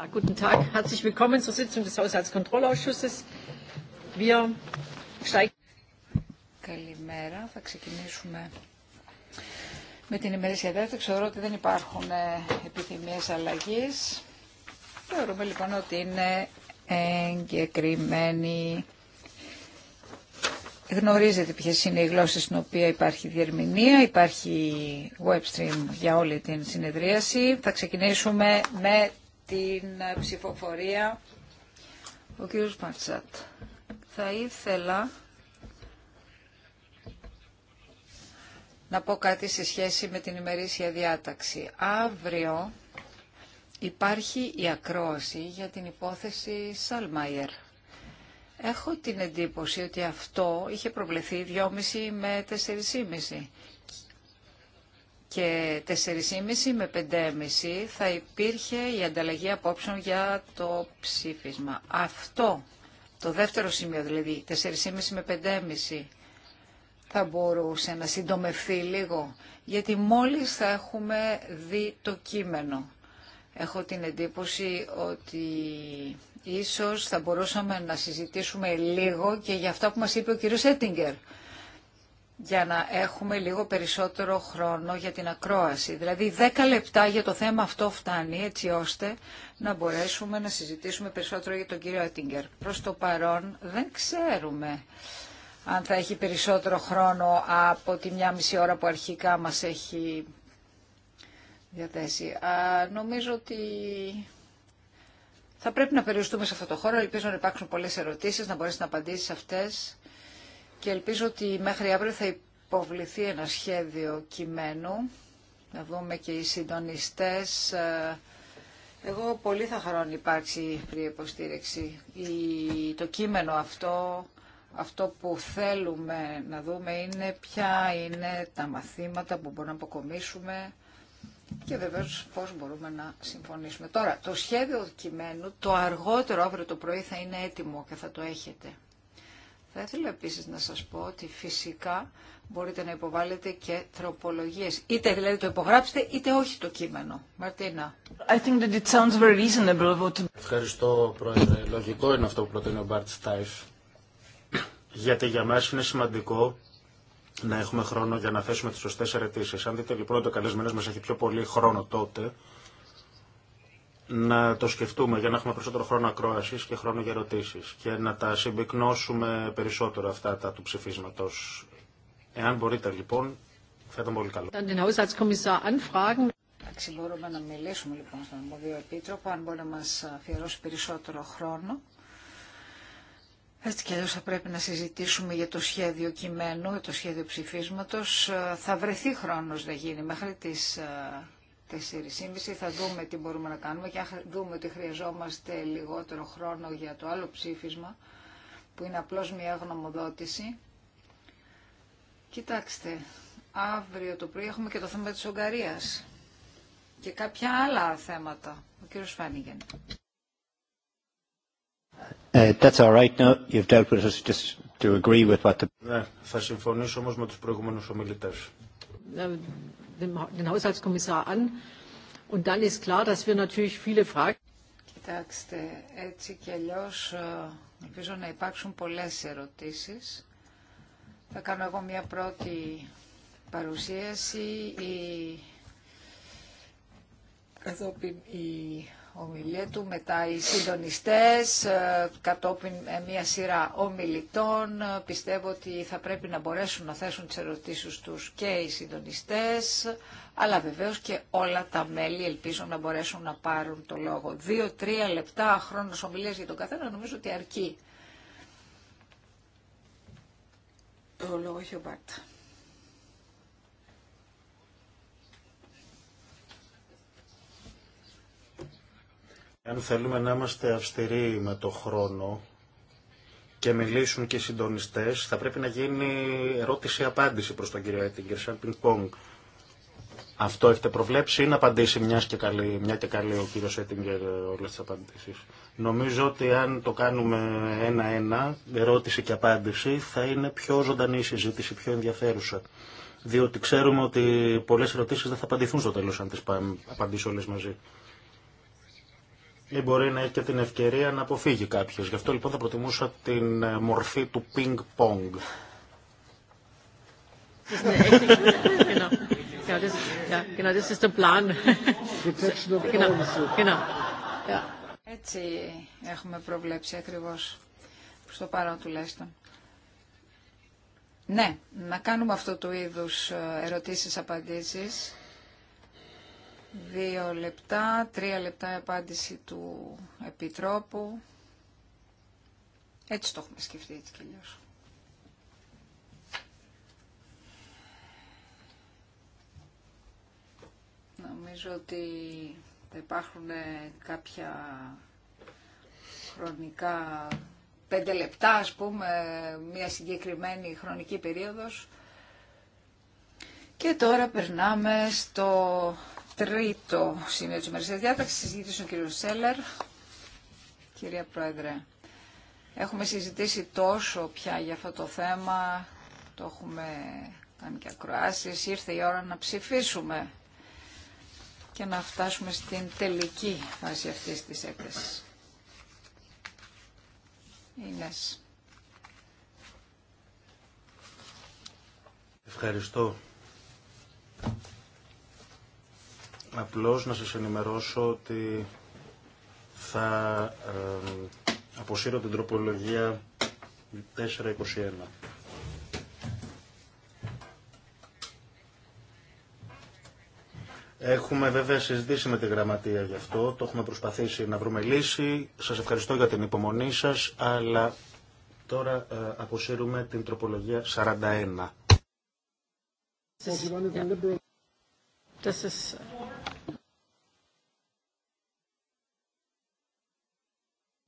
Καλημέρα, θα ξεκινήσουμε με την ημερήσια δεύτερη. Ξέρω ότι δεν υπάρχουν ε, επιθυμίες αλλαγής. Θεωρούμε λοιπόν ότι είναι εγκεκριμένη. Γνωρίζετε ποιε είναι οι γλώσσες στην οποία υπάρχει διερμηνία, υπάρχει web stream για όλη την συνεδρίαση. Θα ξεκινήσουμε με την ψηφοφορία. Ο κύριος Μαρτσάτ. Θα ήθελα να πω κάτι σε σχέση με την ημερήσια διάταξη. Αύριο υπάρχει η ακρόαση για την υπόθεση Σαλμάιερ. Έχω την εντύπωση ότι αυτό είχε προβλεφθεί 2,5 με 4,5 και 4,5 με 5,5 θα υπήρχε η ανταλλαγή απόψεων για το ψήφισμα. Αυτό το δεύτερο σημείο, δηλαδή 4,5 με 5,5 θα μπορούσε να συντομευθεί λίγο, γιατί μόλις θα έχουμε δει το κείμενο. Έχω την εντύπωση ότι ίσως θα μπορούσαμε να συζητήσουμε λίγο και για αυτά που μας είπε ο κύριος Έτιγκερ για να έχουμε λίγο περισσότερο χρόνο για την ακρόαση. Δηλαδή 10 λεπτά για το θέμα αυτό φτάνει έτσι ώστε να μπορέσουμε να συζητήσουμε περισσότερο για τον κύριο Ατίνγκερ. Προς το παρόν δεν ξέρουμε αν θα έχει περισσότερο χρόνο από τη μια μισή ώρα που αρχικά μας έχει διαθέσει. Α, νομίζω ότι θα πρέπει να περιοριστούμε σε αυτό το χώρο. Ελπίζω να υπάρξουν πολλές ερωτήσεις, να μπορέσει να απαντήσει σε αυτές και ελπίζω ότι μέχρι αύριο θα υποβληθεί ένα σχέδιο κειμένου. Να δούμε και οι συντονιστές. Ε, εγώ πολύ θα χαρώ να υπάρξει η υποστήριξη. Το κείμενο αυτό, αυτό που θέλουμε να δούμε είναι ποια είναι τα μαθήματα που μπορούμε να αποκομίσουμε και βεβαίω πώ μπορούμε να συμφωνήσουμε. Τώρα, το σχέδιο κειμένου το αργότερο αύριο το πρωί θα είναι έτοιμο και θα το έχετε. Θα ήθελα επίσης να σας πω ότι φυσικά μπορείτε να υποβάλλετε και τροπολογίες. Είτε δηλαδή το υπογράψετε είτε όχι το κείμενο. Μαρτίνα. I think that it sounds very reasonable Ευχαριστώ Πρόεδρε. Λογικό είναι αυτό που προτείνει ο Μπαρτ Στάιφ. Γιατί για μας είναι σημαντικό να έχουμε χρόνο για να θέσουμε τις σωστές αρετήσεις. Αν δείτε λοιπόν ότι ο καλεσμένος μας έχει πιο πολύ χρόνο τότε, να το σκεφτούμε για να έχουμε περισσότερο χρόνο ακρόασης και χρόνο για ερωτήσεις και να τα συμπυκνώσουμε περισσότερο αυτά τα του ψηφίσματος. Εάν μπορείτε λοιπόν, θα ήταν πολύ καλό. Εντάξει, μπορούμε να μιλήσουμε λοιπόν στον Εμποδίο Επίτροπο, αν μπορεί να μας αφιερώσει περισσότερο χρόνο. Έτσι κι αλλιώς θα πρέπει να συζητήσουμε για το σχέδιο κειμένου, το σχέδιο ψηφίσματος. Ε, θα βρεθεί χρόνος να γίνει μέχρι τις ε, 4,5. Θα δούμε τι μπορούμε να κάνουμε και αν δούμε ότι χρειαζόμαστε λιγότερο χρόνο για το άλλο ψήφισμα, που είναι απλώς μια γνωμοδότηση. Κοιτάξτε, αύριο το πρωί έχουμε και το θέμα της Ογκαρίας και κάποια άλλα θέματα. Ο κύριος Φάνιγεν. Ε, ναι, θα συμφωνήσω όμως με τους προηγούμενους ομιλητές. Ε, den Haushaltskommissar an. Und dann ist klar, dass wir natürlich viele Fragen. Κοιτάξτε, έτσι κι αλλιώς ε, ελπίζω να υπάρξουν πολλές ερωτήσεις. Θα κάνω εγώ μια πρώτη παρουσίαση. Η, εδώ, η ομιλία του, μετά οι συντονιστές, ε, κατόπιν ε, μια σειρά ομιλητών. Ε, πιστεύω ότι θα πρέπει να μπορέσουν να θέσουν τις ερωτήσεις τους και οι συντονιστές, αλλά βεβαίως και όλα τα μέλη ελπίζω να μπορέσουν να πάρουν το λόγο. Δύο-τρία λεπτά χρόνος ομιλίας για τον καθένα νομίζω ότι αρκεί. Το λόγο έχει ο Μπάρτα. Αν θέλουμε να είμαστε αυστηροί με το χρόνο και μιλήσουν και οι συντονιστέ, θα πρέπει να γίνει ερώτηση-απάντηση προ τον κύριο Έτιγκερ, σαν πινκ-πονγκ. Αυτό έχετε προβλέψει ή να απαντήσει καλή, μια και καλή ο κύριο Έτιγκερ όλες τις απαντήσεις. Νομίζω ότι αν το κάνουμε ένα-ένα, ερώτηση και απάντηση, θα είναι πιο ζωντανή η συζήτηση, πιο ενδιαφέρουσα. Διότι ξέρουμε ότι πολλές ερωτήσεις δεν θα απαντηθούν στο τέλος αν τις απαντήσω όλες μαζί ή μπορεί να έχει και την ευκαιρία να αποφύγει κάποιο. Γι' αυτό λοιπόν θα προτιμούσα την ε, μορφή του ping πόνγκ. Έτσι έχουμε προβλέψει ακριβώς στο το παρόν τουλάχιστον. Ναι, να κάνουμε αυτό του είδους ε, ερωτήσεις-απαντήσεις Δύο λεπτά, τρία λεπτά απάντηση του Επιτρόπου. Έτσι το έχουμε σκεφτεί έτσι κι αλλιώς. Νομίζω ότι θα υπάρχουν κάποια χρονικά πέντε λεπτά, ας πούμε, μια συγκεκριμένη χρονική περίοδος. Και τώρα περνάμε στο τρίτο σημείο της ημερησίας διάταξης, συζήτηση ο κύριος Σέλερ. Κυρία Πρόεδρε, έχουμε συζητήσει τόσο πια για αυτό το θέμα, το έχουμε κάνει και ακροάσεις, ήρθε η ώρα να ψηφίσουμε και να φτάσουμε στην τελική φάση αυτής της έκθεσης. Ευχαριστώ. Απλώς να σας ενημερώσω ότι θα αποσύρω την τροπολογία 421. Έχουμε βέβαια συζητήσει με τη γραμματεία γι' αυτό, το έχουμε προσπαθήσει να βρούμε λύση. Σας ευχαριστώ για την υπομονή σας, αλλά τώρα ε, αποσύρουμε την τροπολογία 41.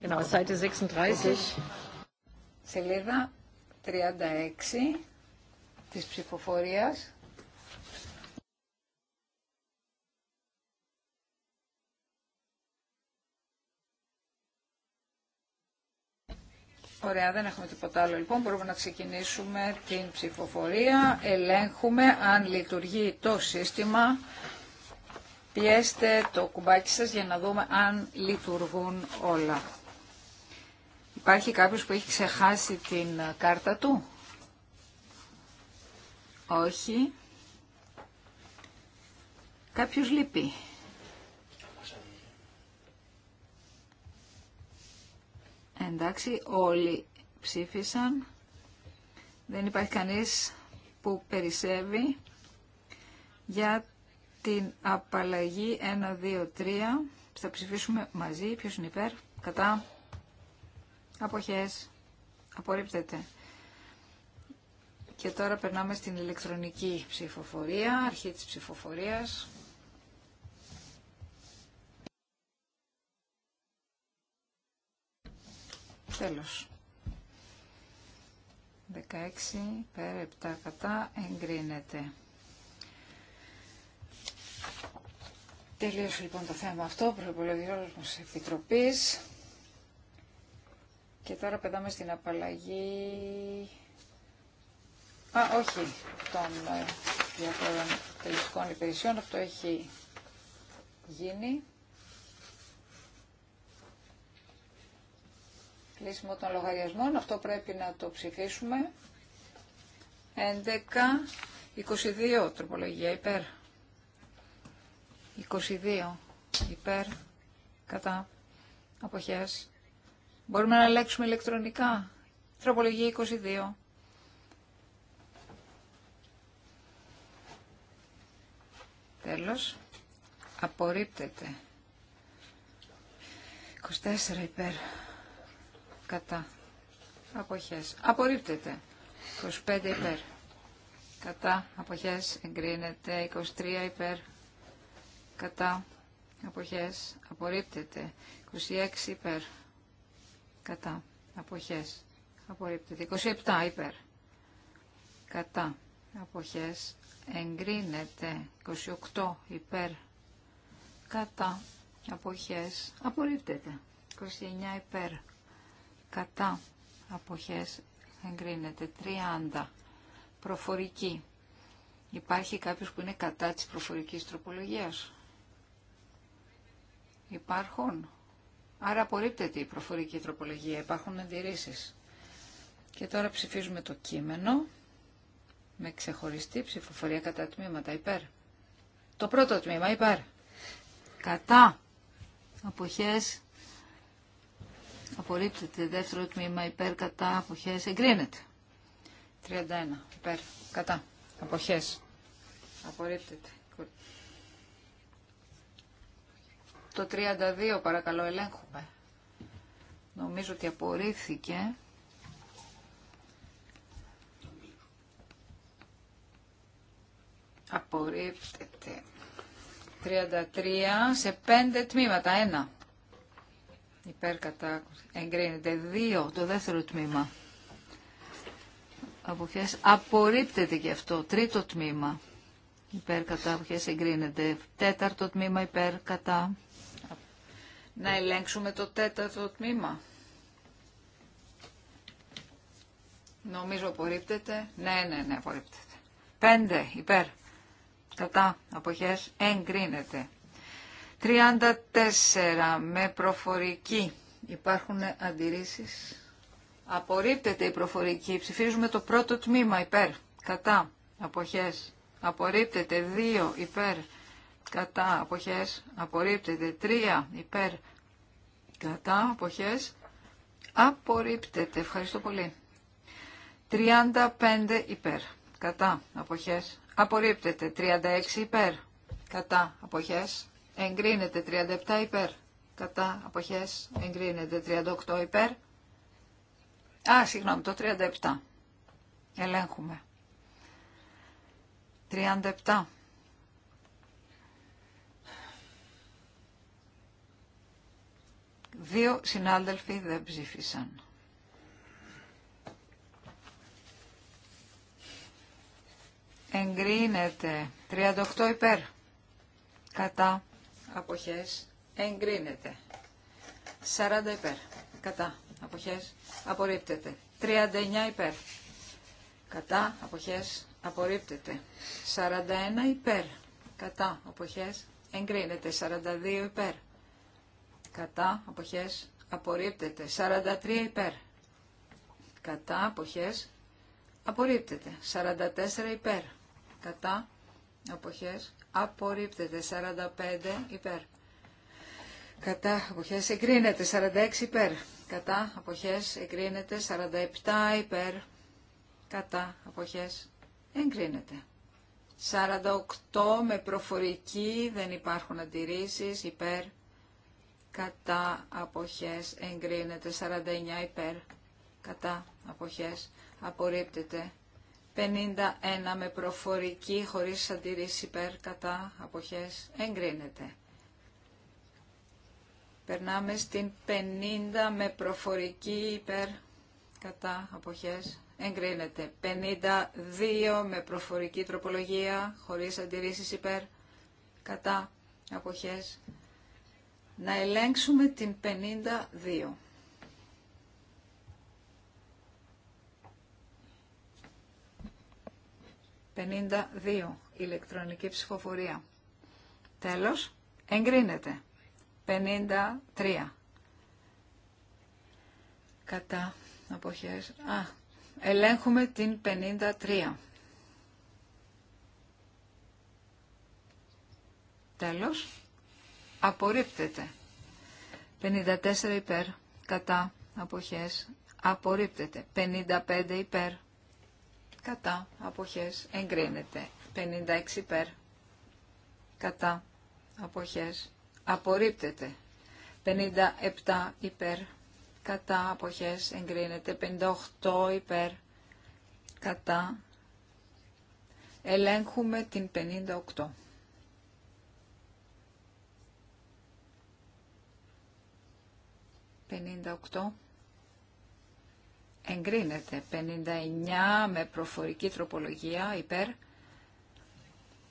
Genau, 36. Σελίδα 36 της ψηφοφορίας. Ωραία, δεν έχουμε τίποτα άλλο. Λοιπόν, μπορούμε να ξεκινήσουμε την ψηφοφορία. Ελέγχουμε αν λειτουργεί το σύστημα. Πιέστε το κουμπάκι σας για να δούμε αν λειτουργούν όλα. Υπάρχει κάποιος που έχει ξεχάσει την ε, κάρτα του. Όχι. Κάποιος λείπει. Εντάξει, όλοι ψήφισαν. Δεν υπάρχει κανείς που περισσεύει για την απαλλαγή 1, 2, 3. Θα ψηφίσουμε μαζί. Ποιος είναι υπέρ, κατά, Αποχές. Απορρίπτεται. Και τώρα περνάμε στην ηλεκτρονική ψηφοφορία, αρχή της ψηφοφορίας. Τέλος. 16 πέρα 7 κατά εγκρίνεται. Τελείωσε λοιπόν το θέμα αυτό, προϋπολογιόλος μας επιτροπής. Και τώρα πετάμε στην απαλλαγή... Α, όχι, των ε, διαφορετικών τελευταίων υπηρεσιών. Αυτό έχει γίνει. Κλείσιμο των λογαριασμών. Αυτό πρέπει να το ψηφίσουμε. 11, 22 τροπολογία υπέρ. 22 υπέρ κατά αποχέας. Μπορούμε να ελέγξουμε ηλεκτρονικά. Τροπολογία 22. Τέλος. Απορρίπτεται. 24 υπέρ. Κατά. Αποχές. Απορρίπτεται. 25 υπέρ. Κατά. Αποχές. Εγκρίνεται. 23 υπέρ. Κατά. Αποχές. Απορρίπτεται. 26 υπέρ. Κατά. Αποχές. Απορρίπτεται. 27 υπέρ. Κατά. Αποχές. Εγκρίνεται. 28 υπέρ. Κατά. Αποχές. Απορρίπτεται. 29 υπέρ. Κατά. Αποχές. Εγκρίνεται. 30. Προφορική. Υπάρχει κάποιος που είναι κατά της προφορικής τροπολογίας. Υπάρχουν. Άρα απορρίπτεται η προφορική τροπολογία. Υπάρχουν αντιρρήσει. Και τώρα ψηφίζουμε το κείμενο με ξεχωριστή ψηφοφορία κατά τμήματα υπέρ. Το πρώτο τμήμα υπέρ. Κατά. Αποχές. Απορρίπτεται. Δεύτερο τμήμα υπέρ. Κατά. Αποχές. Εγκρίνεται. 31. Υπέρ. Κατά. Αποχές. Απορρίπτεται. Το 32 παρακαλώ ελέγχουμε. Νομίζω ότι απορρίφθηκε. Απορρίφθηκε. 33 σε 5 τμήματα. Ένα. Υπέρ εγκρίνεται. Δύο το δεύτερο τμήμα. Αποχές απορρίπτεται και αυτό. Τρίτο τμήμα. Υπέρ κατά αποχές εγκρίνεται. Τέταρτο τμήμα υπέρ κατά να ελέγξουμε το τέταρτο τμήμα. Νομίζω απορρίπτεται. Ναι, ναι, ναι, απορρίπτεται. Πέντε, υπέρ. Κατά, αποχές, εγκρίνεται. 34 με προφορική. Υπάρχουν αντιρρήσεις. Απορρίπτεται η προφορική. Ψηφίζουμε το πρώτο τμήμα υπέρ. Κατά. Αποχές. Απορρίπτεται. δύο, υπέρ κατά αποχές απορρίπτεται. 3 υπέρ κατά αποχές απορρίπτεται. Ευχαριστώ πολύ. 35 υπέρ κατά αποχές απορρίπτεται. 36 υπέρ κατά αποχές εγκρίνεται. 37 υπέρ κατά αποχές εγκρίνεται. 38 υπέρ. Α, συγγνώμη, το 37. Ελέγχουμε. 37. Δύο συνάδελφοι δεν ψήφισαν. Εγκρίνεται. 38 υπέρ. Κατά. Αποχές. Εγκρίνεται. 40 υπέρ. Κατά. Αποχές. Απορρίπτεται. 39 υπέρ. Κατά. Αποχές. Απορρίπτεται. 41 υπέρ. Κατά. Αποχές. Εγκρίνεται. 42 υπέρ κατά αποχές απορρίπτεται 43 υπέρ κατά αποχές απορρίπτεται 44 υπέρ κατά αποχές απορρίπτεται 45 υπέρ κατά αποχές εγκρίνεται 46 υπέρ κατά αποχές εγκρίνεται 47 υπέρ κατά αποχές εγκρίνεται 48 με προφορική δεν υπάρχουν αντιρρήσεις υπέρ κατά αποχές εγκρίνεται 49 υπέρ κατά αποχές απορρίπτεται 51 με προφορική χωρίς αντιρρήση υπέρ κατά αποχές εγκρίνεται. Περνάμε στην 50 με προφορική υπέρ κατά αποχές εγκρίνεται. 52 με προφορική τροπολογία χωρίς αντιρρήσεις υπέρ κατά αποχές να ελέγξουμε την 52. ...52 ηλεκτρονική ψηφοφορία. Τέλος, εγκρίνεται. 53. Κατά αποχές. Α, ελέγχουμε την 53. Τέλος απορρίπτεται. 54 υπέρ κατά αποχές απορρίπτεται. 55 υπέρ κατά αποχές εγκρίνεται. 56 υπέρ κατά αποχές απορρίπτεται. 57 υπέρ κατά αποχές εγκρίνεται. 58 υπέρ κατά ελέγχουμε την 58. 58 εγκρίνεται. 59 με προφορική τροπολογία υπέρ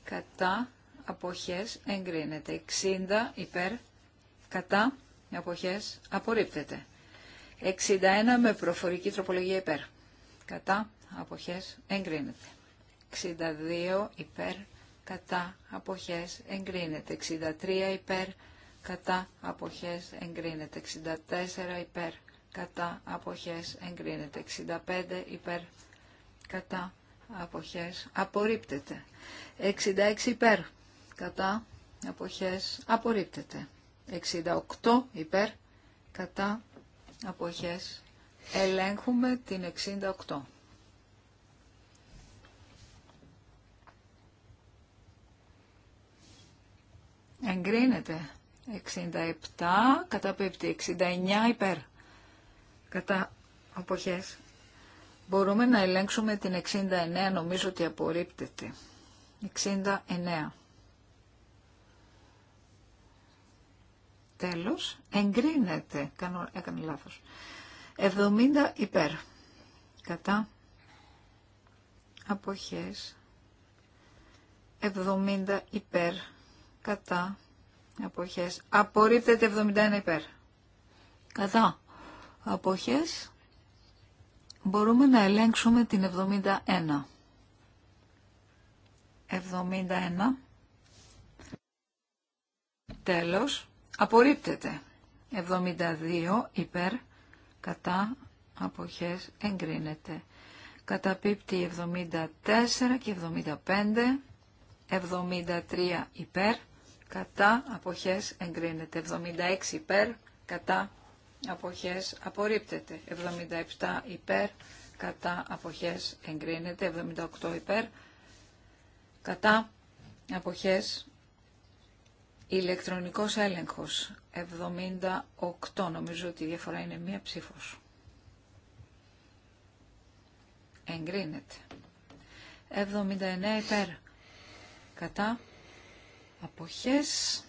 κατά αποχές εγκρίνεται. 60 υπέρ κατά αποχές απορρίπτεται. 61 με προφορική τροπολογία υπέρ κατά αποχές εγκρίνεται. 62 υπέρ κατά αποχές εγκρίνεται. 63 υπέρ κατά αποχές εγκρίνεται 64 υπέρ κατά αποχές εγκρίνεται 65 υπέρ κατά αποχές απορρίπτεται 66 υπέρ κατά αποχές απορρίπτεται 68 υπέρ κατά αποχές ελέγχουμε την 68 Εγκρίνεται 67 κατά πέπτη, 69 υπέρ κατά αποχές. Μπορούμε να ελέγξουμε την 69, νομίζω ότι απορρίπτεται. 69. Τέλος, εγκρίνεται, Κάνω, έκανε λάθος. 70 υπέρ κατά αποχές. 70 υπέρ κατά Αποχές. Απορρίπτεται 71 υπέρ. Κατά. Αποχές. Μπορούμε να ελέγξουμε την 71. 71. Τέλος. Απορρίπτεται. 72 υπέρ. Κατά. Αποχές. Εγκρίνεται. Καταπίπτει 74 και 75. 73 υπέρ κατά αποχές εγκρίνεται. 76 υπέρ κατά αποχές απορρίπτεται. 77 υπέρ κατά αποχές εγκρίνεται. 78 υπέρ κατά αποχές ηλεκτρονικός έλεγχος. 78 νομίζω ότι η διαφορά είναι μία ψήφος. Εγκρίνεται. 79 υπέρ. Κατά Αποχές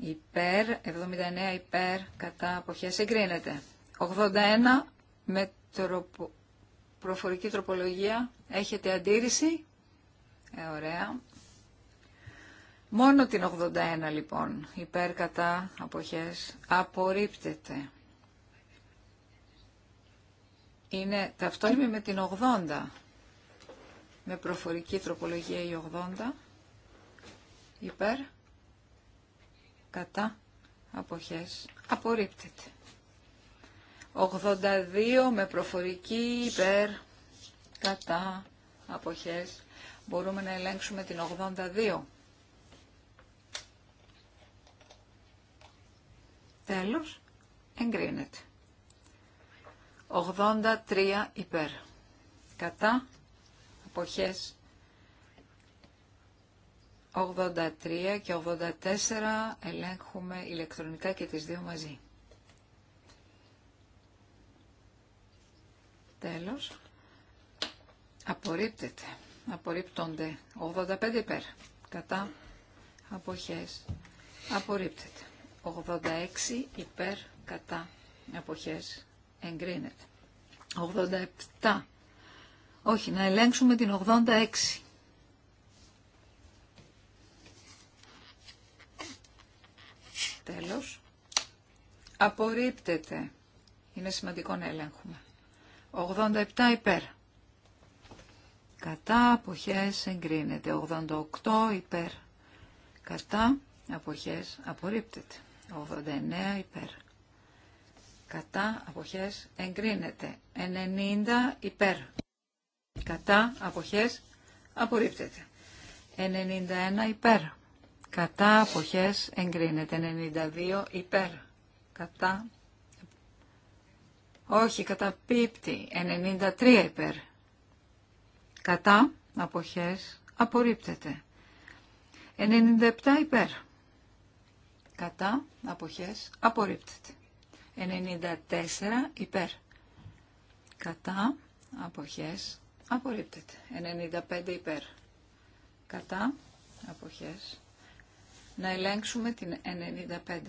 υπέρ, 79 υπέρ, κατά αποχές εγκρίνεται. 81 με προφορική τροπολογία. Έχετε αντίρρηση. Ε, ωραία. Μόνο την 81 λοιπόν, υπέρ κατά αποχές, απορρίπτεται. Είναι ταυτόχρονα με την 80, με προφορική τροπολογία η 80 υπέρ, κατά, αποχές, απορρίπτεται. 82 με προφορική υπέρ, κατά, αποχές. Μπορούμε να ελέγξουμε την 82. Τέλος, εγκρίνεται. 83 υπέρ. Κατά, αποχές, 83 και 84 ελέγχουμε ηλεκτρονικά και τις δύο μαζί. Τέλος. Απορρίπτεται. Απορρίπτονται. 85 υπέρ. Κατά. Αποχές. Απορρίπτεται. 86 υπέρ. Κατά. Αποχές. Εγκρίνεται. 87. Όχι, να ελέγξουμε την 86. Τέλος. Απορρίπτεται. Είναι σημαντικό να ελέγχουμε. 87 υπέρ. Κατά αποχές εγκρίνεται. 88 υπέρ. Κατά αποχές απορρίπτεται. 89 υπέρ. Κατά αποχές εγκρίνεται. 90 υπέρ. Κατά αποχές απορρίπτεται. 91 υπέρ. Κατά αποχές εγκρίνεται 92 υπέρ. Κατά. Όχι, κατά πίπτη 93 υπέρ. Κατά αποχές απορρίπτεται. 97 υπέρ. Κατά αποχές απορρίπτεται. 94 υπέρ. Κατά αποχές απορρίπτεται. 95 υπέρ. Κατά αποχές να ελέγξουμε την 95.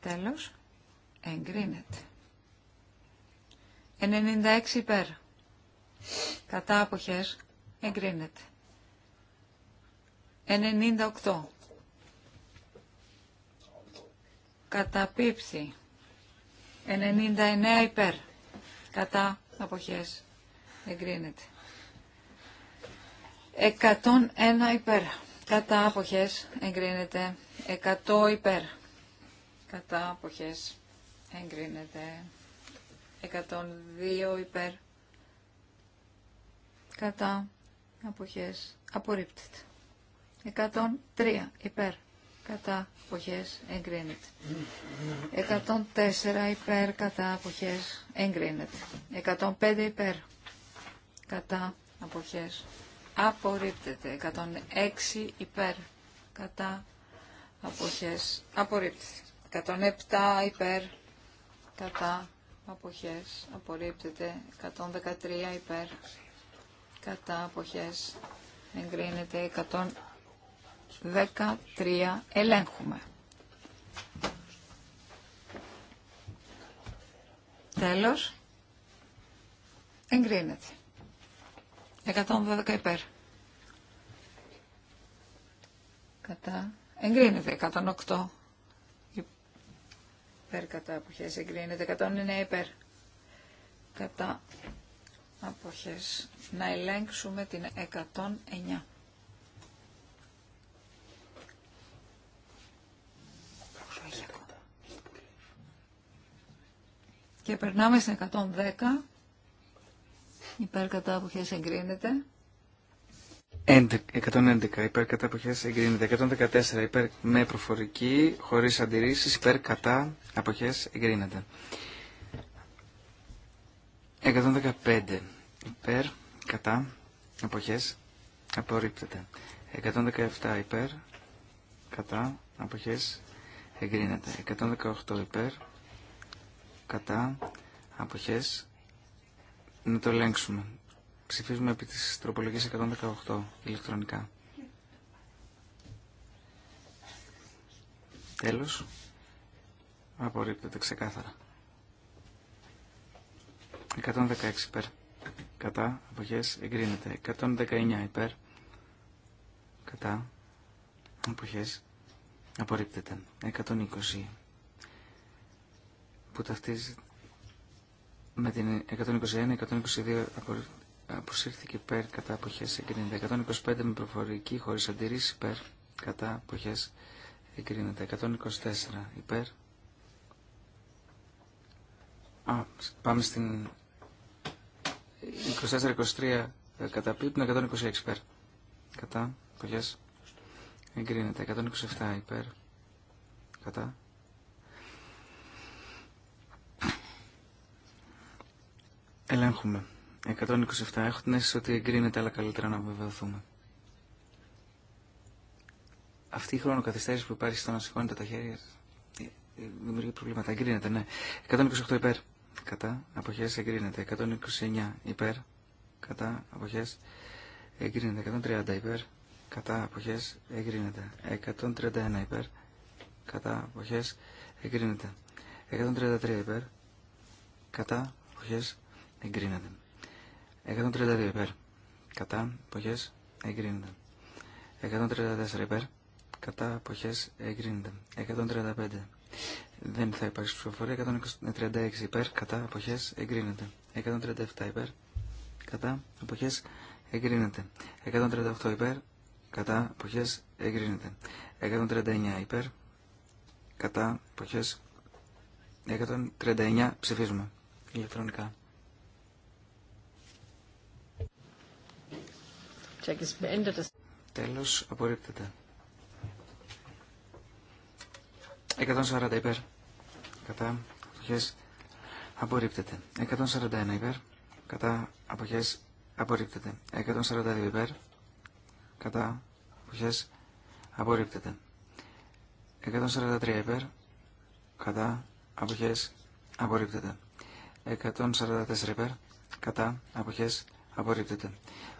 Τέλος, εγκρίνεται. 96 υπέρ. Κατά αποχές, εγκρίνεται. 98. Κατά πίψη. 99 υπέρ. Κατά αποχές, εγκρίνεται. 101 υπέρ. Κατά αποχές εγκρίνεται. 100 υπέρ. Κατά αποχές εγκρίνεται. 102 υπέρ. Κατά αποχές απορρίπτεται. 103 υπέρ. Κατά αποχές εγκρίνεται. 104 υπέρ. Κατά αποχές εγκρίνεται. 105 υπέρ. Κατά αποχές απορρίπτεται. 106 υπέρ κατά αποχές απορρίπτεται. 107 υπέρ κατά αποχές απορρίπτεται. 113 υπέρ κατά αποχές εγκρίνεται. 113 ελέγχουμε. Τέλος, εγκρίνεται. 112 υπέρ. Κατά. Εγκρίνεται. 108 υπέρ κατά αποχές. Εγκρίνεται. 109 υπέρ. Κατά αποχές. Να ελέγξουμε την 109. Και περνάμε στην 110 υπέρ εγκρίνεται. 111 υπέρ κατά αποχές εγκρίνεται. 114 υπέρ με προφορική, χωρίς αντιρρήσεις, υπέρ κατά αποχές εγκρίνεται. 115 υπέρ κατά αποχές απορρίπτεται. 117 υπέρ κατά αποχές εγκρίνεται. 118 υπέρ κατά αποχές να το ελέγξουμε. Ψηφίζουμε επί της τροπολογίας 118 ηλεκτρονικά. Τέλος. Απορρίπτεται ξεκάθαρα. 116 υπέρ. Κατά. Αποχές. Εγκρίνεται. 119 υπέρ. Κατά. Αποχές. Απορρίπτεται. 120. Που ταυτίζεται με την 121-122 αποσύρθηκε υπέρ κατά αποχέ εγκρίνεται 125 με προφορική χωρίς αντιρρήσει υπέρ κατά αποχέ εγκρίνεται 124 υπέρ Α, πάμε στην 24-23 κατά πίπνο, 126 υπέρ κατά αποχές εγκρίνεται 127 υπέρ κατά Ελέγχουμε. 127. Έχω την αίσθηση ότι εγκρίνεται, αλλά καλύτερα να βεβαιωθούμε. Αυτή η χρονοκαθυστέρηση που υπάρχει στο να σηκώνετε τα χέρια ε, ε, δημιουργεί προβλήματα. Εγκρίνεται, ναι. 128 υπέρ. Κατά Αποχέ. εγκρίνεται. 129 υπέρ. Κατά Αποχέ. εγκρίνεται. 130 υπέρ. Κατά Αποχέ. εγκρίνεται. 131 υπέρ. Κατά Αποχέ. εγκρίνεται. 133 υπέρ. Κατά Αποχέ εγκρίνεται. 132 υπέρ, κατά εποχές εγκρίνεται. 134 υπέρ, κατά εποχές εγκρίνεται. 135 δεν θα υπάρξει ψηφοφορία. 136 ε, υπέρ, κατά εποχές εγκρίνεται. 137 υπέρ, κατά εποχές εγκρίνεται. 138 υπέρ, κατά εποχές εγκρίνεται. 139 υπέρ, κατά εποχές 139 ψηφίζουμε ηλεκτρονικά. Τέλος, απορρίπτεται. 140 υπέρ. Κατά αποχές απορρίπτεται. 141 υπέρ. Κατά αποχές απορρίπτεται. 142 υπέρ. Κατά αποχές απορρίπτεται. 143 υπέρ. Κατά αποχές απορρίπτεται. 144 υπέρ. Κατά αποχές απορρίπτεται απορρίπτεται.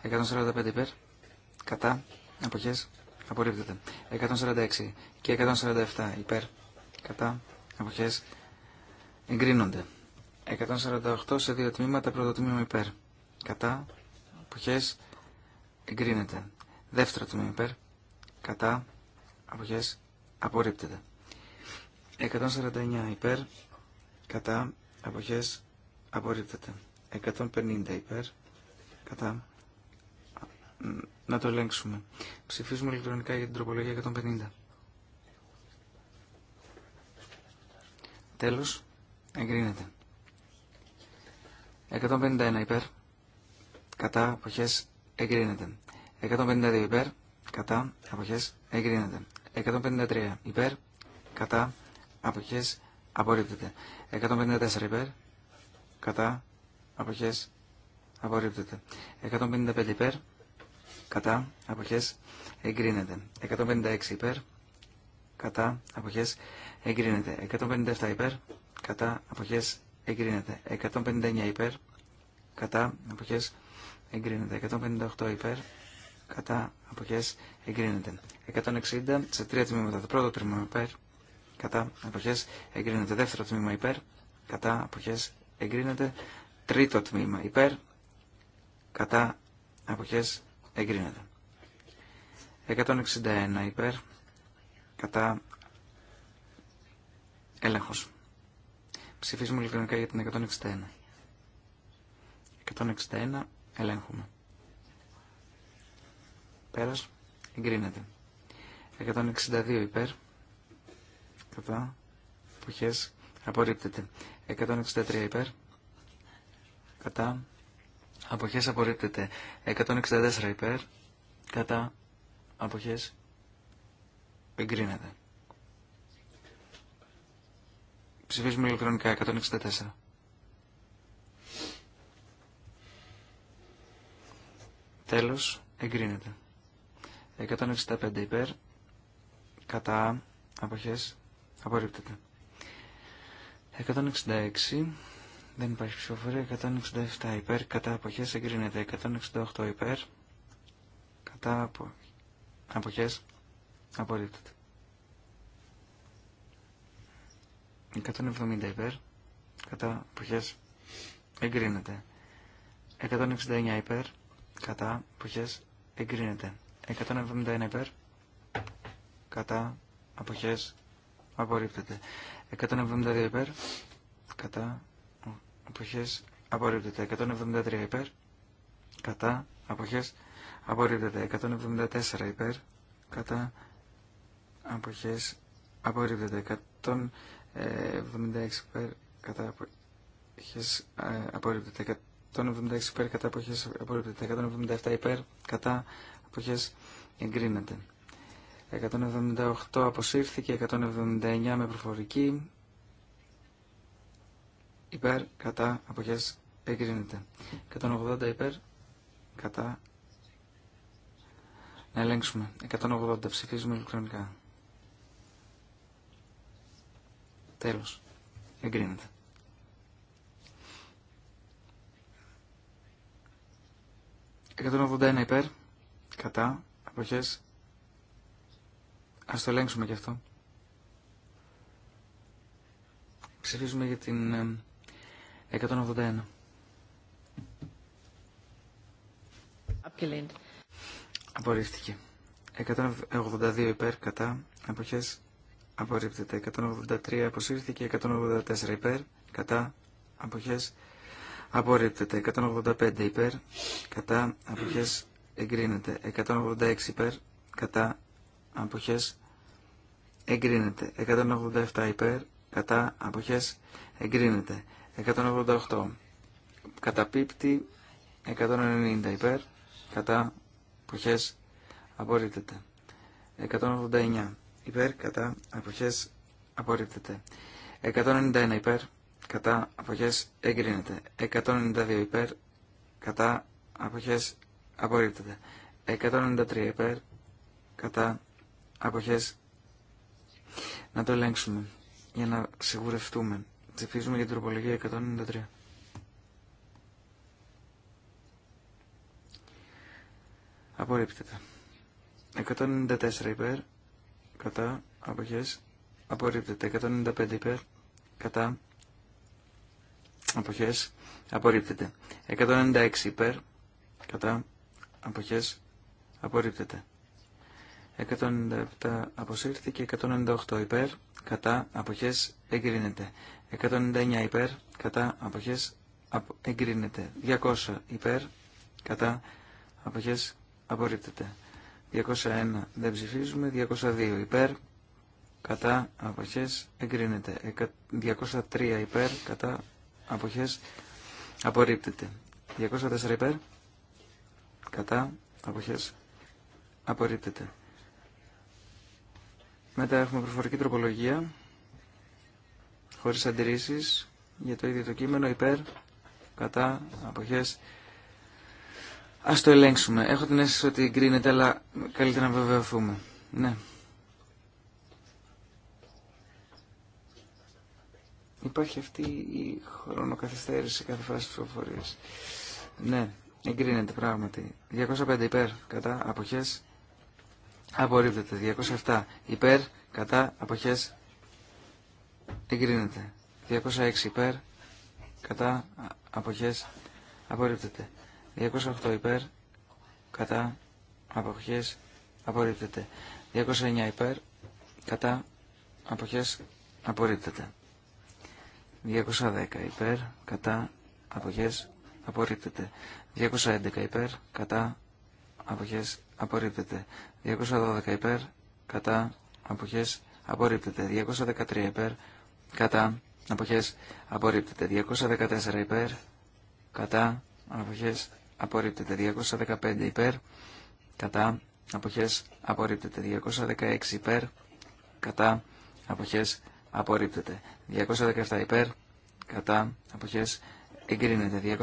145 υπέρ, κατά, αποχές, απορρίπτεται. 146 και 147 υπέρ, κατά, αποχές, εγκρίνονται. 148 σε δύο τμήματα, πρώτο τμήμα υπέρ, κατά, αποχές, εγκρίνεται. Δεύτερο τμήμα υπέρ, κατά, αποχές, απορρίπτεται. 149 υπέρ, κατά, αποχές, απορρίπτεται. 150 υπέρ, κατά να το ελέγξουμε. Ψηφίζουμε ηλεκτρονικά για την τροπολογία 150. Τέλος, εγκρίνεται. 151 υπέρ, κατά αποχές εγκρίνεται. 152 υπέρ, κατά αποχές εγκρίνεται. 153 υπέρ, κατά αποχές απορρίπτεται. 154 υπέρ, κατά αποχές απορρίπτεται. 155 υπέρ, κατά, αποχές, εγκρίνεται. 156 υπέρ, κατά, αποχές, εγκρίνεται. 157 υπέρ, κατά, αποχές, εγκρίνεται. 159 υπέρ, κατά, αποχές, εγκρίνεται. 158 υπέρ, κατά, αποχές, εγκρίνεται. 160 σε τρία τμήματα. Το πρώτο τμήμα υπέρ, κατά, αποχές, εγκρίνεται. Δεύτερο τμήμα υπέρ, κατά, αποχές, εγκρίνεται. Τρίτο τμήμα υπέρ, κατά αποχές εγκρίνεται. 161 υπέρ κατά έλεγχος. Ψηφίζουμε ηλεκτρονικά για την 161. 161 ελέγχουμε. Πέρας εγκρίνεται. 162 υπέρ κατά αποχές απορρίπτεται. 163 υπέρ κατά Αποχές απορρίπτεται. 164 υπέρ. Κατά. Αποχές. Εγκρίνεται. Ψηφίζουμε ηλεκτρονικά. 164. Τέλος. Εγκρίνεται. 165 υπέρ. Κατά. Αποχές. Απορρίπτεται. 166 δεν υπάρχει ψηφοφορία. 167 υπέρ. Κατά αποχές εγκρίνεται. 168 υπέρ. Κατά απο... αποχές απορρίπτεται. 170 υπέρ. Κατά αποχές εγκρίνεται. 169 υπέρ. Κατά αποχές εγκρίνεται. 171 υπέρ. Κατά αποχές απορρίπτεται. 172 υπέρ. Κατά αποχές απορρίπτεται 173 υπέρ κατά αποχές απορρίπτεται 174 υπέρ κατά αποχές απορρίπτεται 176 υπέρ κατά αποχές απορρίπτεται 176 υπέρ κατά αποχές απορρίπτεται 177 υπέρ κατά αποχές εγκρίνεται 178 αποσύρθηκε 179 με προφορική υπέρ κατά αποχές εγκρίνεται. 180 υπέρ κατά να ελέγξουμε. 180 ψηφίζουμε ηλεκτρονικά. Τέλος. Εγκρίνεται. 181 υπέρ κατά αποχές Ας το ελέγξουμε και αυτό. Ψηφίζουμε για την 181. Απορρίφθηκε. 182 υπέρ κατά αποχές απορρίπτεται. 183 αποσύρθηκε. 184 υπέρ κατά αποχές απορρίπτεται. 185 υπέρ κατά αποχές εγκρίνεται. 186 υπέρ κατά αποχές εγκρίνεται. 187 υπέρ κατά αποχές εγκρίνεται. 188. Καταπίπτει 190 υπέρ. Κατά αποχές απορρίπτεται. 189 υπέρ. Κατά αποχές απορρίπτεται. 191 υπέρ. Κατά αποχές εγκρίνεται. 192 υπέρ. Κατά αποχές απορρίπτεται. 193 υπέρ. Κατά αποχές να το ελέγξουμε για να σιγουρευτούμε. Ψηφίζουμε για την τροπολογία 193. Απορρίπτεται. 194 υπέρ, κατά, αποχές, απορρίπτεται. 195 υπέρ, κατά, αποχές, απορρίπτεται. 196 υπέρ, κατά, αποχές, απορρίπτεται. 197 αποσύρθηκε, 198 υπέρ, κατά αποχές εγκρίνεται. 199 υπέρ, κατά αποχές εγκρίνεται. 200 υπέρ, κατά αποχές απορρίπτεται. 201 δεν ψηφίζουμε, 202 υπέρ, κατά αποχές εγκρίνεται. 203 υπέρ, κατά αποχές απορρίπτεται. 204 υπέρ, κατά αποχές απορρίπτεται. Μετά έχουμε προφορική τροπολογία, χωρίς αντιρρήσεις, για το ίδιο το κείμενο, υπέρ, κατά, αποχές. Ας το ελέγξουμε. Έχω την αίσθηση ότι εγκρίνεται, αλλά καλύτερα να βεβαιωθούμε. Ναι. Υπάρχει αυτή η χρονοκαθυστέρηση κάθε φάση της προφορίας. Ναι, εγκρίνεται πράγματι. 205 υπέρ, κατά, αποχές. Απορρίπτεται. 207 υπέρ. Κατά αποχές εγκρίνεται. 206 υπέρ. Κατά αποχές απορρίπτεται. 208 υπέρ. Κατά αποχές απορρίπτεται. 209 υπέρ. Κατά αποχές απορρίπτεται. 210 υπέρ. Κατά αποχές απορρίπτεται. 211 υπέρ. Κατά αποχές απορρίπτεται. 212 υπέρ, κατά, αποχές, απορρίπτεται. 213 υπέρ, κατά, αποχές, απορρίπτεται. 214 υπέρ, κατά, αποχές, απορρίπτεται. 215 υπέρ, κατά, αποχές, απορρίπτεται. 216 υπέρ, κατά, αποχές, απορρίπτεται. 217 υπέρ, κατά, αποχές, εγκρίνεται.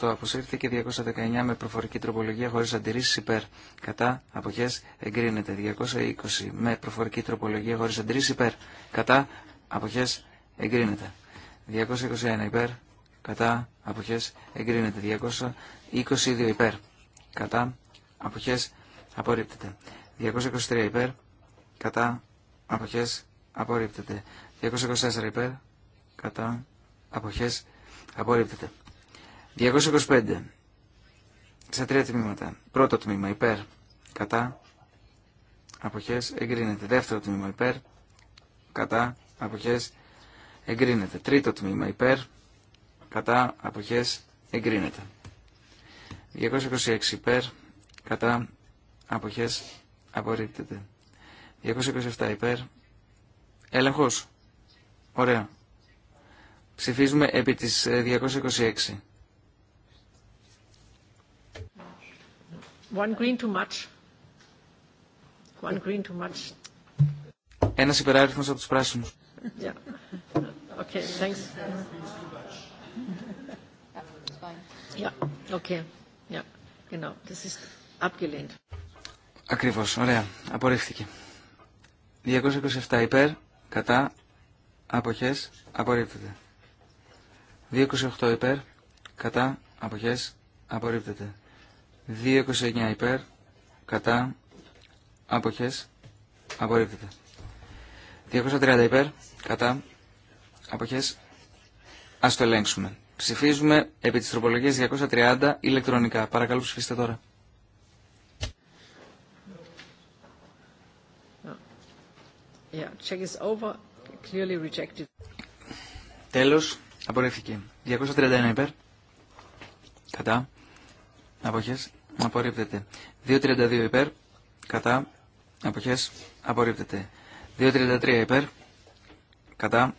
218 αποσύρθηκε. 219 με προφορική τροπολογία χωρίς αντιρρήσεις υπέρ. Κατά αποχές εγκρίνεται. 220 με προφορική τροπολογία χωρίς αντιρρήσεις υπέρ. Κατά αποχές εγκρίνεται. 221 υπέρ. Κατά αποχές εγκρίνεται. 222 υπέρ. Κατά αποχές απορρίπτεται. 223 υπέρ. Κατά αποχές απορρίπτεται. 224 υπέρ. Κατά αποχές Απορρίπτεται. 225. Σε τρία τμήματα. Πρώτο τμήμα υπέρ. Κατά. Αποχές. Εγκρίνεται. Δεύτερο τμήμα υπέρ. Κατά. Αποχές. Εγκρίνεται. Τρίτο τμήμα υπέρ. Κατά. Αποχές. Εγκρίνεται. 226 υπέρ. Κατά. Αποχές. Απορρίπτεται. 227 υπέρ. Έλεγχος. Ωραία. Ψηφίζουμε επί της 226. Ε, One green too much. One green too much. Ένας υπεράριθμος από τους πράσινους. Yeah. Okay, thanks. Yeah, okay. Yeah, genau. Das ist abgelehnt. Ακριβώς, ωραία. Απορρίφθηκε. 227 υπέρ, κατά, αποχές, απορρίφθηκε. 228 υπέρ, κατά, αποχές, απορρίπτεται. 229 υπέρ, κατά, αποχές, απορρίπτεται. 230 υπέρ, κατά, αποχές, ας το ελέγξουμε. Ψηφίζουμε επί της τροπολογίας 230 ηλεκτρονικά. Παρακαλώ ψηφίστε τώρα. Yeah, check is over. Clearly rejected. Τέλος. Απορρίφθηκε. 231 υπέρ. Κατά. Αποχές. Απορρίπτεται. 232 υπέρ. Κατά. Αποχές. Απορρίπτεται. 233 υπέρ. Κατά.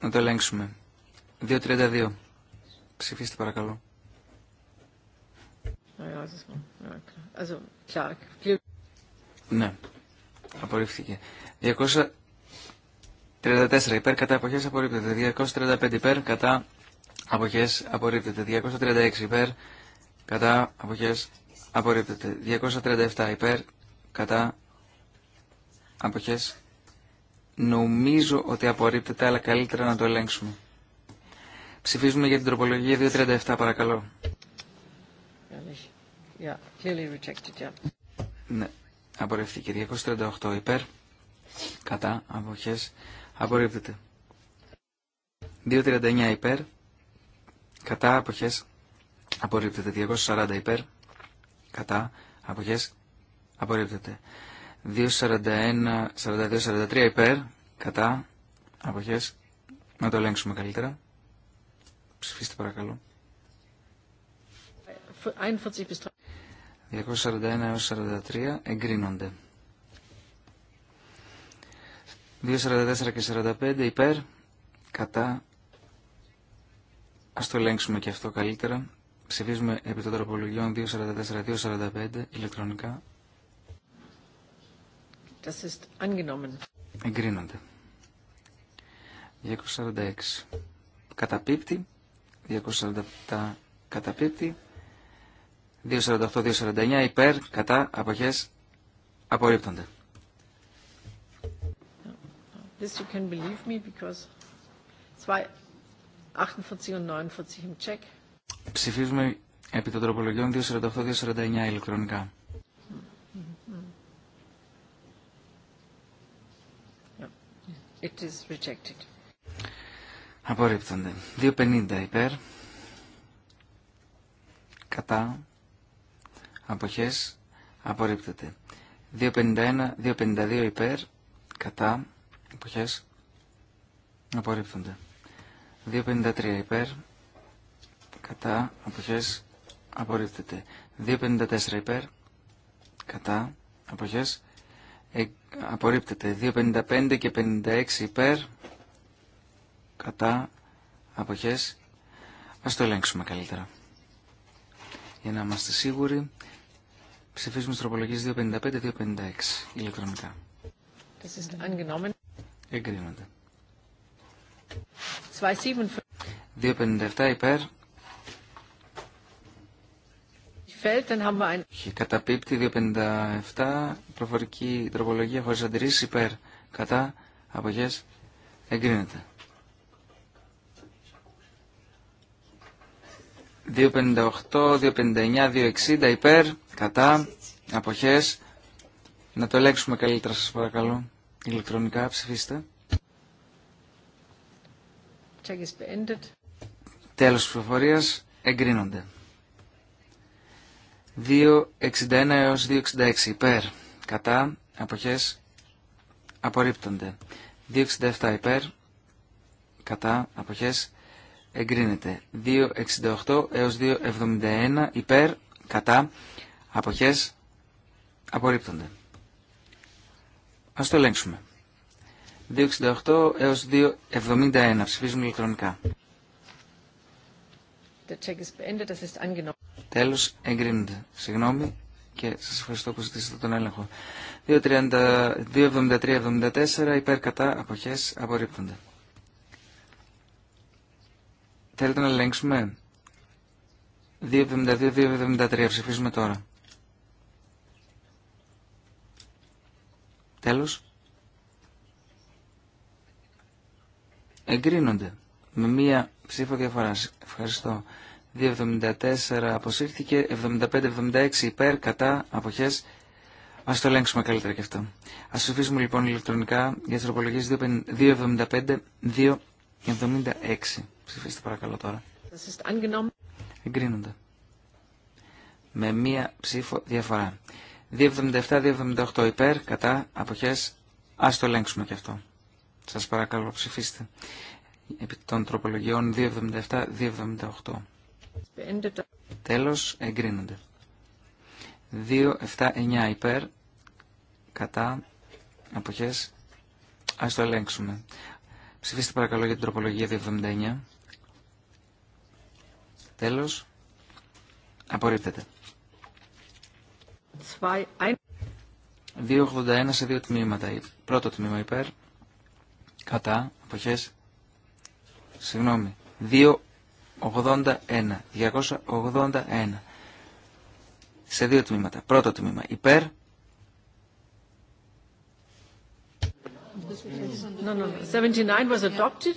Να το ελέγξουμε. 232. Ψηφίστε παρακαλώ. Ναι. Απορρίφθηκε. 200... 34 υπέρ κατά αποχές απορρίπτεται. 235 υπέρ κατά αποχές απορρίπτεται. 236 υπέρ κατά αποχές απορρίπτεται. 237 υπέρ κατά αποχές νομίζω ότι απορρίπτεται αλλά καλύτερα να το ελέγξουμε. Ψηφίζουμε για την τροπολογία 237 παρακαλώ. Yeah, Ναι, απορριφθήκε. 238 υπέρ, κατά, αποχές, απορρίπτεται. 2.39 υπέρ, κατά αποχές απορρίπτεται. 240 υπέρ, κατά αποχές απορρίπτεται. 2.41, 42, 43 υπέρ, κατά αποχές, να το ελέγξουμε καλύτερα. Ψηφίστε παρακαλώ. 241 έως 43 εγκρίνονται. 2.44 και 45 υπέρ, κατά, ας το ελέγξουμε και αυτό καλύτερα. Ψηφίζουμε επί των τροπολογιών 2.44-2.45 ηλεκτρονικά. Das Εγκρίνονται. 246. Καταπίπτει. 247 καταπίπτει. 248-249 υπέρ, κατά, αποχές, απορρίπτονται. This you can believe me because 48 49 Check. Ψηφίζουμε επί των τροπολογιών 248-249 ηλεκτρονικά. It is rejected. Απορρίπτονται. 2.50 υπέρ. Κατά. Αποχές. Απορρίπτεται. 2.51, 2.52 υπέρ. Κατά εποχές απορρίπτονται. 2.53 υπέρ κατά αποχές απορρίπτεται. 2.54 υπέρ κατά αποχές ε, απορρίπτεται. 2.55 και 56 υπέρ κατά αποχές ας το ελέγξουμε καλύτερα. Για να είμαστε σίγουροι, ψηφίζουμε στροπολογίες 2.55-2.56 ηλεκτρονικά. Εγκρίνονται. 2,57 υπέρ. Καταπίπτει 2,57. Προφορική τροπολογία χωρίς αντιρρήσεις υπέρ. Κατά. Αποχές. Εγκρίνεται. 2,58, 2,59, 2,60 υπέρ. Κατά. Αποχές. Να το ελέγξουμε καλύτερα σας παρακαλώ. Ηλεκτρονικά ψηφίστε. Τέλος της προφορίας εγκρίνονται. 2.61 έως 2.66 υπέρ. Κατά. Αποχές απορρίπτονται. 2.67 υπέρ. Κατά. Αποχές εγκρίνεται. 2.68 έως 2.71 υπέρ. Κατά. Αποχές απορρίπτονται. Ας το ελέγξουμε. 268 έως 271. Ψηφίζουμε ηλεκτρονικά. Τέλος, εγκρίνεται. Συγγνώμη και σας ευχαριστώ που ζητήσατε τον έλεγχο. 273-74 υπέρ κατά αποχές απορρίπτονται. Θέλετε να ελέγξουμε. 272-273 ψηφίζουμε τώρα. Τέλος. Εγκρίνονται με μία ψήφο διαφορά. Ευχαριστώ. 2.74 αποσύρθηκε, 75-76 υπέρ, κατά, αποχές. Ας το ελέγξουμε καλύτερα και αυτό. Ας ψηφίσουμε λοιπόν ηλεκτρονικά για τις 275 2.75-2.76. Ψηφίστε παρακαλώ τώρα. Εγκρίνονται. Με μία ψήφο διαφορά. 277-278 υπέρ, κατά, αποχές, ας το ελέγξουμε και αυτό. Σας παρακαλώ ψηφίστε επί των τροπολογιών 277-278. Τέλος, εγκρίνονται. 279 υπέρ, κατά, αποχές, ας το ελέγξουμε. Ψηφίστε παρακαλώ για την τροπολογία 279. Τέλος, απορρίπτεται. 281 σε δύο τμήματα. Πρώτο τμήμα υπέρ. Κατά. Αποχές. Συγγνώμη. 281. 281. Σε δύο τμήματα. Πρώτο τμήμα υπέρ. No, no, no. 79 was adopted.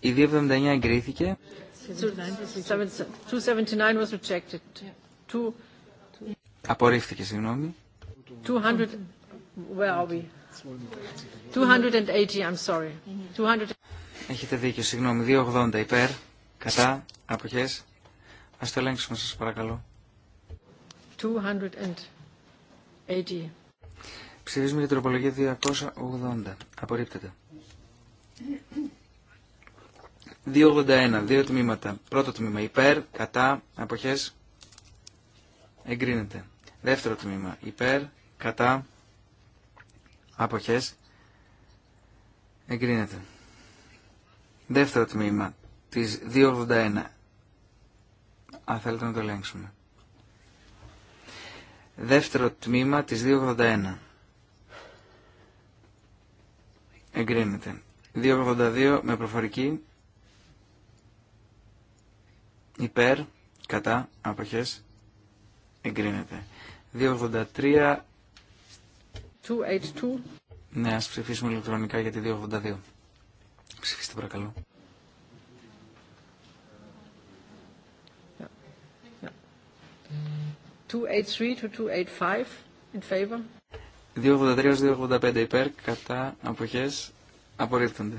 Η 279 εγκρίθηκε. 279 was rejected. Απορρίφθηκε, συγγνώμη. 200... Where are we? 280, I'm sorry. 200... Έχετε δίκιο, συγγνώμη. 280 υπέρ, κατά, αποχές. Ας το ελέγξουμε, σας παρακαλώ. 280. Ψηφίζουμε για τροπολογία 280. Απορρίπτεται. 281. Δύο τμήματα. Πρώτο τμήμα υπέρ, κατά, αποχές. Εγκρίνεται. Δεύτερο τμήμα. Υπέρ, κατά, αποχές, εγκρίνεται. Δεύτερο τμήμα της 281. Αν θέλετε να το ελέγξουμε. Δεύτερο τμήμα της 281. Εγκρίνεται. 282 με προφορική. Υπέρ, κατά, αποχές, εγκρίνεται. 283. 282. Ναι, ας ψηφίσουμε ηλεκτρονικά για τη 282. Ψηφίστε παρακαλώ. Yeah. Yeah. 283 to 285 in favor. 283-285 υπέρ, κατά, αποχές, απορρίπτονται.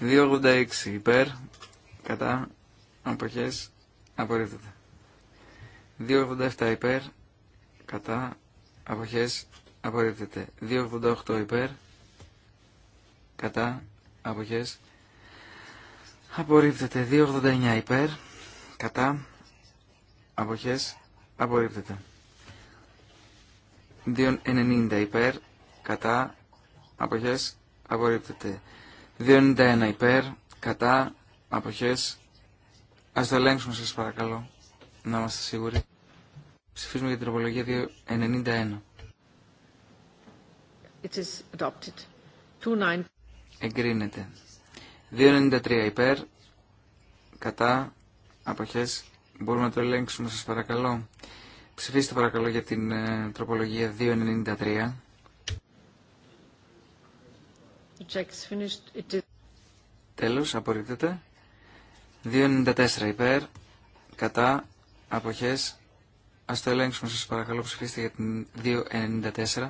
286 υπέρ, κατά, αποχές, απορρίπτονται. 2.87 υπέρ, κατά, αποχές, απορρίπτεται. 2.88 υπέρ, κατά, αποχές, απορρίπτεται. 2.89 υπέρ, κατά, αποχές, απορρίπτεται. 2.90 υπέρ, κατά, αποχές, απορρίπτεται. 2.91 υπέρ, κατά, αποχές, ας το ελέγξουμε σας παρακαλώ να είμαστε σίγουροι. Ψηφίζουμε για την τροπολογία 291. It is adopted. 29. Εγκρίνεται. 293 υπέρ, κατά, αποχές. Μπορούμε να το ελέγξουμε σας παρακαλώ. Ψηφίστε παρακαλώ για την ε, τροπολογία 293. Τέλος, απορρίπτεται. 294 υπέρ, κατά, αποχές. Ας το ελέγξουμε σας παρακαλώ ψηφίστε για την 294.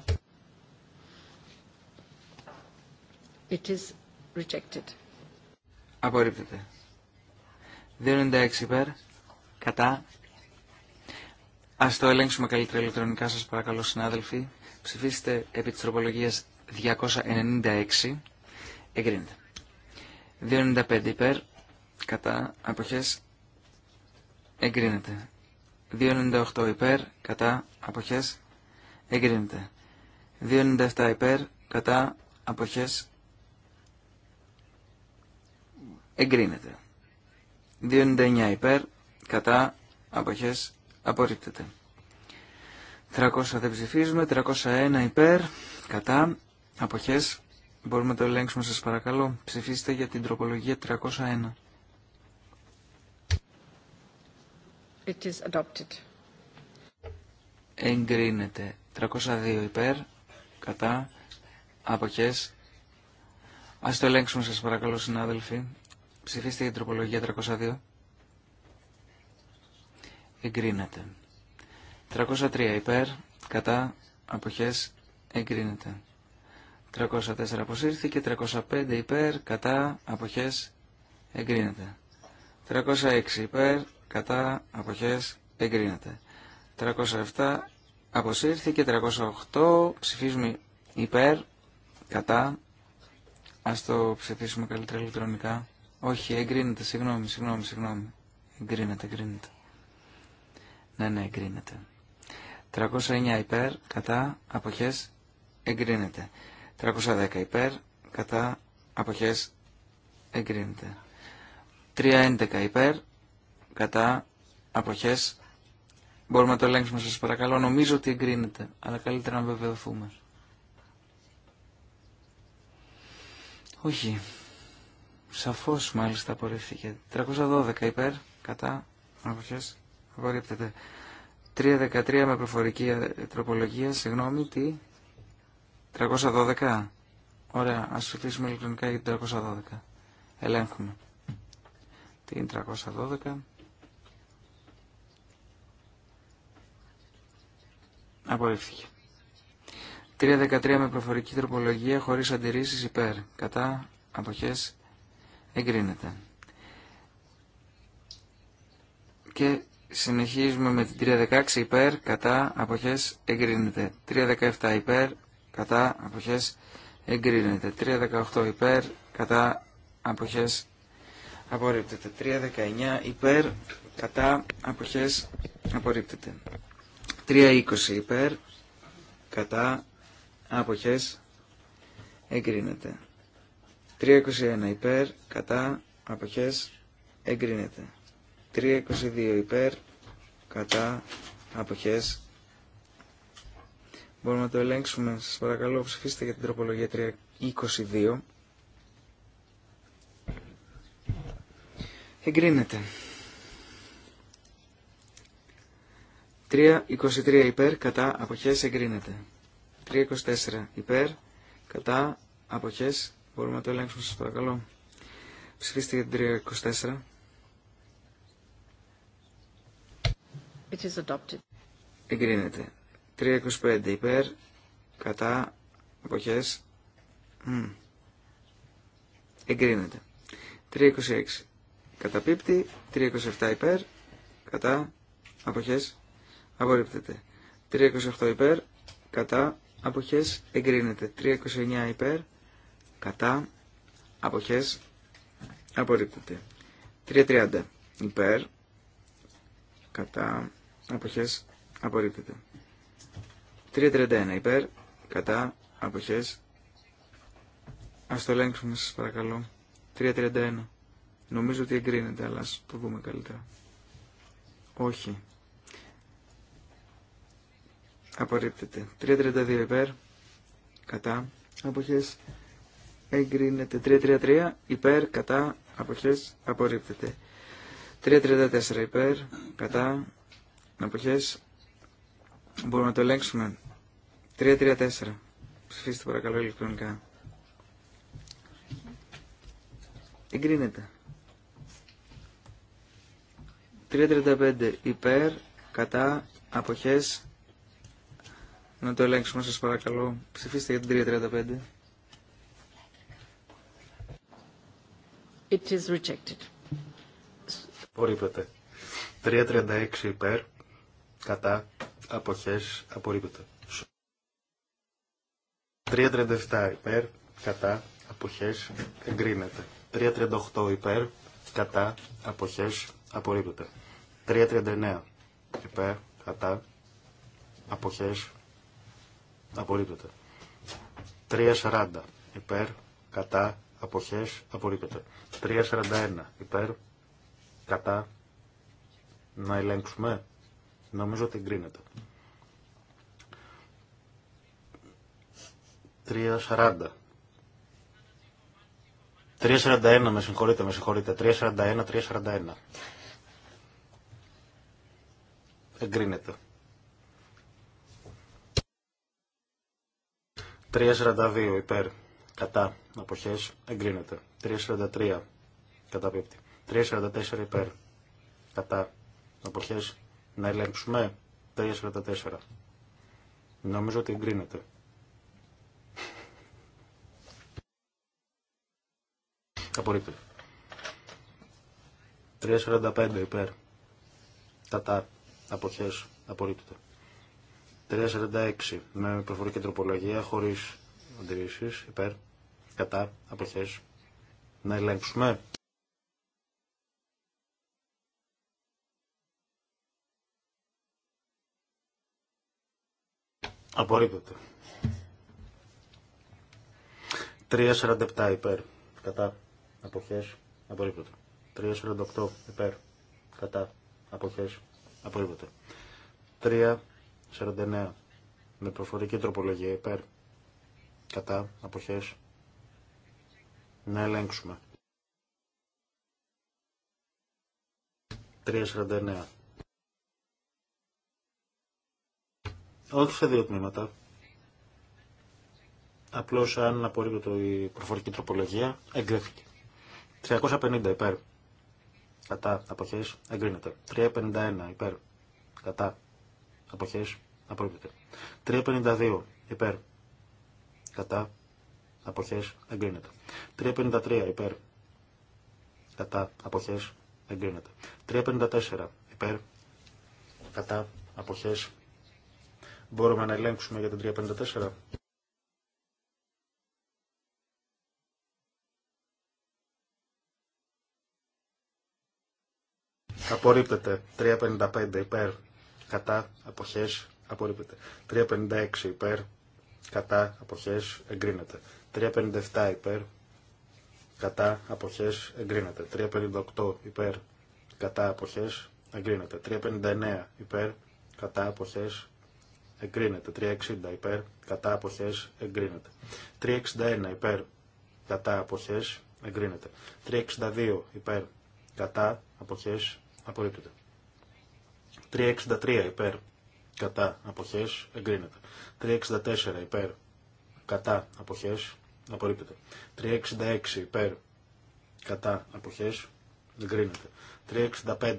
It is rejected. Απορρίπτεται. 296 υπέρ. Κατά. Ας το ελέγξουμε καλύτερα ηλεκτρονικά σας παρακαλώ συνάδελφοι. Ψηφίστε επί της τροπολογίας 296. Εγκρίνεται. 295 υπέρ. Κατά. Αποχές. Εγκρίνεται. 2.98 υπέρ κατά αποχές εγκρίνεται. 2.97 υπέρ κατά αποχές εγκρίνεται. 2.99 υπέρ κατά αποχές απορρίπτεται. 300 δεν ψηφίζουμε, 301 υπέρ κατά αποχές Μπορούμε να το ελέγξουμε σας παρακαλώ. Ψηφίστε για την τροπολογία 301. It is Εγκρίνεται. 302 υπέρ, κατά, αποχές. Ας το ελέγξουμε σας παρακαλώ συνάδελφοι. Ψηφίστε για την τροπολογία 302. Εγκρίνεται. 303 υπέρ, κατά, αποχές, εγκρίνεται. 304 αποσύρθηκε, 305 υπέρ, κατά, αποχές, εγκρίνεται. 306 υπέρ, κατά αποχές εγκρίνεται. 307 αποσύρθηκε, 308 ψηφίζουμε υπέρ, κατά, ας το ψηφίσουμε καλύτερα ηλεκτρονικά. Όχι, εγκρίνεται, συγγνώμη, συγγνώμη, συγγνώμη. Εγκρίνεται, εγκρίνεται. Ναι, ναι, εγκρίνεται. 309 υπέρ, κατά, αποχές, εγκρίνεται. 310 υπέρ, κατά, αποχές, εγκρίνεται. 311 υπέρ, κατά αποχές μπορούμε να το ελέγξουμε σας παρακαλώ νομίζω ότι εγκρίνεται αλλά καλύτερα να βεβαιωθούμε όχι σαφώς μάλιστα απορρίφθηκε 312 υπέρ κατά αποχές απορρίπτεται 313 με προφορική τροπολογία συγγνώμη τι 312 ωραία ας ψηφίσουμε ηλεκτρονικά για την 312 ελέγχουμε την 312 Απορρίφθηκε. 3.13 με προφορική τροπολογία χωρίς αντιρρήσεις υπέρ. Κατά αποχές εγκρίνεται. Και συνεχίζουμε με την 3.16 υπέρ. Κατά αποχές εγκρίνεται. 3.17 υπέρ. Κατά αποχές εγκρίνεται. 3.18 υπέρ. Κατά αποχές απορρίπτεται. 3.19 υπέρ. Κατά αποχές απορρίπτεται. 3.20 υπέρ, κατά, άποχες, εγκρίνεται. 3.21 υπέρ, κατά, άποχες, εγκρίνεται. 3.22 υπέρ, κατά, άποχες, Μπορούμε να το ελέγξουμε. Σας παρακαλώ ψηφίστε για την τροπολογία 322. Εγκρίνεται. 3.23 υπέρ κατά αποχές εγκρίνεται. 3.24 υπέρ κατά αποχές. Μπορούμε να το ελέγξουμε σας παρακαλώ. Ψηφίστε για την 3.24. It is adopted. Εγκρίνεται. 3.25 υπέρ κατά αποχές. Εγκρίνεται. 3.26 καταπίπτει. 3.27 υπέρ κατά αποχές απορρίπτεται. 328 υπέρ, κατά, αποχές, εγκρίνεται. 329 υπέρ, κατά, αποχές, απορρίπτεται. 330 υπέρ, κατά, αποχές, απορρίπτεται. 331 υπέρ, κατά, αποχές, ας το ελέγξουμε σας παρακαλώ. 331. Νομίζω ότι εγκρίνεται, αλλά ας το δούμε καλύτερα. Όχι, απορρίπτεται. 3.32 υπέρ, κατά, αποχές, εγκρίνεται. 3.33 υπέρ, κατά, αποχές, απορρίπτεται. 3.34 υπέρ, κατά, αποχές, μπορούμε να το ελέγξουμε. 3.34, ψηφίστε παρακαλώ ηλεκτρονικά. Εγκρίνεται. 3.35 υπέρ, κατά, αποχές, να το ελέγξουμε σας παρακαλώ. Ψηφίστε για την 335. It is rejected. Απορρίπτεται. 336 υπέρ, κατά, αποχές, απορρίπτεται. 337 υπέρ, κατά, αποχές, εγκρίνεται. 338 υπέρ, κατά, αποχές, απορρίπτεται. 339 υπέρ, κατά, αποχές, απορρίπτεται. 3.40 υπέρ, κατά, αποχές, απορρίπτεται. 3.41 υπέρ, κατά, να ελέγξουμε, νομίζω ότι εγκρίνεται. 3.40 3.41 με συγχωρείτε, με συγχωρείτε. 3.41, 3.41. Εγκρίνεται. 3.42 υπέρ κατά αποχές εγκρίνεται. 3.43 κατά πίπτη. 3.44 υπέρ κατά αποχές να ελέγξουμε 3.44. Νομίζω ότι εγκρίνεται. Απορρίπτω. 3.45 υπέρ κατά αποχές απορρίπτεται. 346 με προφορική τροπολογία χωρίς αντιρρήσει. υπέρ, κατά, αποχές. Να ελέγξουμε. Απορρίπτεται. 3.47 υπέρ. Κατά. Αποχές. Απορρίπτεται. 3.48 υπέρ. Κατά. Αποχές. Απορρίπτεται. 3. 49 με προφορική τροπολογία υπέρ κατά αποχές να ελέγξουμε 3.49 όχι σε δύο τμήματα απλώς αν απορρίπτω η προφορική τροπολογία εγκρίθηκε 350 υπέρ κατά αποχές εγκρίνεται 351 υπέρ κατά αποχές Απορρίπτεται. 352 υπέρ. Κατά. Αποχές. Εγκρίνεται. 353 υπέρ. Κατά. Αποχές. Εγκρίνεται. 354 υπέρ. Κατά. Αποχές. Μπορούμε να ελέγξουμε για την 354. Απορρίπτεται 355 υπέρ κατά αποχές απορρίπτεται. 356 υπέρ, κατά, αποχές, εγκρίνεται. 357 υπέρ, κατά, αποχές, εγκρίνεται. 358 υπέρ, κατά, αποχές, εγκρίνεται. 359 υπέρ, κατά, αποχές, εγκρίνεται. 360 υπέρ, κατά, αποχές, εγκρίνεται. 361 υπέρ, κατά, αποχές, εγκρίνεται. 362 υπέρ, κατά, αποχές, απορρίπτεται. 363 υπέρ, κατά αποχές εγκρίνεται. 364 υπέρ κατά αποχές απορρίπτεται. 366 υπέρ κατά αποχές εγκρίνεται. 365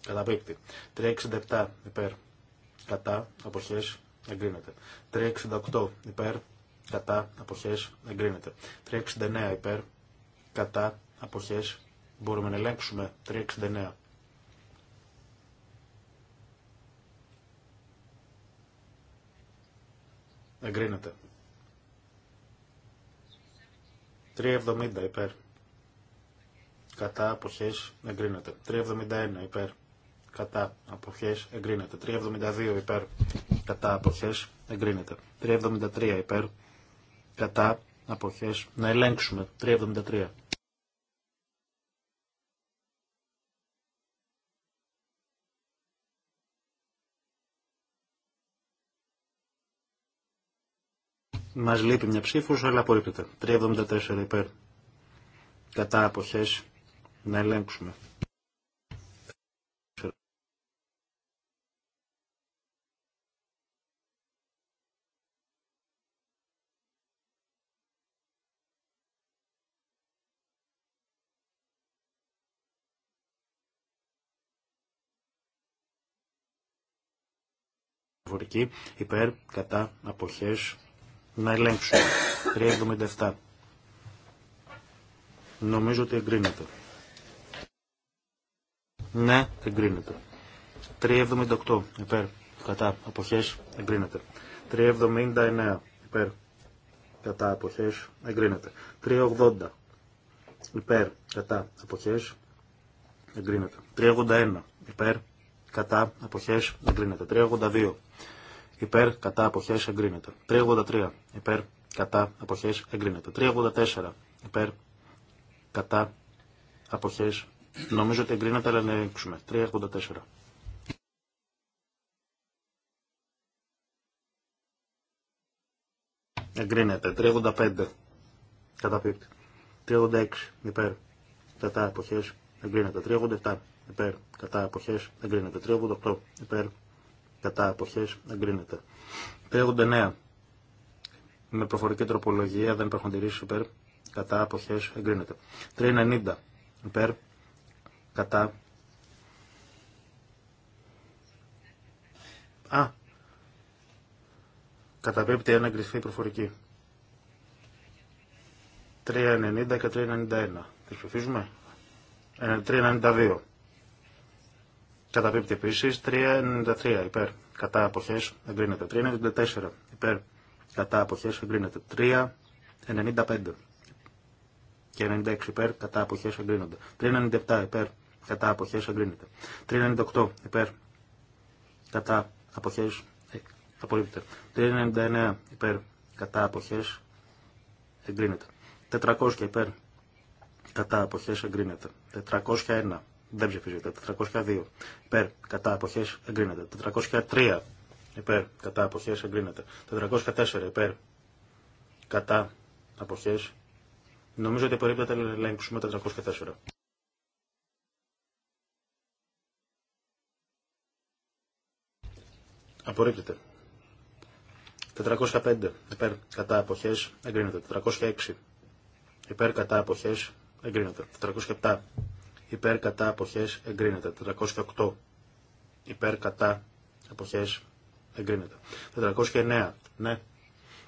καταπίπτει. 367 υπέρ κατά αποχές εγκρίνεται. 368 υπέρ κατά αποχές εγκρίνεται. 369 υπέρ κατά αποχές μπορούμε να ελέγξουμε 369 Εγκρίνεται. 3.70 υπέρ. Κατά αποχές εγκρίνεται. 3.71 υπέρ. Κατά αποχές εγκρίνεται. 3.72 υπέρ. Κατά αποχές εγκρίνεται. 3.73 υπέρ. Κατά αποχές να ελέγξουμε. 3.73. Μα λείπει μια ψήφο, αλλά απορρίπτεται. 374 υπέρ. Κατά αποχές να ελέγξουμε. Υπέρ, κατά, αποχές, να ελέγξουμε. 377. Νομίζω ότι εγκρίνεται. Ναι, εγκρίνεται. 378 υπέρ. Κατά αποχές εγκρίνεται. 379 υπέρ. Κατά αποχές εγκρίνεται. 380 υπέρ. Κατά αποχές εγκρίνεται. 381 υπέρ. Κατά αποχές εγκρίνεται. 382 υπέρ, κατά, αποχές, εγκρίνεται. 383, υπέρ, κατά, αποχές, εγκρίνεται. 384, υπέρ, κατά, αποχές, νομίζω ότι εγκρίνεται, αλλά να ελέγξουμε. 384. Εγκρίνεται. 385. Καταπίπτει. 386. Υπέρ. Κατά αποχές. Εγκρίνεται. 387. Υπέρ. Κατά αποχές. Εγκρίνεται. 388. Υπέρ κατά εποχέ, εγκρίνεται. 389 με προφορική τροπολογία δεν υπάρχουν αντιρρήσεις υπέρ κατά αποχές εγκρίνεται. 390 υπέρ κατά Α, Καταπέμπτει ένα εγκριθεί προφορική. 390 και 391. Τι ψηφίζουμε. 392. Ε, Καταπίπτει επίση 3,93 υπέρ. Κατά αποχέ εγκρίνεται. 3,94 υπέρ. Κατά αποχέ εγκρίνεται. 3,95 και 96 υπέρ. Κατά αποχέ εγκρίνονται. 3,97 υπέρ. Κατά αποχέ εγκρίνεται. 3,98 υπέρ. Κατά αποχέ ε, απορρίπτεται. 3,99 υπέρ. Κατά αποχέ εγκρίνεται. 400 υπέρ. Κατά αποχέ εγκρίνεται. 401 δεν ψηφίζεται. 402. Υπέρ. Κατά αποχέ εγκρίνεται. 403. Υπέρ. Κατά αποχέ εγκρίνεται. 404. Υπέρ. Κατά αποχέ. Νομίζω ότι απορρίπτεται ελέγξουμε 404. Απορρίπτεται. 405. Υπέρ. Κατά αποχέ εγκρίνεται. 406. Υπέρ. Κατά αποχέ εγκρίνεται. 407 υπέρ κατά αποχές εγκρίνεται. 408 υπέρ κατά αποχές εγκρίνεται. 409 ναι.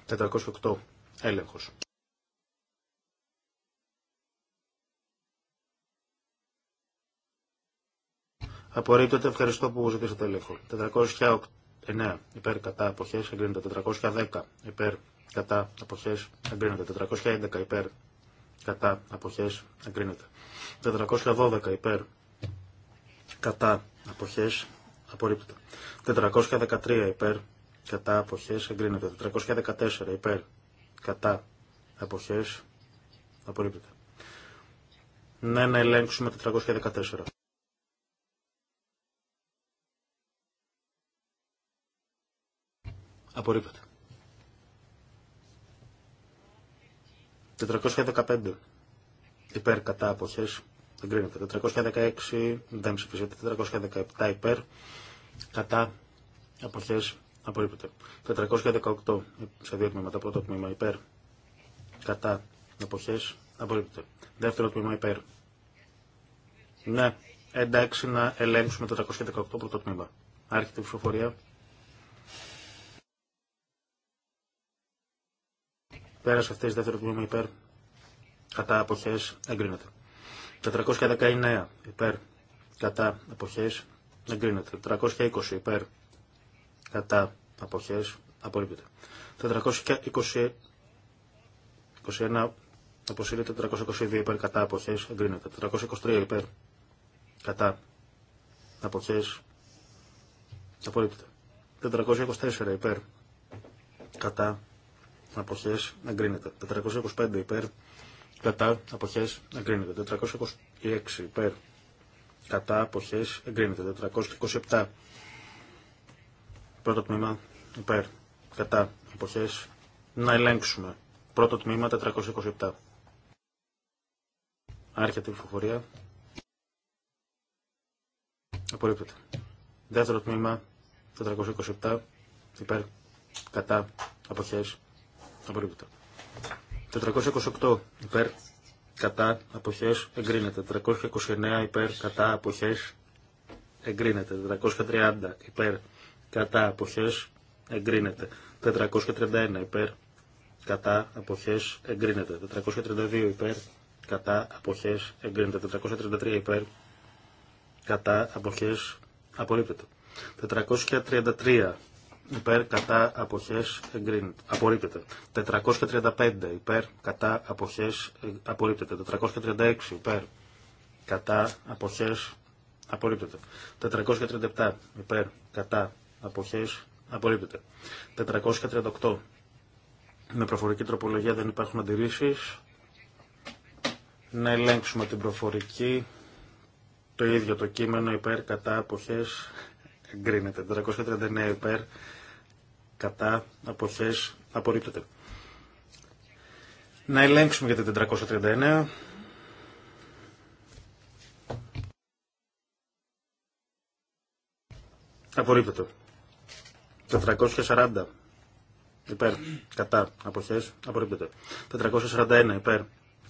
408 έλεγχος. Απορρίπτεται, ευχαριστώ που ζητήσατε έλεγχο. 409 υπέρ κατά αποχές εγκρίνεται. 410 υπέρ κατά αποχές εγκρίνεται. 411 υπέρ κατά αποχές εγκρίνεται. 412 υπέρ κατά αποχές απορρίπτεται. 413 υπέρ κατά αποχές εγκρίνεται. 414 υπέρ κατά αποχές απορρίπτεται. Ναι, να ελέγξουμε 414. Απορρίπτεται. 415 υπέρ κατά αποχές εγκρίνεται. 416 δεν ψηφίζεται. 417 υπέρ κατά αποχές απορρίπτεται. 418 σε δύο τμήματα. Πρώτο τμήμα υπέρ κατά αποχές απορρίπτεται. Δεύτερο τμήμα υπέρ. Ναι, εντάξει να ελέγξουμε το 418 πρώτο τμήμα. Άρχεται η ψηφοφορία. αυτέ τι δεύτερο τμήμα υπέρ. Κατά αποχές εγκρίνεται. 419 υπέρ. Κατά αποχές εγκρίνεται. 320 υπέρ. Κατά αποχές απορρίπτεται. 421 21 αποσύρεται 422 υπέρ κατά αποχές εγκρίνεται. 423 υπέρ κατά αποχές απορρίπτεται. 424 υπέρ κατά Αποχέ εγκρίνεται. 425 υπέρ κατά αποχές εγκρίνεται. 426 υπέρ κατά αποχές εγκρίνεται. 427 πρώτο τμήμα υπέρ κατά αποχέ, να ελέγξουμε. Πρώτο τμήμα 427. Άρχεται η ψηφοφορία. Απορρίπτεται. Δεύτερο τμήμα 427 υπέρ κατά αποχές 428 υπέρ κατά αποχές εγκρίνεται. 429 υπέρ κατά αποχές εγκρίνεται. 430 υπέρ κατά αποχές εγκρίνεται. 431 υπέρ κατά αποχές εγκρίνεται. 432 υπέρ κατά αποχές εγκρίνεται. 433 υπέρ κατά αποχές απορρίπτεται. 433 υπέρ κατά αποχές εγκρίνεται. Απορρίπτεται. 435 ε, υπέρ κατά αποχές απορρίπτεται. 436 υπέρ κατά αποχές απορρίπτεται. 437 υπέρ κατά αποχές απορρίπτεται. 438 με προφορική τροπολογία δεν υπάρχουν αντιρρήσεις. Να ελέγξουμε την προφορική. Το ίδιο το κείμενο υπέρ κατά αποχές εγκρίνεται. 439 υπέρ κατά αποχές απορρίπτεται. Να ελέγξουμε για την 439. Απορρίπτεται. 440 υπέρ, κατά, αποχές, απορρίπτεται. 441 υπέρ,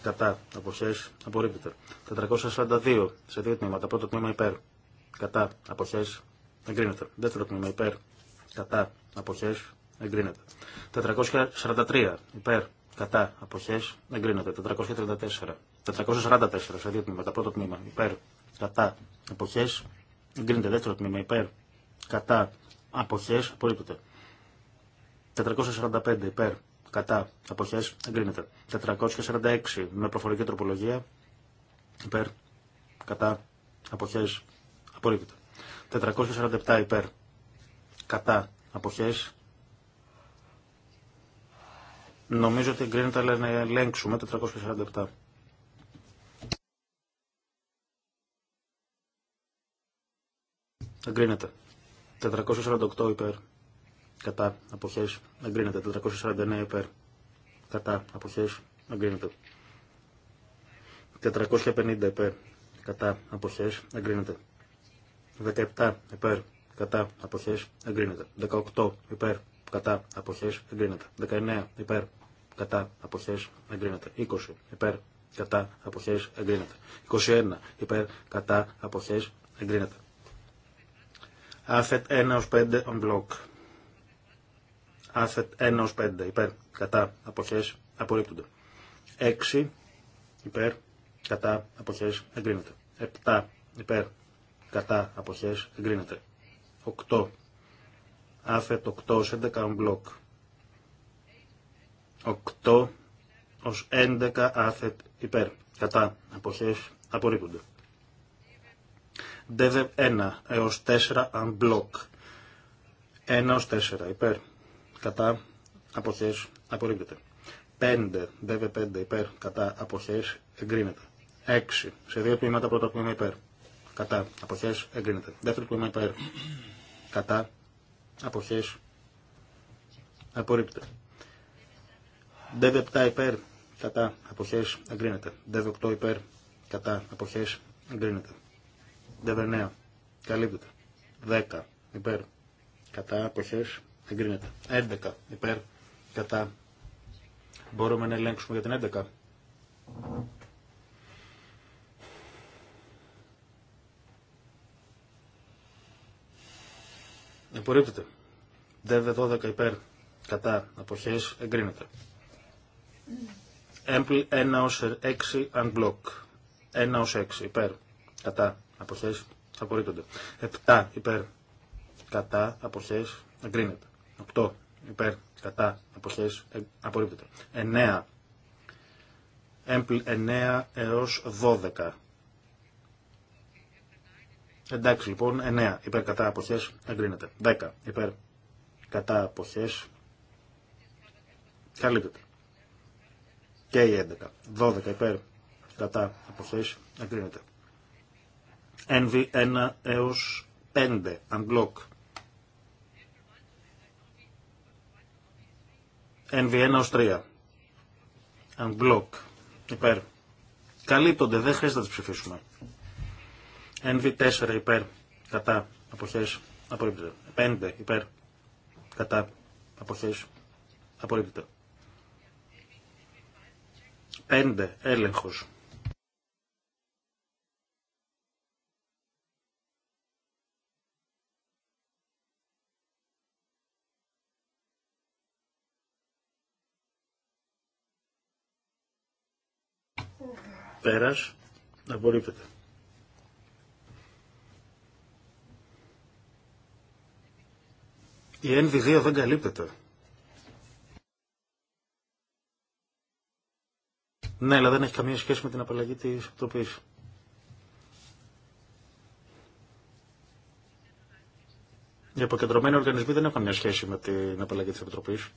κατά, αποχές, απορρίπτεται. 442 σε δύο τμήματα, πρώτο τμήμα υπέρ, κατά, αποχές, εγκρίνεται. Δεύτερο τμήμα υπέρ, κατά αποχές εγκρίνεται. 443 υπέρ κατά αποχές εγκρίνεται. 434, 444 σε δύο τμήματα. Πρώτο τμήμα υπέρ κατά αποχές εγκρίνεται. Δεύτερο τμήμα υπέρ κατά αποχές απορρίπτεται. 445 υπέρ κατά αποχές εγκρίνεται. 446 με προφορική τροπολογία υπέρ κατά αποχές απορρίπτεται. 447 υπέρ Κατά. Αποχές. Νομίζω ότι εγκρίνεται αλλά να ελέγξουμε 447. Εγκρίνεται. 448 υπέρ. Κατά. Αποχές. Εγκρίνεται. 449 υπέρ. Κατά. Αποχές. Εγκρίνεται. 450 υπέρ. Κατά. Αποχές. Εγκρίνεται. 17 υπέρ κατά αποχές εγκρίνεται. 18 υπέρ κατά αποχές εγκρίνεται. 19 υπέρ κατά αποχές εγκρίνεται. 20 υπέρ κατά αποχέ, εγκρίνεται. 21 υπέρ κατά αποχές εγκρίνεται. Άθετ 1 ω 5 on block. Άθετ 1 ω 5 υπέρ κατά αποχές απορρίπτονται. 6 υπέρ κατά αποχές εγκρίνεται. 7 υπέρ κατά αποχές εγκρίνεται. 8. Άφετ 8 ως 11 unblock. 8 ως 11 άφετ υπέρ. Κατά. Αποχές απορρίπτονται. Δέδε 1 έως 4 unblock. 1 έως 4 υπέρ. Κατά. Αποχές απορρίπτονται. 5. Δεβε 5 υπέρ. Κατά. Αποχές εγκρίνεται. 6. Σε δύο τμήματα πρώτο τμήμα υπέρ. Κατά. Αποχές. Εγκρίνεται. Δεύτερο τμήμα υπέρ. Κατά. Αποχές. Απορρίπτεται. Δεύ 7 υπέρ. Κατά. Αποχές. Εγκρίνεται. Δεύ 8 υπέρ. Κατά. Αποχές. Εγκρίνεται. Δεύ 9. Καλύπτεται. 10 υπέρ. Κατά. Αποχές. Εγκρίνεται. 11 υπέρ. Κατά. Μπορούμε να ελέγξουμε για την 11. Απορρίπτεται. ΔΕΒΕ 12 υπέρ. Κατά. Αποχές. Εγκρίνεται. Έμπλ 1 ως 6 unblock. 1 ως 6 υπέρ. Κατά. Αποχές. Απορρίπτονται. 7 υπέρ. Κατά. Αποχές. Εγκρίνεται. 8 υπέρ. Κατά. Αποχές. Ε, απορρίπτεται. 9. Έμπλ 9 έως 12 Εντάξει λοιπόν, 9 υπέρ κατά αποχές εγκρίνεται. 10 υπέρ κατά αποχές καλύπτεται. Και η 11. 12 υπέρ κατά αποχές εγκρίνεται. NV1 έω 5 unblock. NV1 έω 3 unblock υπέρ. Καλύπτονται, δεν χρειάζεται να τις ψηφίσουμε. NV4 υπέρ, κατά, αποχές, απορρίπτεται. 5 υπέρ, κατά, αποχές, απορρίπτεται. 5 έλεγχος. Πέρας, απορρίπτεται. Η NV2 δεν καλύπτεται. Ναι, αλλά δεν έχει καμία σχέση με την απαλλαγή της Επιτροπής. Οι αποκεντρωμένοι οργανισμοί δεν έχουν καμία σχέση με την απαλλαγή της Επιτροπής.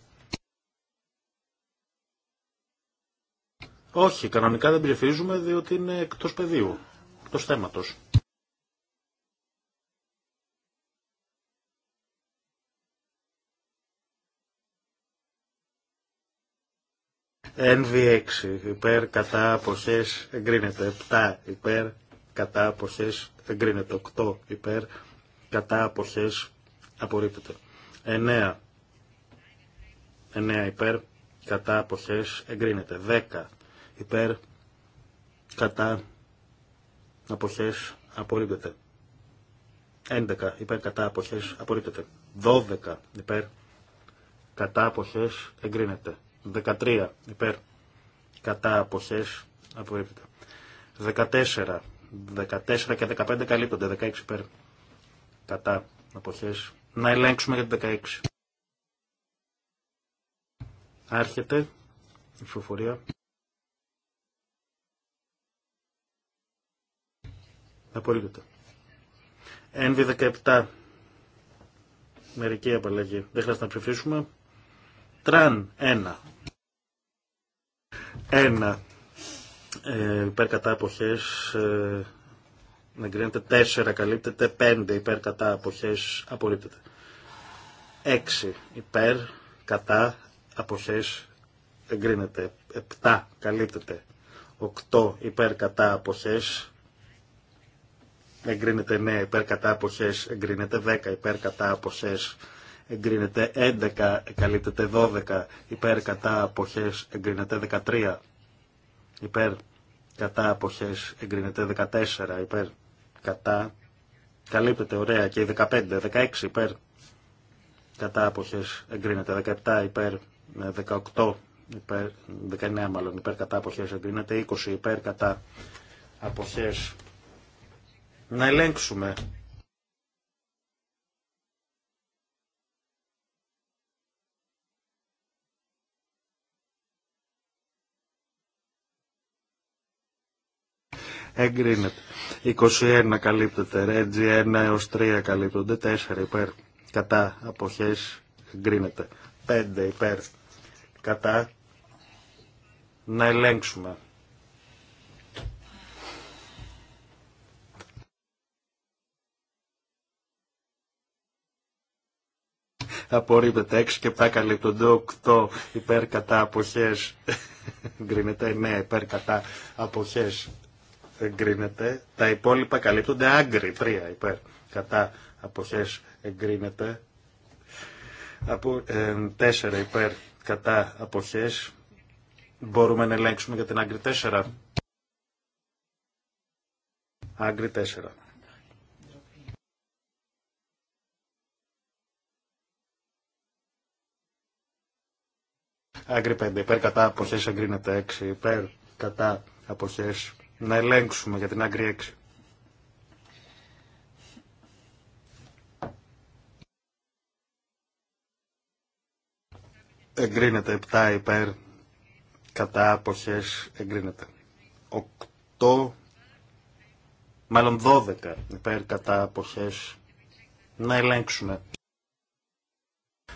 Όχι, κανονικά δεν ψηφίζουμε διότι είναι εκτός πεδίου, εκτός θέματος. NV6 υπέρ κατά αποχές εγκρίνεται 7 υπέρ κατά αποχές εγκρίνεται 8 υπέρ κατά αποχές απορρίπτεται 9 9 υπέρ κατά αποχές εγκρίνεται 10 υπέρ κατά αποχές απορρίπτεται 11 υπέρ κατά αποχές απορρίπτεται 12 υπέρ κατά αποχές εγκρίνεται 13 υπέρ κατά αποχέ. απορρίπτεται. 14, 14 και 15 καλύπτονται, 16 υπέρ κατά αποχές. Να ελέγξουμε για την 16. Άρχεται η ψηφοφορία. Απορρίπτεται. NV17. Μερική απαλλαγή. Δεν χρειάζεται να ψηφίσουμε. Τραν 1. 1. Ε, υπέρ κατά εποχές ε, εγκρίνεται 4, καλύπτεται 5 υπέρ κατά εποχές απορρίπτεται. 6 υπέρ κατά αποχές εγκρίνεται. 7 καλύπτεται. 8 υπέρ κατά αποχές εγκρίνεται 9 υπέρ κατά αποχές εγκρίνεται 10 υπέρ κατά εγκρίνεται 11, καλύπτεται 12, υπέρ κατά αποχές εγκρίνεται 13, υπέρ κατά αποχές εγκρίνεται 14, υπέρ κατά καλύπτεται ωραία και 15, 16 υπέρ κατά αποχές εγκρίνεται 17, υπέρ 18, ε, υπέρ, 19 μάλλον υπέρ κατά αποχές εγκρίνεται 20, υπέρ κατά αποχές να ελέγξουμε εγκρίνεται. 21 καλύπτεται, Ρέτζι 1 έως 3 καλύπτονται, 4 υπέρ, κατά αποχές εγκρίνεται, 5 υπέρ, κατά να ελέγξουμε. απορρίπτεται 6 και 7 καλύπτονται 8 υπέρ κατά αποχές γκρίνεται 9 υπέρ κατά αποχές εγκρίνεται. Τα υπόλοιπα καλύπτονται άγκρι. 3 υπέρ. Κατά αποχές εγκρίνεται. Από, ε, 4 υπέρ. Κατά αποχές. Μπορούμε να ελέγξουμε για την άγκρι 4. Άγκρι 4. Άγκρι 5 υπέρ κατά αποχές εγκρίνεται 6 υπέρ κατά αποχές να ελέγξουμε για την άγκρη 6. Εγκρίνεται 7 υπέρ, κατά αποχές εγκρίνεται. 8, μάλλον 12 υπέρ, κατά αποχές να ελέγξουμε.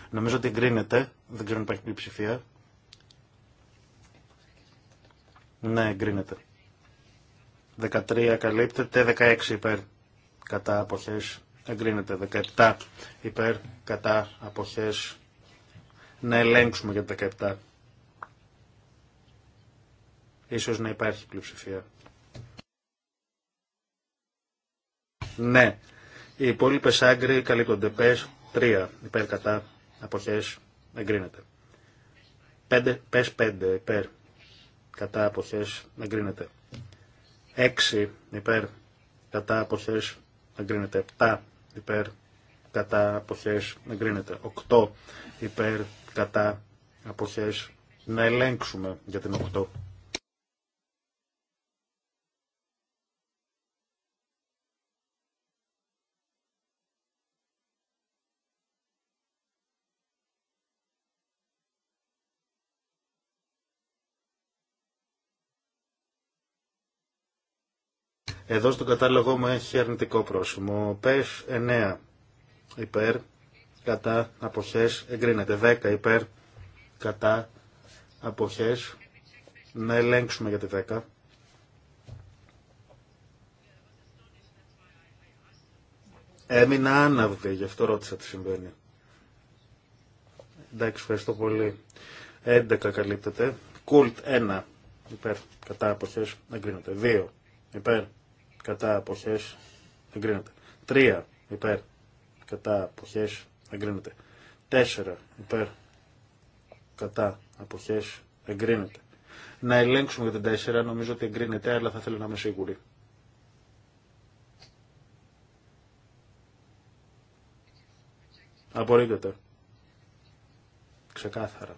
Νομίζω ότι εγκρίνεται, δεν ξέρω αν υπάρχει πλειοψηφία. Ναι, εγκρίνεται. 13 καλύπτεται, 16 υπέρ κατά αποχές εγκρίνεται, 17 υπέρ κατά αποχές να ελέγξουμε για το 17. Ίσως να υπάρχει πλειοψηφία. Ναι, οι υπόλοιπε άγκροι καλύπτονται. Πες 3 υπέρ κατά αποχές εγκρίνεται. 5, πες 5 υπέρ κατά αποχές εγκρίνεται. 6 υπέρ κατά αποχές εγκρίνεται 7 υπέρ κατά αποχές εγκρίνεται 8 υπέρ κατά αποχές να ελέγξουμε για την 8 Εδώ στον κατάλογο μου έχει αρνητικό πρόσημο. ΠΕΣ 9 υπέρ, κατά, αποχές, εγκρίνεται. 10 υπέρ, κατά, αποχές. Να ελέγξουμε για τη 10. Έμεινα άναυδη, γι' αυτό ρώτησα τι συμβαίνει. Εντάξει, ευχαριστώ πολύ. 11 καλύπτεται. Κουλτ 1 υπέρ, κατά, αποχές, εγκρίνεται. 2 υπέρ, κατά αποχές εγκρίνεται. Τρία, υπέρ κατά αποχές εγκρίνεται. 4 υπέρ κατά αποχές εγκρίνεται. Να ελέγξουμε για την 4, νομίζω ότι εγκρίνεται, αλλά θα θέλω να είμαι σίγουρη. Απορρίπτεται. Ξεκάθαρα.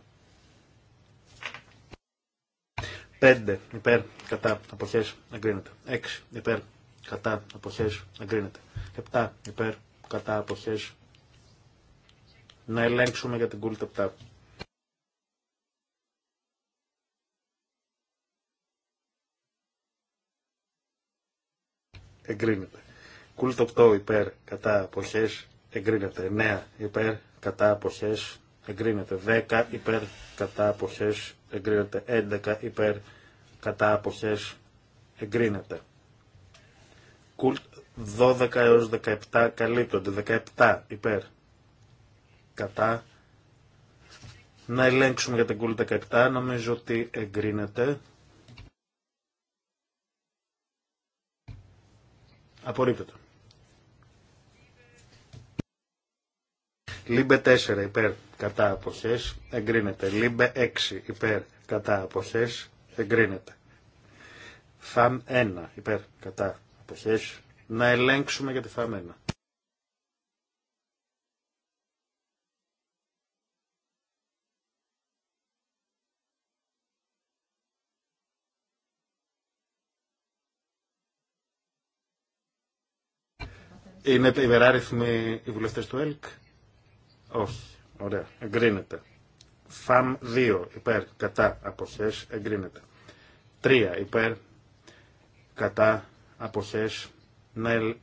5 υπέρ κατά αποχές εγκρίνεται. 6 υπέρ κατά αποχές εγκρίνεται. 7 υπέρ κατά αποχές να ελέγξουμε για την κούλτ 7. Εγκρίνεται. Κούλτ 8 υπέρ κατά αποχές εγκρίνεται. 9 υπέρ κατά αποχές εγκρίνεται. 10 υπέρ κατά αποχές εγκρίνεται. 11 υπέρ κατά αποχές εγκρίνεται. Κουλτ 12 έως 17 καλύπτονται. 17 υπέρ. Κατά. Να ελέγξουμε για την Κουλτ 17. Νομίζω ότι εγκρίνεται. Απορρίπτεται. Λίμπε 4 υπέρ κατά αποχές εγκρίνεται. Λίμπε 6 υπέρ κατά αποχές εγκρίνεται. Φαμ 1 υπέρ κατά να ελέγξουμε για τη φαμένα. Είναι υπεράριθμοι οι βουλευτέ του ΕΛΚ. Όχι. Ωραία. Εγκρίνεται. ΦΑΜ 2 υπέρ κατά αποχές εγκρίνεται. 3 υπέρ κατά αποχές να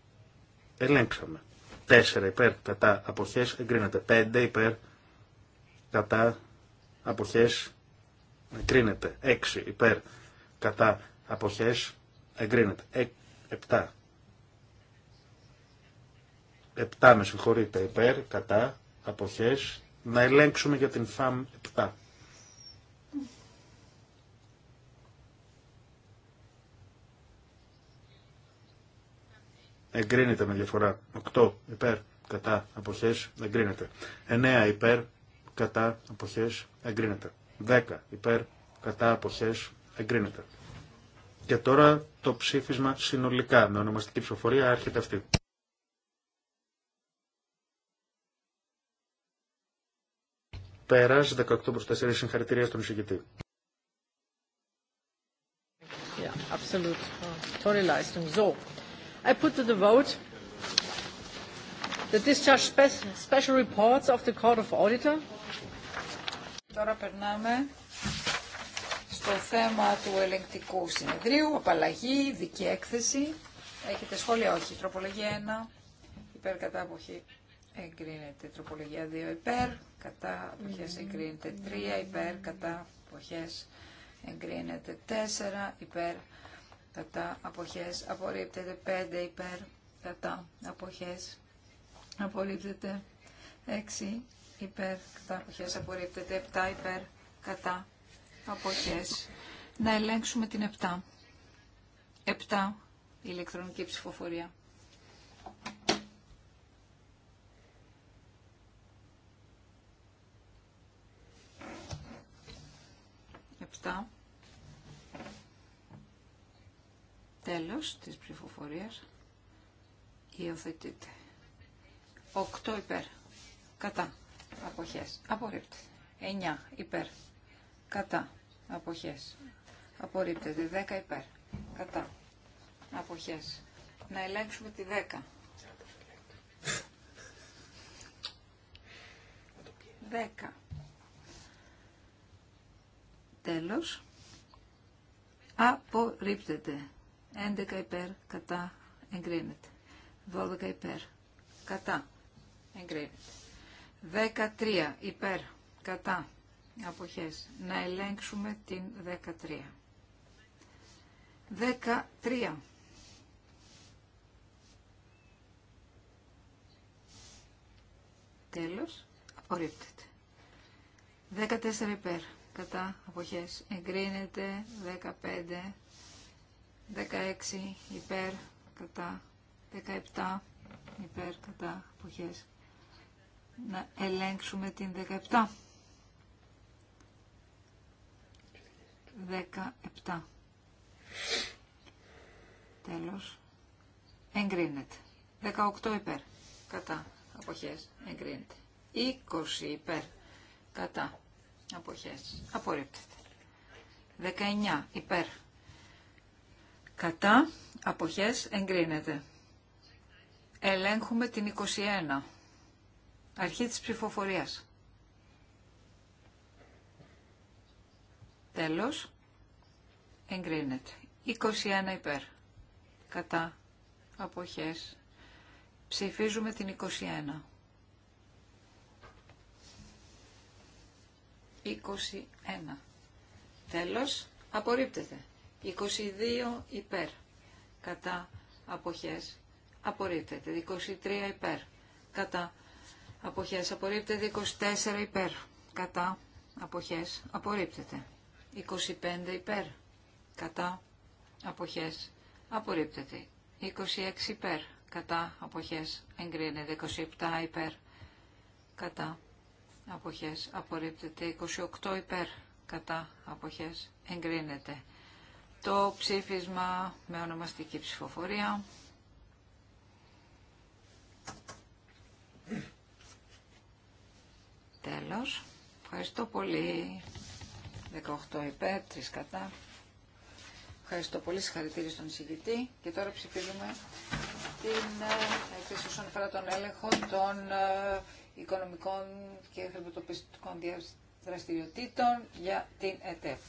ελέγξαμε. 4 υπέρ κατά αποχές εγκρίνεται. 5 υπέρ κατά αποχές εγκρίνεται. 6 υπέρ κατά αποχές εγκρίνεται. 7. Ε, 7 με συγχωρείτε υπέρ κατά αποχές να ελέγξουμε για την ΦΑΜ 7. εγκρίνεται με διαφορά. 8 υπέρ κατά αποχές εγκρίνεται. 9 υπέρ κατά αποχές εγκρίνεται. 10 υπέρ κατά αποχές εγκρίνεται. Και τώρα το ψήφισμα συνολικά με ονομαστική ψηφοφορία άρχεται αυτή. Πέρας 18 προς 4 συγχαρητήρια στον εισηγητή. Yeah, absolut. Tolle Leistung. So. I put to the vote the discharge special reports of the Court of Auditor. Τώρα περνάμε στο θέμα του ελεγκτικού συνεδρίου, απαλλαγή, δική έκθεση. Έχετε σχόλια, όχι. Τροπολογία 1, υπέρ κατά εγκρίνεται. Τροπολογία 2, υπέρ κατά εγκρίνεται. 3, υπέρ κατά εγκρίνεται. 4, υπέρ κατά αποχές απορρίπτεται 5 υπέρ κατά αποχές απορρίπτεται 6 υπέρ κατά αποχές απορρίπτεται 7 υπέρ κατά αποχές να ελέγξουμε την 7 7 ηλεκτρονική ψηφοφορία 7. Τέλος της ψηφοφορίας. Υιοθετείται. 8 υπέρ. Κατά. Αποχές. Απορρίπτεται. 9 υπέρ. Κατά. Αποχές. Απορρίπτεται. 10 υπέρ. Κατά. Αποχές. Να ελέγξουμε τη 10. 10. Τέλος. Απορρίπτεται. 11 υπέρ κατά εγκρίνεται. 12 υπέρ κατά εγκρίνεται. 13 υπέρ κατά αποχές. Να ελέγξουμε την 13. 13. Τέλος, απορρίπτεται. 14 υπέρ, κατά αποχές, εγκρίνεται, 15 16 υπέρ κατά 17 υπέρ κατά αποχές. Να ελέγξουμε την 17. 17. Τέλος. Εγκρίνεται. 18 υπέρ. Κατά. Αποχές. Εγκρίνεται. 20 υπέρ. Κατά. Αποχές. Απορρίπτεται. 19 υπέρ. Κατά αποχές εγκρίνεται. Ελέγχουμε την 21. Αρχή της ψηφοφορίας. Τέλος. Εγκρίνεται. 21 υπέρ. Κατά αποχές. Ψηφίζουμε την 21. 21. Τέλος. Απορρίπτεται. 22 υπέρ κατά αποχές απορρίπτεται. 23 υπέρ κατά αποχές απορρίπτεται. 24 υπέρ κατά αποχές απορρίπτεται. 25 υπέρ κατά αποχές απορρίπτεται. 26 υπέρ κατά αποχές εγκρίνεται. 27 υπέρ κατά αποχές απορρίπτεται. 28 υπέρ κατά αποχές εγκρίνεται το ψήφισμα με ονομαστική ψηφοφορία. Τέλος. Ευχαριστώ πολύ. 18 υπέρ, 3 κατά. Ευχαριστώ πολύ. Συγχαρητήρια στον εισηγητή. Και τώρα ψηφίζουμε την ε, έκθεση όσον αφορά τον έλεγχο των ε, οικονομικών και χρηματοπιστικών δραστηριοτήτων για την ΕΤΕΦ.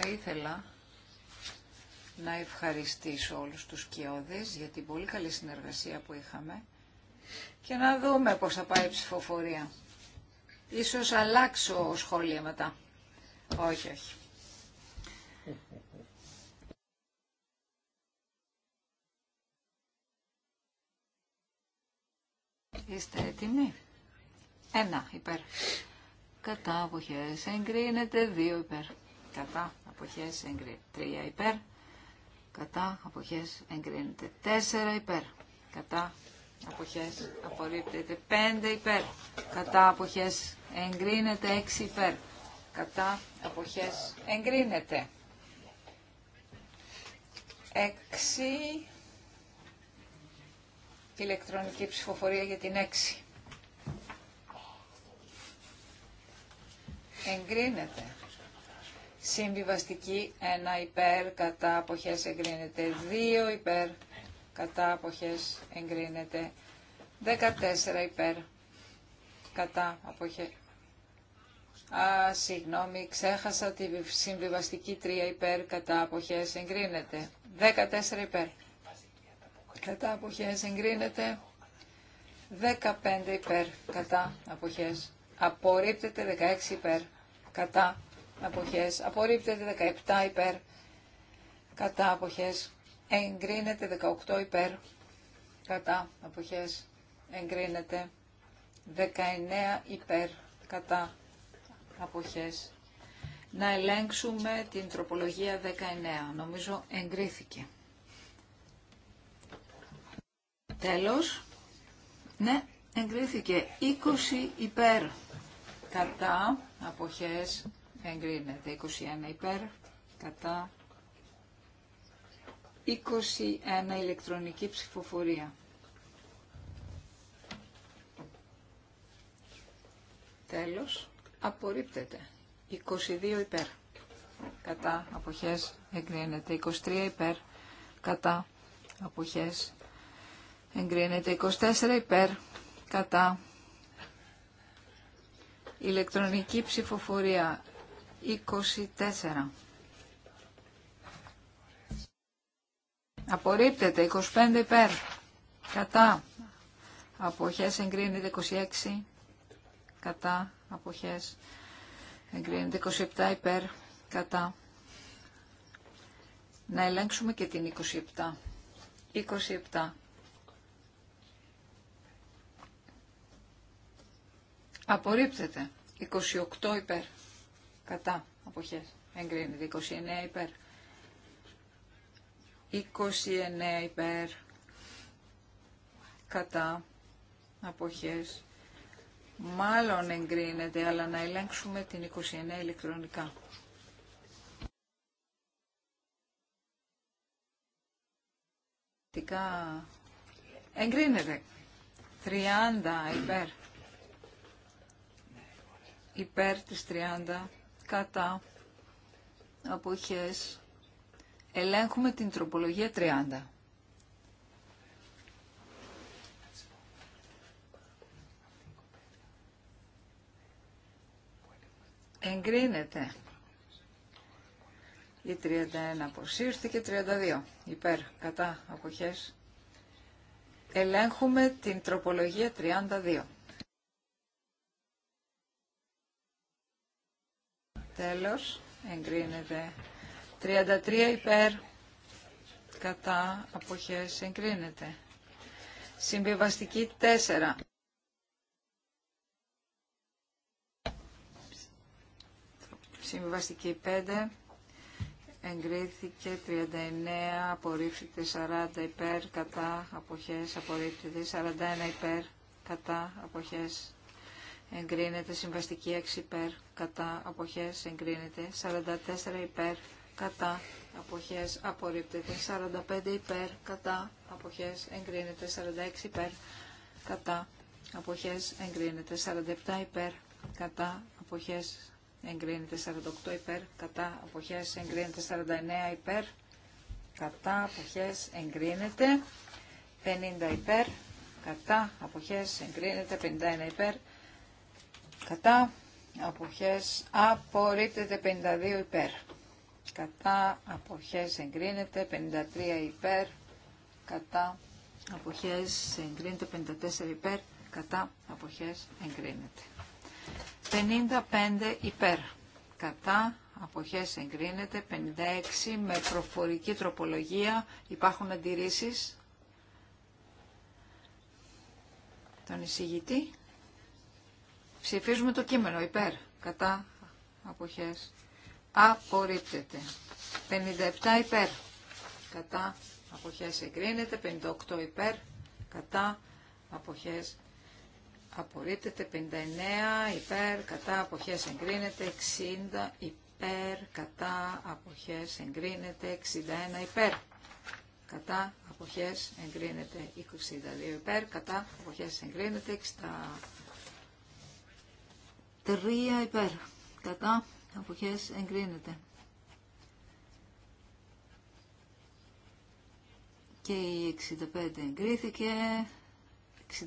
Θα ήθελα να ευχαριστήσω όλους τους κοιόδες για την πολύ καλή συνεργασία που είχαμε και να δούμε πώς θα πάει η ψηφοφορία. Ίσως αλλάξω σχόλια μετά. Όχι, όχι. Είστε έτοιμοι. Ένα, υπέρ. Κατά αποχές εγκρίνεται, δύο υπέρ κατά αποχές εγκρίνεται 3 υπέρ, κατά αποχές εγκρίνεται 4 υπέρ, κατά αποχές απορρίπτεται 5 υπέρ, κατά αποχές εγκρίνεται 6 υπέρ, κατά αποχές εγκρίνεται 6 ηλεκτρονική ψηφοφορία για την 6. Εγκρίνεται. Συμβιβαστική 1 υπέρ κατά αποχές εγκρίνεται. 2 υπέρ κατά αποχές εγκρίνεται. 14 υπέρ κατά αποχές. Α, συγγνώμη, ξέχασα τη συμβιβαστική 3 υπέρ κατά αποχές εγκρίνεται. 14 υπέρ κατά αποχές εγκρίνεται. 15 υπέρ κατά αποχές. Απορρίπτεται 16 υπέρ κατά αποχές απορρίπτεται 17 υπέρ κατά αποχές εγκρίνεται 18 υπέρ κατά αποχές εγκρίνεται 19 υπέρ κατά αποχές να ελέγξουμε την τροπολογία 19 νομίζω εγκρίθηκε τέλος ναι εγκρίθηκε 20 υπέρ κατά αποχές εγκρίνεται. 21 υπέρ, κατά 21 ηλεκτρονική ψηφοφορία. Τέλος, απορρίπτεται. 22 υπέρ, κατά αποχές εγκρίνεται. 23 υπέρ, κατά αποχές εγκρίνεται. 24 υπέρ, κατά ηλεκτρονική ψηφοφορία 24. Απορρίπτεται 25 υπέρ. Κατά. Αποχές εγκρίνεται 26. Κατά. Αποχές εγκρίνεται 27 υπέρ. Κατά. Να ελέγξουμε και την 27. 27. Απορρίπτεται. 28 υπέρ κατά αποχές εγκρίνεται 29 υπέρ 29 υπέρ κατά αποχές μάλλον εγκρίνεται αλλά να ελέγξουμε την 29 ηλεκτρονικά εγκρίνεται 30 υπέρ υπέρ της 30 κατά αποχές ελέγχουμε την τροπολογία 30. Εγκρίνεται. Η 31 αποσύρθηκε, 32 υπέρ, κατά, αποχές. Ελέγχουμε την τροπολογία 32. Τέλος. Εγκρίνεται. 33 υπέρ. Κατά αποχές. Εγκρίνεται. Συμβιβαστική 4. Συμβιβαστική 5 εγκρίθηκε 39, απορρίφθηκε 40 υπέρ, κατά, αποχές, απορρίφθηκε 41 υπέρ, κατά, αποχές, εγκρίνεται, συμβαστική 6 υπέρ, κατά, αποχές, εγκρίνεται, 44 υπέρ, κατά, αποχές, απορρίπτεται, 45 υπέρ, κατά, αποχές, εγκρίνεται, 46 υπέρ, κατά, αποχές, εγκρίνεται, 47 υπέρ, κατά, αποχές, εγκρίνεται, 48 υπέρ, κατά, αποχές, εγκρίνεται, 49 υπέρ, κατά, αποχές, εγκρίνεται, 50 υπέρ, κατά, αποχές, εγκρίνεται, 51 υπέρ, Κατά αποχές απορρίπτεται 52 υπέρ. Κατά αποχές εγκρίνεται 53 υπέρ. Κατά αποχές εγκρίνεται 54 υπέρ. Κατά αποχές εγκρίνεται. 55 υπέρ. Κατά αποχές εγκρίνεται 56 με προφορική τροπολογία. Υπάρχουν αντιρρήσεις. Τον εισηγητή. Ψηφίζουμε το κείμενο υπέρ, κατά, αποχές, απορρίπτεται. 57 υπέρ, κατά, αποχές εγκρίνεται. 58 υπέρ, κατά, αποχές απορρίπτεται. 59 υπέρ, κατά, αποχές εγκρίνεται. 60 υπέρ, κατά, αποχές εγκρίνεται. 61 υπέρ, κατά, αποχές εγκρίνεται. 62 υπέρ, κατά, αποχές εγκρίνεται τρία υπέρ. Κατά αποχές εγκρίνεται. Και η 65 εγκρίθηκε.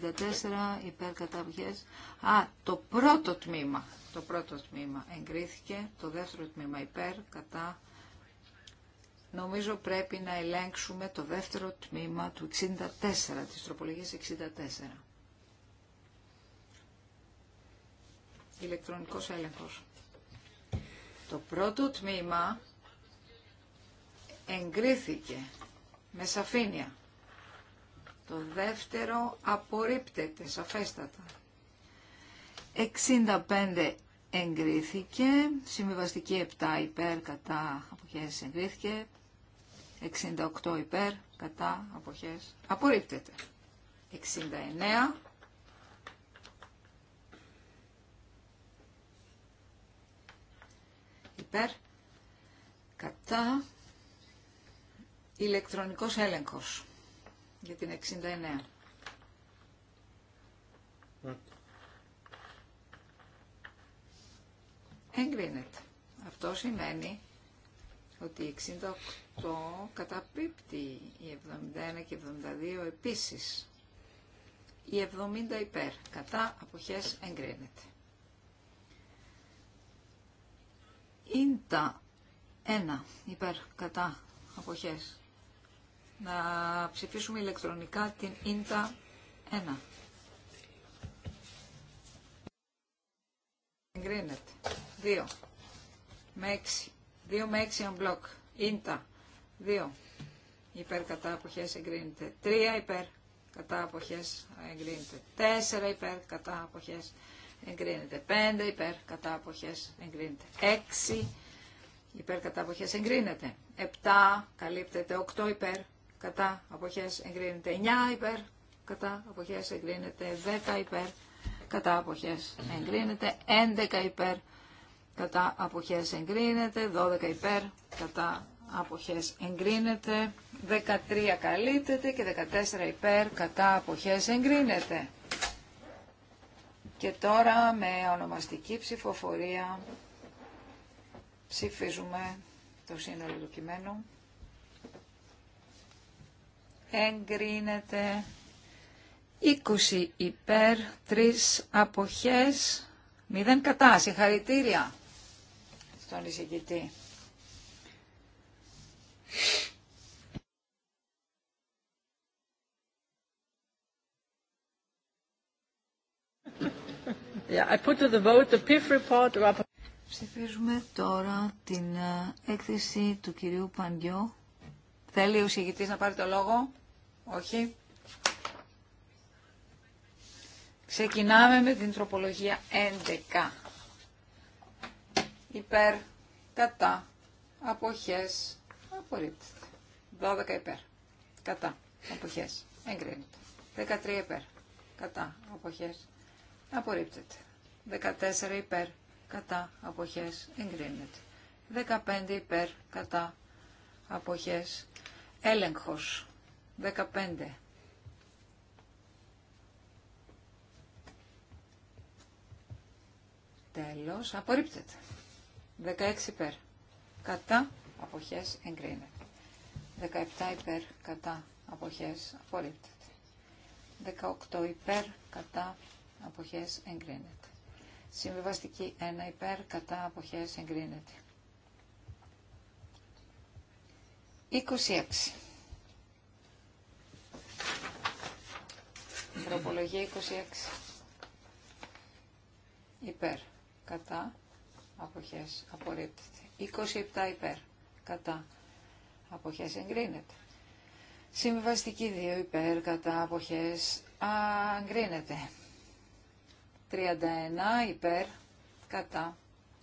64 υπέρ κατά αποχές. Α, το πρώτο τμήμα. Το πρώτο τμήμα εγκρίθηκε. Το δεύτερο τμήμα υπέρ κατά Νομίζω πρέπει να ελέγξουμε το δεύτερο τμήμα του 64, της τροπολογίας 64. ηλεκτρονικός έλεγχος. Το πρώτο τμήμα εγκρίθηκε με σαφήνεια. Το δεύτερο απορρίπτεται σαφέστατα. 65 εγκρίθηκε, συμβιβαστική 7 υπέρ κατά αποχές εγκρίθηκε, 68 υπέρ κατά αποχές απορρίπτεται. 69 υπέρ, κατά, ηλεκτρονικός έλεγχος για την 69. Εγκρίνεται. Αυτό σημαίνει ότι η 68 καταπίπτει η 71 και η 72 επίσης. Η 70 υπέρ. Κατά αποχές εγκρίνεται. Ίντα 1 υπέρ κατά αποχές. Να ψηφίσουμε ηλεκτρονικά την Ίντα 1. Εγκρίνεται. 2 με 6. 2 με 6 unblock. Ίντα 2 υπέρ κατά αποχές εγκρίνεται. 3 υπέρ κατά αποχές εγκρίνεται. 4 υπέρ κατά αποχές εγκρίνεται. 5 υπέρ κατά εγκρίνεται. 6 υπέρ κατά εγκρίνεται. 7 καλύπτεται. 8 υπέρ κατά αποχές εγκρίνεται. 9 υπέρ κατά αποχές εγκρίνεται. 10 υπέρ κατά αποχές εγκρίνεται. 11 υπέρ κατά αποχές εγκρίνεται. 12 υπέρ κατά αποχές εγκρίνεται. 13 καλύπτεται και 14 υπέρ κατά αποχές εγκρίνεται. Και τώρα με ονομαστική ψηφοφορία ψηφίζουμε το σύνολο του κειμένου. Εγκρίνεται 20 υπέρ, 3 αποχές, 0 κατά. Συγχαρητήρια στον εισηγητή. Ψηφίζουμε τώρα την ε, έκθεση του κυρίου Παντιό. Θέλει ο συγητής να πάρει το λόγο. Όχι. Ξεκινάμε με την τροπολογία 11. Υπέρ, κατά, αποχές, απορρίπτεται. 12 υπέρ, κατά, αποχές, εγκρίνεται. 13 υπέρ, κατά, αποχές, απορρίπτεται. 14 υπέρ κατά αποχές εγκρίνεται. 15 υπέρ κατά αποχές έλεγχος. 15 Τέλος, απορρίπτεται. 16 υπέρ. Κατά, αποχές, εγκρίνεται. 17 υπέρ, κατά, αποχές, απορρίπτεται. 18 υπέρ, κατά, αποχές εγκρίνεται. Συμβιβαστική 1 υπέρ κατά αποχές εγκρίνεται. 26. Τροπολογία 26. Υπέρ. Κατά. Αποχές. Απορρίπτεται. 27 υπέρ. Κατά. Αποχές εγκρίνεται. Συμβιβαστική 2 υπέρ. Κατά. Αποχές. αγκρίνεται. 31 υπέρ κατά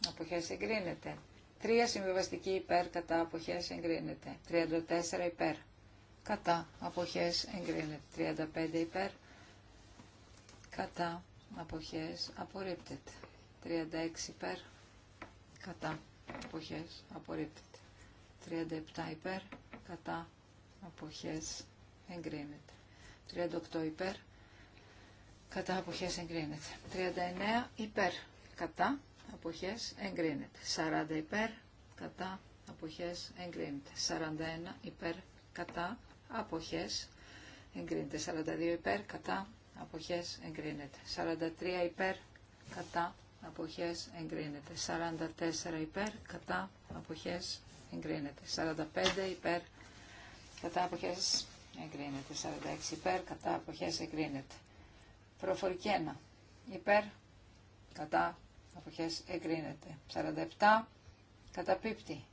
αποχές εγκρίνεται. 3 συμβιβαστική υπέρ κατά αποχές εγκρίνεται. 34 υπέρ κατά αποχές εγκρίνεται. 35 υπέρ κατά αποχές απορρίπτεται. 36 υπέρ κατά αποχές απορρίπτεται. 37 υπέρ κατά αποχές εγκρίνεται. 38 υπέρ κατά αποχές εγκρίνεται. 39 υπέρ κατά αποχές εγκρίνεται. 40 υπέρ κατά αποχές εγκρίνεται. 41 υπέρ κατά αποχές εγκρίνεται. 42 υπέρ κατά αποχές εγκρίνεται. 43 υπέρ κατά αποχές εγκρίνεται. 44 υπέρ κατά αποχές εγκρίνεται. 45 υπέρ κατά αποχές εγκρίνεται. 46 υπέρ κατά αποχές εγκρίνεται. Προφορική 1. Υπέρ, κατά, αποχές εγκρίνεται. 47. Καταπίπτει.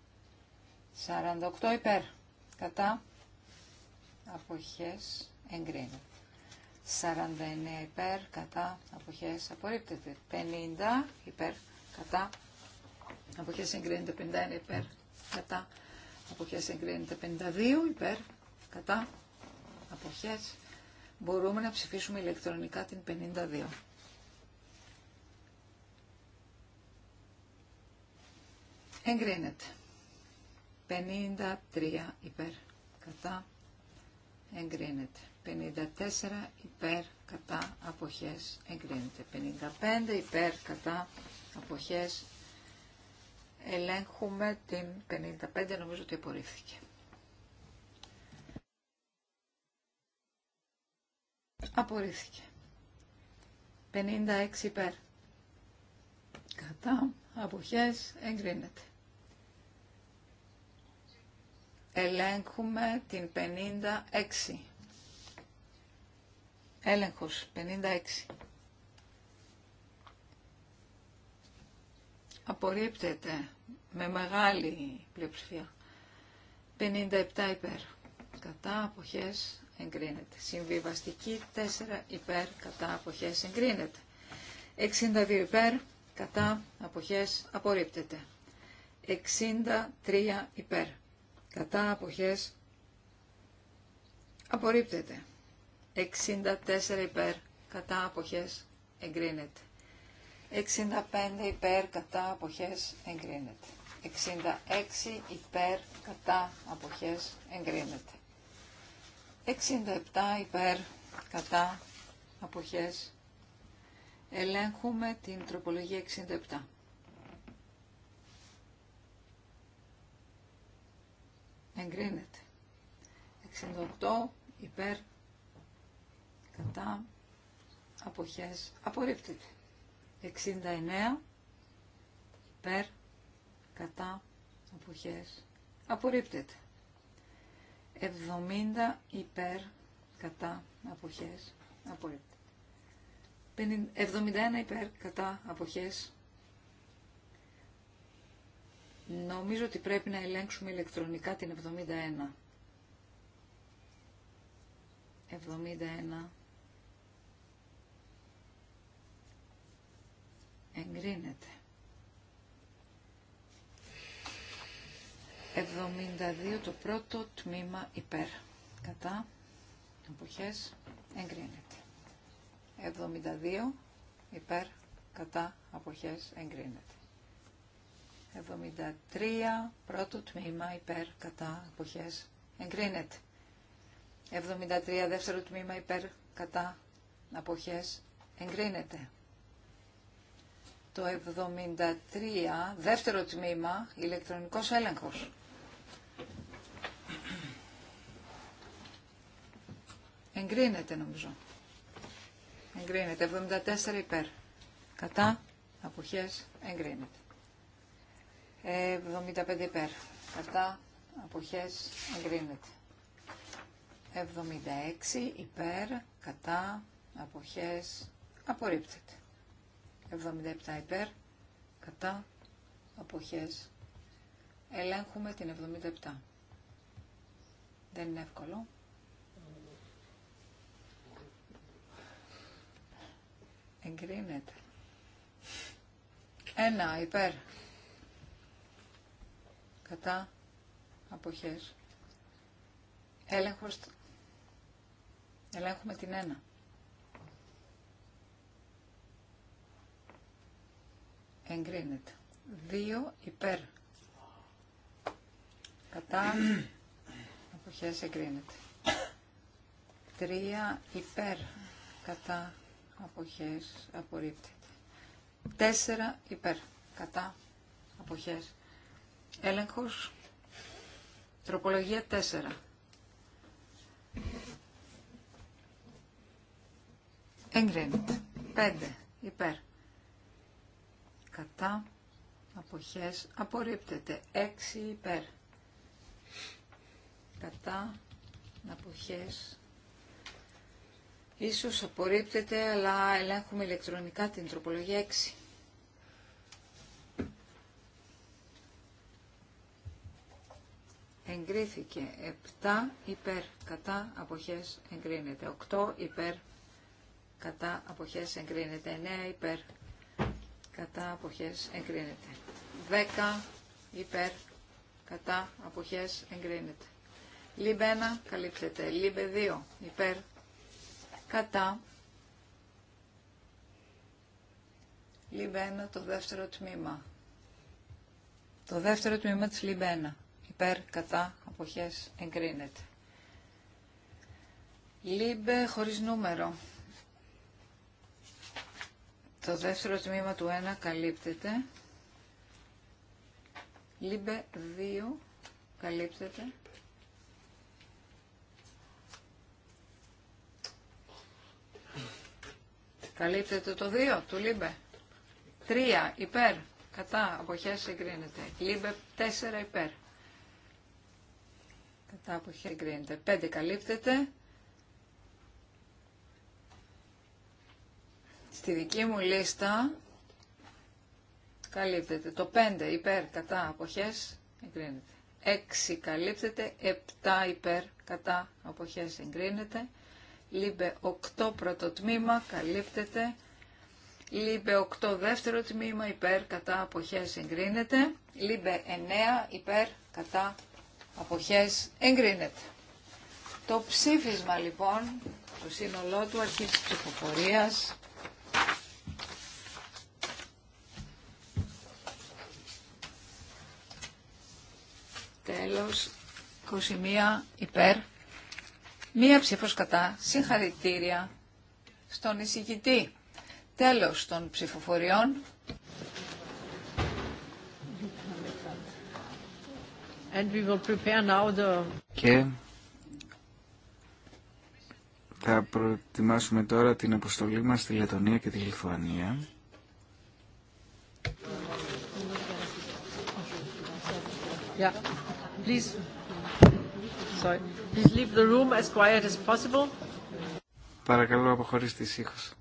48 υπέρ. Κατά. Αποχές εγκρίνεται. 49 υπέρ. Κατά. Αποχές απορρίπτεται. 50 υπέρ. Κατά. Αποχές εγκρίνεται. 51 υπέρ. Κατά. Αποχές εγκρίνεται. 52 υπέρ. Κατά. Αποχές Μπορούμε να ψηφίσουμε ηλεκτρονικά την 52. Εγκρίνεται. 53 υπέρ κατά εγκρίνεται. 54 υπέρ κατά αποχές εγκρίνεται. 55 υπέρ κατά αποχές ελέγχουμε την 55 νομίζω ότι απορρίφθηκε. απορρίφθηκε. 56 υπέρ. Κατά αποχές εγκρίνεται. Ελέγχουμε την 56. Έλεγχος 56. Απορρίπτεται με μεγάλη πλειοψηφία. 57 υπέρ. Κατά αποχές εγκρίνεται. Συμβιβαστική 4 υπέρ κατά αποχές εγκρίνεται. 62 υπέρ κατά αποχές απορρίπτεται. 63 υπέρ κατά αποχές απορρίπτεται. 64 υπέρ κατά αποχές εγκρίνεται. 65 υπέρ κατά αποχές εγκρίνεται. 66 υπέρ κατά αποχές εγκρίνεται. 67 υπέρ κατά αποχές. Ελέγχουμε την τροπολογία 67. Εγκρίνεται. 68 υπέρ κατά αποχές. Απορρίπτεται. 69 υπέρ κατά αποχές. Απορρίπτεται. 70 υπέρ κατά αποχές απορρίπτεται. 71 υπέρ κατά αποχές Νομίζω ότι πρέπει να ελέγξουμε ηλεκτρονικά την 71. 71. Εγκρίνεται. 72 το πρώτο τμήμα υπέρ. Κατά αποχές εγκρίνεται. 72 υπέρ. Κατά αποχές εγκρίνεται. 73 πρώτο τμήμα υπέρ. Κατά αποχές εγκρίνεται. 73 δεύτερο τμήμα υπέρ. Κατά αποχές εγκρίνεται. Το 73 δεύτερο τμήμα ηλεκτρονικός έλεγχος. Εγκρίνεται νομίζω. Εγκρίνεται. 74 υπέρ. Κατά. Αποχές. Εγκρίνεται. 75 υπέρ. Κατά. Αποχές. Εγκρίνεται. 76 υπέρ. Κατά. Αποχές. Απορρίπτεται. 77 υπέρ. Κατά. Αποχές. Ελέγχουμε την 77. Δεν είναι εύκολο. Εγκρίνεται. Ένα υπέρ. Κατά αποχές. Έλεγχος. Ελέγχουμε την ένα. Εγκρίνεται. Δύο υπέρ. Κατά αποχές εγκρίνεται. Τρία υπέρ. Κατά Αποχές. Απορρίπτεται. Τέσσερα. Υπέρ. Κατά. Αποχές. Έλεγχος. Τροπολογία. Τέσσερα. Εγκρίνεται. Πέντε. Υπέρ. Κατά. Αποχές. Απορρίπτεται. Έξι. Υπέρ. Κατά. Αποχές. απορρίπτεται. Ίσως απορρίπτεται, αλλά ελέγχουμε ηλεκτρονικά την τροπολογία 6. Εγκρίθηκε 7 υπέρ κατά αποχές εγκρίνεται. 8 υπέρ κατά αποχές εγκρίνεται. 9 υπέρ κατά αποχές εγκρίνεται. 10 υπέρ κατά αποχές εγκρίνεται. Λίμπε 1 καλύπτεται. Λίμπε 2 υπέρ κατά Λιμπένα το δεύτερο τμήμα. Το δεύτερο τμήμα της Λιμπένα. Υπέρ, κατά, αποχές, εγκρίνεται. Λίμπε χωρίς νούμερο. Το δεύτερο τμήμα του 1 καλύπτεται. Λίμπε 2 καλύπτεται. Καλύπτεται το 2 του Λίμπε. 3 υπέρ. Κατά Αποχέ εγκρίνεται. Λίμπε 4 υπέρ. Κατά Αποχέ εγκρίνεται. 5 καλύπτεται. Στη δική μου λίστα καλύπτεται. Το 5 υπέρ κατά αποχέ, εγκρίνεται. 6 καλύπτεται. 7 υπέρ κατά αποχές εγκρίνεται. Λίμπε 8 πρώτο τμήμα καλύπτεται. Λίμπε 8 δεύτερο τμήμα υπέρ κατά αποχές εγκρίνεται. Λίμπε 9 υπέρ κατά αποχές εγκρίνεται. Το ψήφισμα λοιπόν, το σύνολό του αρχής της ψηφοφορίας, τέλος 21 υπέρ Μία ψήφος κατά. Συγχαρητήρια στον εισηγητή. Τέλος των ψηφοφοριών. Και θα προετοιμάσουμε τώρα την αποστολή μας στη Λετωνία και τη Λιθουανία. Yeah. Please. Παρακαλώ αποχωρήστε ήχος.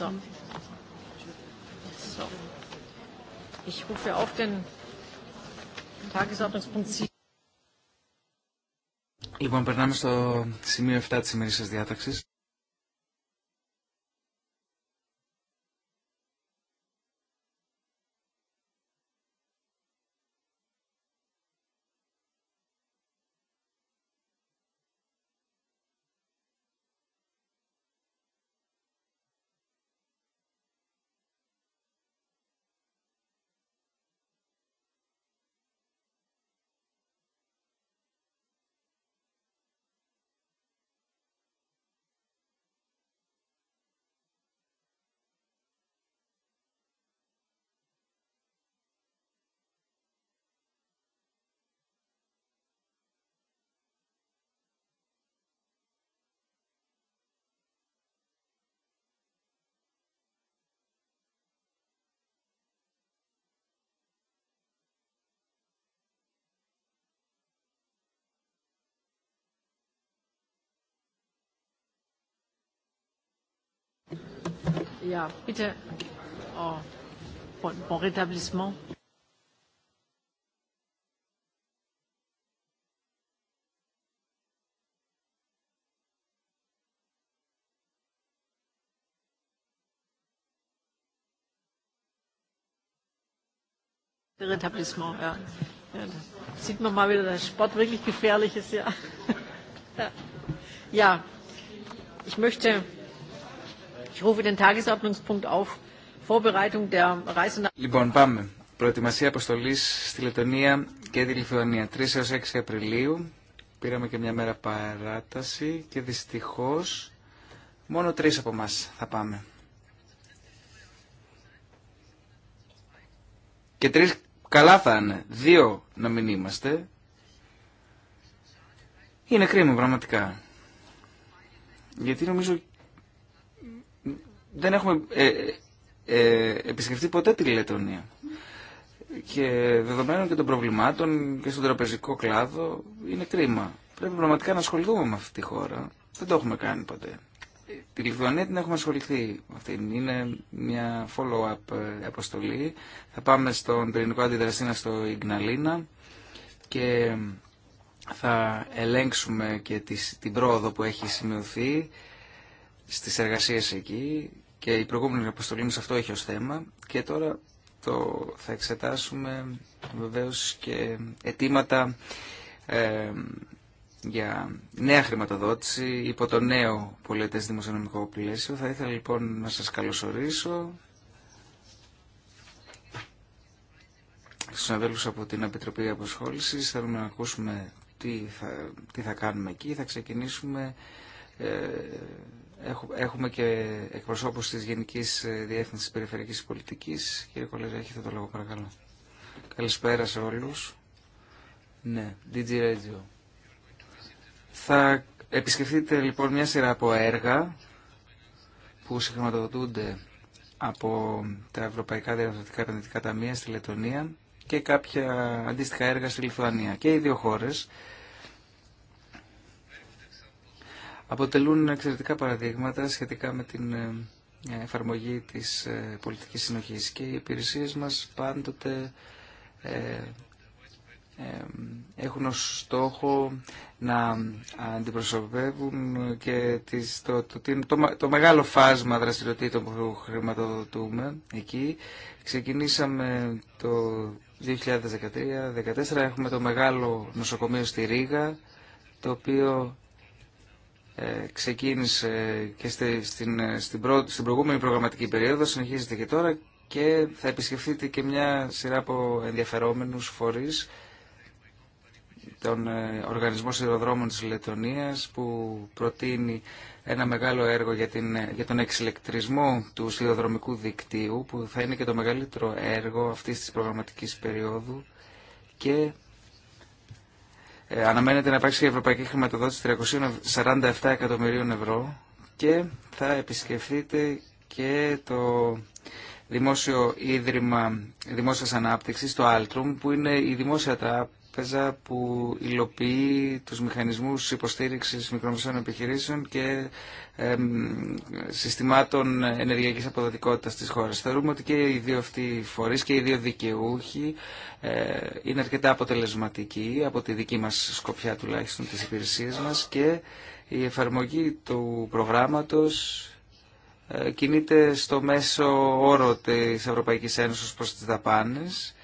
So. So. Ich rufe Λοιπόν, περνάμε στο σημείο 7 της ημερήσιας διάταξης. Ja, bitte. Oh, bon, bon rétablissement. Rétablissement, ja. ja sieht man mal wieder, dass Sport wirklich gefährlich ist, ja. ja, ich möchte Λοιπόν, πάμε. Προετοιμασία αποστολή στη Λετωνία και τη Λιθουανία. 3 έω 6 Απριλίου. Πήραμε και μια μέρα παράταση και δυστυχώ μόνο τρει από εμά θα πάμε. Και τρει καλά θα είναι. Δύο να μην είμαστε. Είναι κρίμα πραγματικά. Γιατί νομίζω δεν έχουμε ε, ε, επισκεφτεί ποτέ τη Λετωνία. Και δεδομένων και των προβλημάτων και στον τραπεζικό κλάδο είναι κρίμα. Πρέπει πραγματικά να ασχοληθούμε με αυτή τη χώρα. Δεν το έχουμε κάνει ποτέ. Τη Λιθουανία την έχουμε ασχοληθεί. Αυτή είναι μια follow-up ε, αποστολή. Θα πάμε στον πυρηνικό αντιδραστήνα στο Ιγναλίνα και θα ελέγξουμε και την πρόοδο που έχει σημειωθεί στις εργασίες εκεί και η προηγούμενη αποστολή μας αυτό έχει ως θέμα και τώρα το θα εξετάσουμε βεβαίως και αιτήματα ε, για νέα χρηματοδότηση υπό το νέο πολιτές δημοσιονομικό πλαίσιο. Θα ήθελα λοιπόν να σας καλωσορίσω στους συναδέλφους από την Επιτροπή Αποσχόλησης. Θέλουμε να ακούσουμε τι θα, τι θα κάνουμε εκεί. Θα ξεκινήσουμε ε, Έχουμε και εκπροσώπους της Γενικής ε, Διεύθυνσης Περιφερειακής Πολιτικής. Κύριε Κολέζα, έχετε το λόγο, παρακαλώ. Καλησπέρα σε όλους. Ναι, DG Radio. Θα επισκεφτείτε λοιπόν μια σειρά από έργα που συγχρηματοδοτούνται από τα Ευρωπαϊκά Διαφορετικά Επενδυτικά Ταμεία στη Λετωνία και κάποια αντίστοιχα έργα στη Λιθουανία. Και οι δύο χώρες αποτελούν εξαιρετικά παραδείγματα σχετικά με την ε, εφαρμογή της ε, πολιτικής συνοχής και οι υπηρεσίες μας πάντοτε ε, έχουν ως στόχο να αντιπροσωπεύουν και τις, το, το, το, το, μεγάλο φάσμα δραστηριοτήτων που χρηματοδοτούμε εκεί. Ξεκινήσαμε το 2013-2014, έχουμε το μεγάλο νοσοκομείο στη Ρήγα, το οποίο ε, ξεκίνησε και στην, ε, στην, στην προηγούμενη προγραμματική περίοδο, συνεχίζεται και τώρα και θα επισκεφθείτε και μια σειρά από ενδιαφερόμενους φορείς τον ε, Οργανισμό Σιδηροδρόμων της Λετωνίας που προτείνει ένα μεγάλο έργο για, την, για τον εξελεκτρισμό του σιδηροδρομικού δικτύου που θα είναι και το μεγαλύτερο έργο αυτής της προγραμματικής περίοδου και ε, αναμένεται να υπάρξει η ευρωπαϊκή χρηματοδότηση 347 εκατομμυρίων ευρώ και θα επισκεφθείτε και το Δημόσιο Ίδρυμα Δημόσιας Ανάπτυξης, το Altrum, που είναι η δημόσια τράπεζα που υλοποιεί τους μηχανισμούς υποστήριξης μικρομεσαίων επιχειρήσεων και συστημάτων ενεργειακής αποδοτικότητας της χώρας. Θεωρούμε ότι και οι δύο αυτοί φορείς και οι δύο δικαιούχοι ε, είναι αρκετά αποτελεσματικοί από τη δική μας σκοπιά τουλάχιστον της υπηρεσίας μας και η εφαρμογή του προγράμματος ε, κινείται στο μέσο όρο της Ευρωπαϊκής Ένωσης προς τις δαπάνες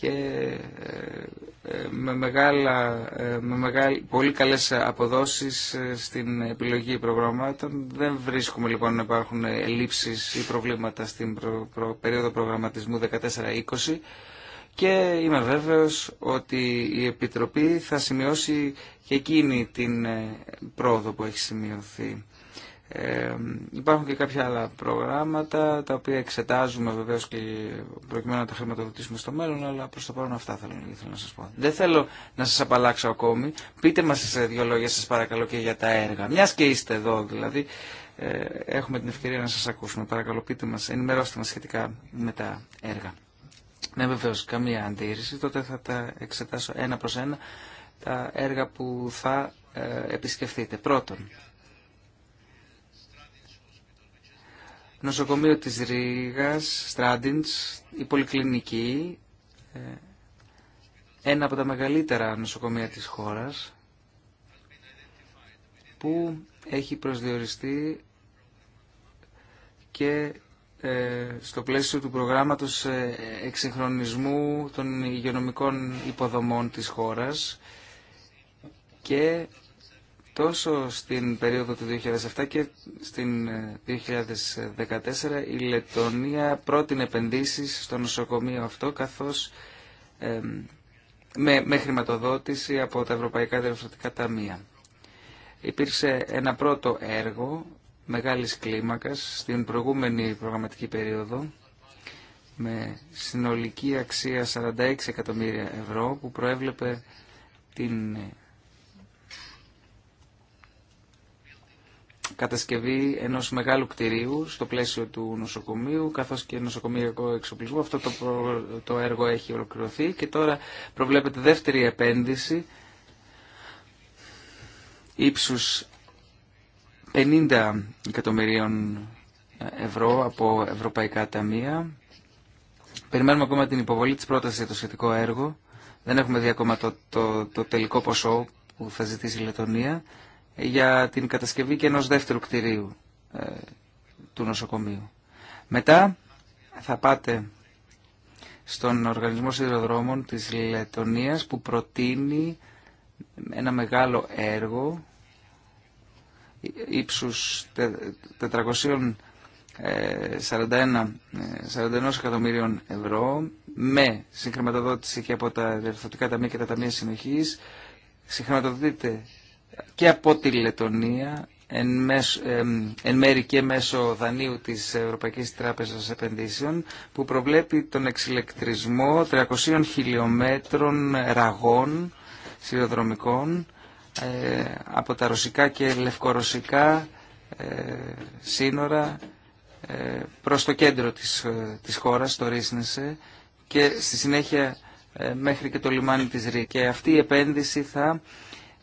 και ε, ε, με, μεγάλα, ε, με μεγάλη, πολύ καλές αποδόσεις στην επιλογή προγραμμάτων. Δεν βρίσκουμε λοιπόν να υπάρχουν ελλείψεις ή προβλήματα στην περίοδο προγραμματισμού 14-20 και είμαι βέβαιος ότι η Επιτροπή θα σημειώσει και εκείνη την πρόοδο που έχει σημειωθεί. Ε, υπάρχουν και κάποια άλλα προγράμματα τα οποία εξετάζουμε βεβαίως και προκειμένου να τα χρηματοδοτήσουμε στο μέλλον αλλά προς το παρόν αυτά θέλω, θέλω να σας πω. Δεν θέλω να σας απαλλάξω ακόμη. Πείτε μας ε, δύο λόγια σας παρακαλώ και για τα έργα. Μιας και είστε εδώ δηλαδή ε, έχουμε την ευκαιρία να σας ακούσουμε. Παρακαλώ πείτε μας, ενημερώστε μας σχετικά με τα έργα. Ναι βεβαίως καμία αντίρρηση. Τότε θα τα εξετάσω ένα προς ένα τα έργα που θα ε, επισκεφτείτε. Πρώτον, νοσοκομείο της Ρήγας, Στράντιντς, η Πολυκλινική, ε, ένα από τα μεγαλύτερα νοσοκομεία της χώρας, που έχει προσδιοριστεί και ε, στο πλαίσιο του προγράμματος ε, εξυγχρονισμού των υγειονομικών υποδομών της χώρας και Τόσο στην περίοδο του 2007 και στην 2014 ε, η Λετωνία πρότεινε επενδύσεις στο νοσοκομείο αυτό καθώς με, με χρηματοδότηση από τα Ευρωπαϊκά Διευθυντικά Ταμεία. Υπήρξε ένα πρώτο έργο μεγάλης κλίμακας στην προηγούμενη προγραμματική περίοδο με συνολική αξία 46 εκατομμύρια ευρώ που προέβλεπε την κατασκευή ενός μεγάλου κτηρίου στο πλαίσιο του νοσοκομείου καθώς και νοσοκομειακό εξοπλισμό. Αυτό το, το έργο έχει ολοκληρωθεί και τώρα προβλέπεται δεύτερη επένδυση ύψους 50 εκατομμυρίων ευρώ από ευρωπαϊκά ταμεία. Περιμένουμε ακόμα την υποβολή της πρότασης για το σχετικό έργο. Δεν έχουμε δει ακόμα το, το, το τελικό ποσό που θα ζητήσει η Λετωνία για την κατασκευή και ενός δεύτερου κτηρίου ε, του νοσοκομείου. Μετά θα πάτε στον Οργανισμό Σιδηροδρόμων της Λετωνίας που προτείνει ένα μεγάλο έργο ύψους 441 ε, ε, εκατομμύριων ευρώ με συγχρηματοδότηση και από τα διευθυντικά ταμεία και τα ταμεία συνοχής συγχρηματοδοτείται και από τη Λετωνία εν, μέρη και μέσω δανείου της Ευρωπαϊκής Τράπεζας Επενδύσεων που προβλέπει τον εξηλεκτρισμό 300 χιλιόμετρων ραγών σιδηροδρομικών ε, από τα ρωσικά και λευκορωσικά ε, σύνορα ε, προς το κέντρο της, της χώρας, το Ρίσνεσε και στη συνέχεια μέχρι και το λιμάνι της Ρή. αυτή η επένδυση θα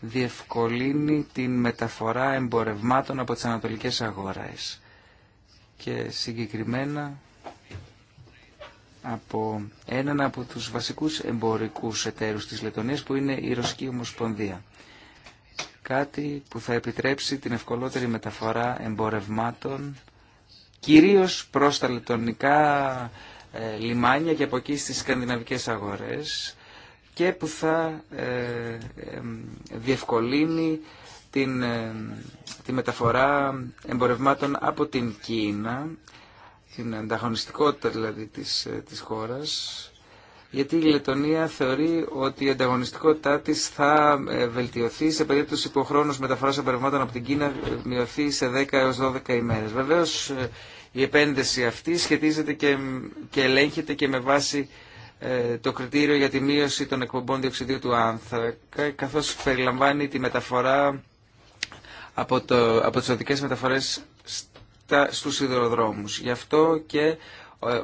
διευκολύνει την μεταφορά εμπορευμάτων από τις ανατολικές αγορές και συγκεκριμένα από έναν από τους βασικούς εμπορικούς εταίρους της Λετωνίας που είναι η Ρωσική Ομοσπονδία. Κάτι που θα επιτρέψει την ευκολότερη μεταφορά εμπορευμάτων κυρίως προς τα λετωνικά ε, λιμάνια και από εκεί στις σκανδιναβικές αγορές και που θα ε, διευκολύνει την, ε, τη μεταφορά εμπορευμάτων από την Κίνα, την ανταγωνιστικότητα δηλαδή της, ε, της χώρας, γιατί η Λετωνία θεωρεί ότι η ανταγωνιστικότητά της θα βελτιωθεί σε περίπτωση που ο χρόνος μεταφοράς εμπορευμάτων από την Κίνα μειωθεί σε 10 έως 12 ημέρες. Βεβαίως η επένδυση αυτή σχετίζεται και ελέγχεται και με βάση ε, το κριτήριο για τη μείωση των εκπομπών διοξιδίου του άνθρακα, καθώς περιλαμβάνει τη μεταφορά από, το, από τις οδικές μεταφορές στους σιδηροδρόμους. Γι' αυτό και ε,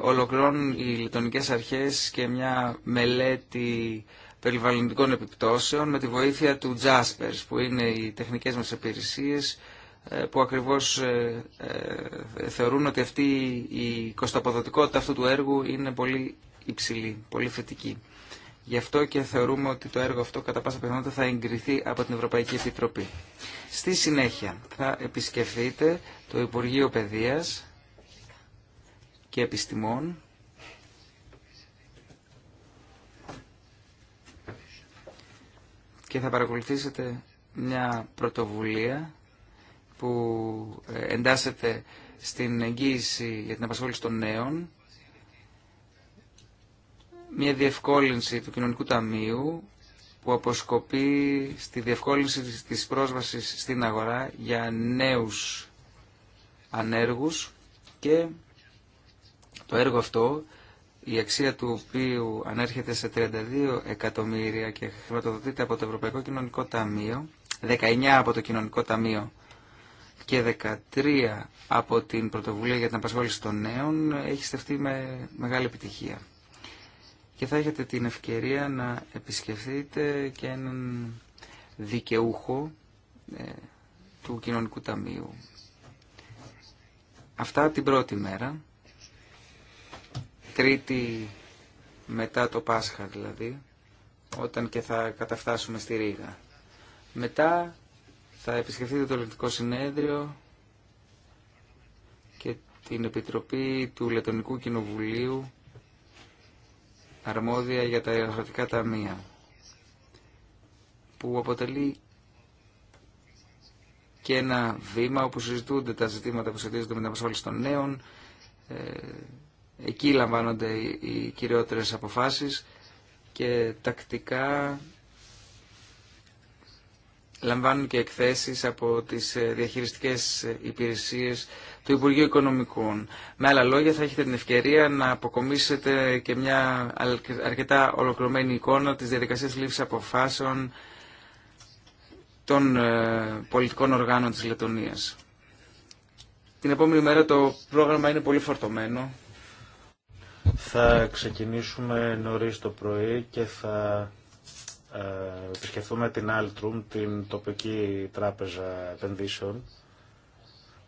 ολοκληρώνουν οι λιτονικές αρχές και μια μελέτη περιβαλλοντικών επιπτώσεων με τη βοήθεια του Jaspers, που είναι οι τεχνικές μας υπηρεσίε ε, που ακριβώς θεωρούν ότι αυτή η κοστοποδοτικότητα αυτού του έργου είναι πολύ υψηλή, πολύ θετική. Γι' αυτό και θεωρούμε ότι το έργο αυτό κατά πάσα πιθανότητα θα εγκριθεί από την Ευρωπαϊκή Επιτροπή. Στη συνέχεια θα επισκεφθείτε το Υπουργείο Παιδείας και Επιστημών και θα παρακολουθήσετε μια πρωτοβουλία που ε, εντάσσεται στην εγγύηση για την απασχόληση των νέων μια διευκόλυνση του κοινωνικού ταμείου που αποσκοπεί στη διευκόλυνση της πρόσβασης στην αγορά για νέους ανέργους και το έργο αυτό, η αξία του οποίου ανέρχεται σε 32 εκατομμύρια και χρηματοδοτείται από το Ευρωπαϊκό Κοινωνικό Ταμείο, 19 από το Κοινωνικό Ταμείο και 13 από την Πρωτοβουλία για την Απασχόληση των Νέων, έχει στεφτεί με μεγάλη επιτυχία και θα έχετε την ευκαιρία να επισκεφθείτε και έναν δικαιούχο ε, του Κοινωνικού Ταμείου. Αυτά την πρώτη μέρα, τρίτη μετά το Πάσχα δηλαδή, όταν και θα καταφτάσουμε στη Ρήγα. Μετά θα επισκεφθείτε το Ελληνικό Συνέδριο και την Επιτροπή του Λετωνικού Κοινοβουλίου αρμόδια για τα τα ταμεία που αποτελεί και ένα βήμα όπου συζητούνται τα ζητήματα που σχετίζονται με την απασχόληση των νέων. Ε, εκεί λαμβάνονται οι κυριότερες αποφάσεις και τακτικά λαμβάνουν και εκθέσεις από τις ε, διαχειριστικές υπηρεσίες του Υπουργείου Οικονομικών. Με άλλα λόγια θα έχετε την ευκαιρία να αποκομίσετε και μια αρκετά ολοκληρωμένη εικόνα της διαδικασίας λήψης αποφάσεων των ε, πολιτικών οργάνων της Λετωνίας. Την επόμενη μέρα το πρόγραμμα είναι πολύ φορτωμένο. Θα ξεκινήσουμε νωρίς το πρωί και θα επισκεφθούμε την Altrum, την τοπική τράπεζα επενδύσεων,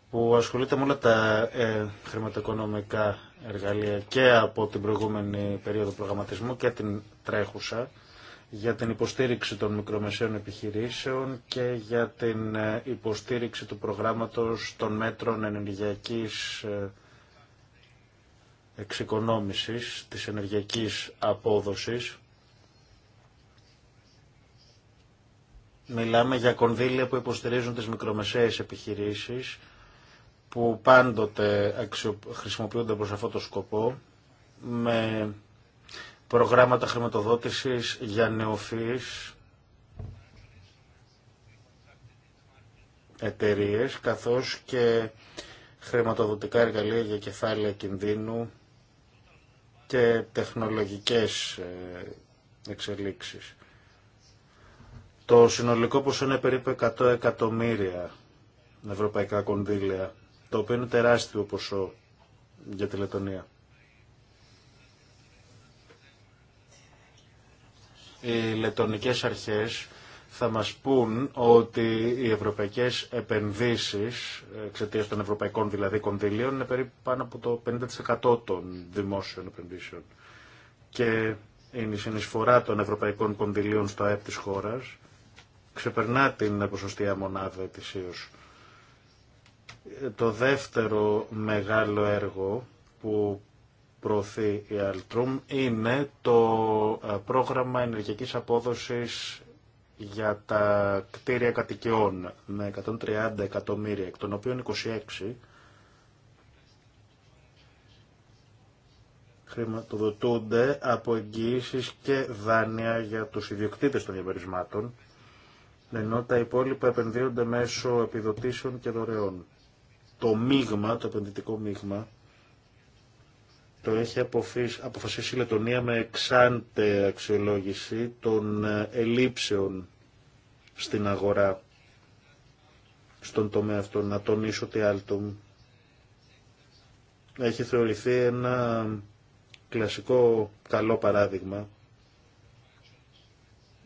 που ασχολείται με όλα τα ε, χρηματοοικονομικά εργαλεία και από την προηγούμενη περίοδο προγραμματισμού και την τρέχουσα για την υποστήριξη των μικρομεσαίων επιχειρήσεων και για την ε, υποστήριξη του προγράμματος των μέτρων ενεργειακής ε, εξοικονόμησης, της ενεργειακής απόδοσης Μιλάμε για κονδύλια που υποστηρίζουν τις μικρομεσαίες επιχειρήσεις που πάντοτε χρησιμοποιούνται προς αυτό το σκοπό με προγράμματα χρηματοδότησης για νεοφύης εταιρείε, καθώς και χρηματοδοτικά εργαλεία για κεφάλαια κινδύνου και τεχνολογικές ε, εξελίξεις. Το συνολικό ποσό είναι περίπου 100 εκατομμύρια ευρωπαϊκά κονδύλια, το οποίο είναι τεράστιο ποσό για τη Λετωνία. Οι λετωνικές αρχές θα μας πούν ότι οι ευρωπαϊκές επενδύσεις, εξαιτία των ευρωπαϊκών δηλαδή κονδυλίων, είναι περίπου πάνω από το 50% των δημόσιων επενδύσεων. Και η συνεισφορά των ευρωπαϊκών κονδυλίων στο ΑΕΠ της χώρας ξεπερνά την ποσοστία μονάδα ετησίως. Το δεύτερο μεγάλο έργο που προωθεί η Altrum είναι το ε, πρόγραμμα ενεργειακής απόδοσης για τα κτίρια κατοικιών με 130 εκατομμύρια, εκ των οποίων 26 χρηματοδοτούνται από εγγυήσεις και δάνεια για τους ιδιοκτήτες των διαμερισμάτων ενώ τα υπόλοιπα επενδύονται μέσω επιδοτήσεων και δωρεών. Το μείγμα, το επενδυτικό μείγμα, το έχει αποφασίσει η Λετωνία με εξάντε αξιολόγηση των ε, ελήψεων στην αγορά στον τομέα αυτό. Να τονίσω ότι Altum έχει θεωρηθεί ένα κλασικό καλό παράδειγμα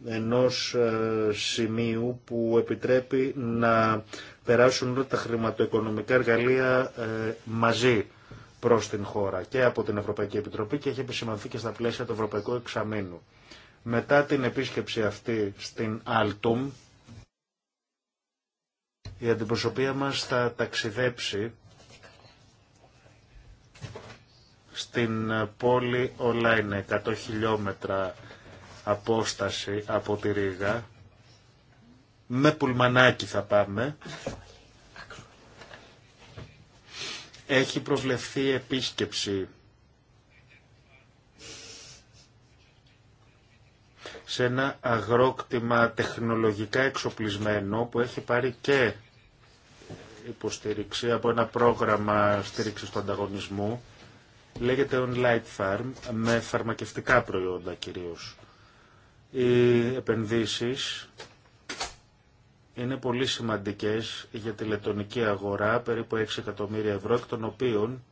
ενός ε, σημείου που επιτρέπει να περάσουν όλα τα χρηματοοικονομικά εργαλεία ε, μαζί προς την χώρα και από την Ευρωπαϊκή Επιτροπή και έχει επισημανθεί και στα πλαίσια του Ευρωπαϊκού Εξαμήνου. Μετά την επίσκεψη αυτή στην Αλτουμ, η αντιπροσωπεία μας θα ταξιδέψει στην πόλη Ολάινε, 100 χιλιόμετρα απόσταση από τη Ρήγα. Με πουλμανάκι θα πάμε. Έχει προβλεφθεί επίσκεψη σε ένα αγρόκτημα τεχνολογικά εξοπλισμένο που έχει πάρει και υποστήριξη από ένα πρόγραμμα στήριξης του ανταγωνισμού. Λέγεται Online Farm με φαρμακευτικά προϊόντα κυρίως. Οι επενδύσεις είναι πολύ σημαντικές για τη λετωνική αγορά, περίπου 6 εκατομμύρια ευρώ, εκ των οποίων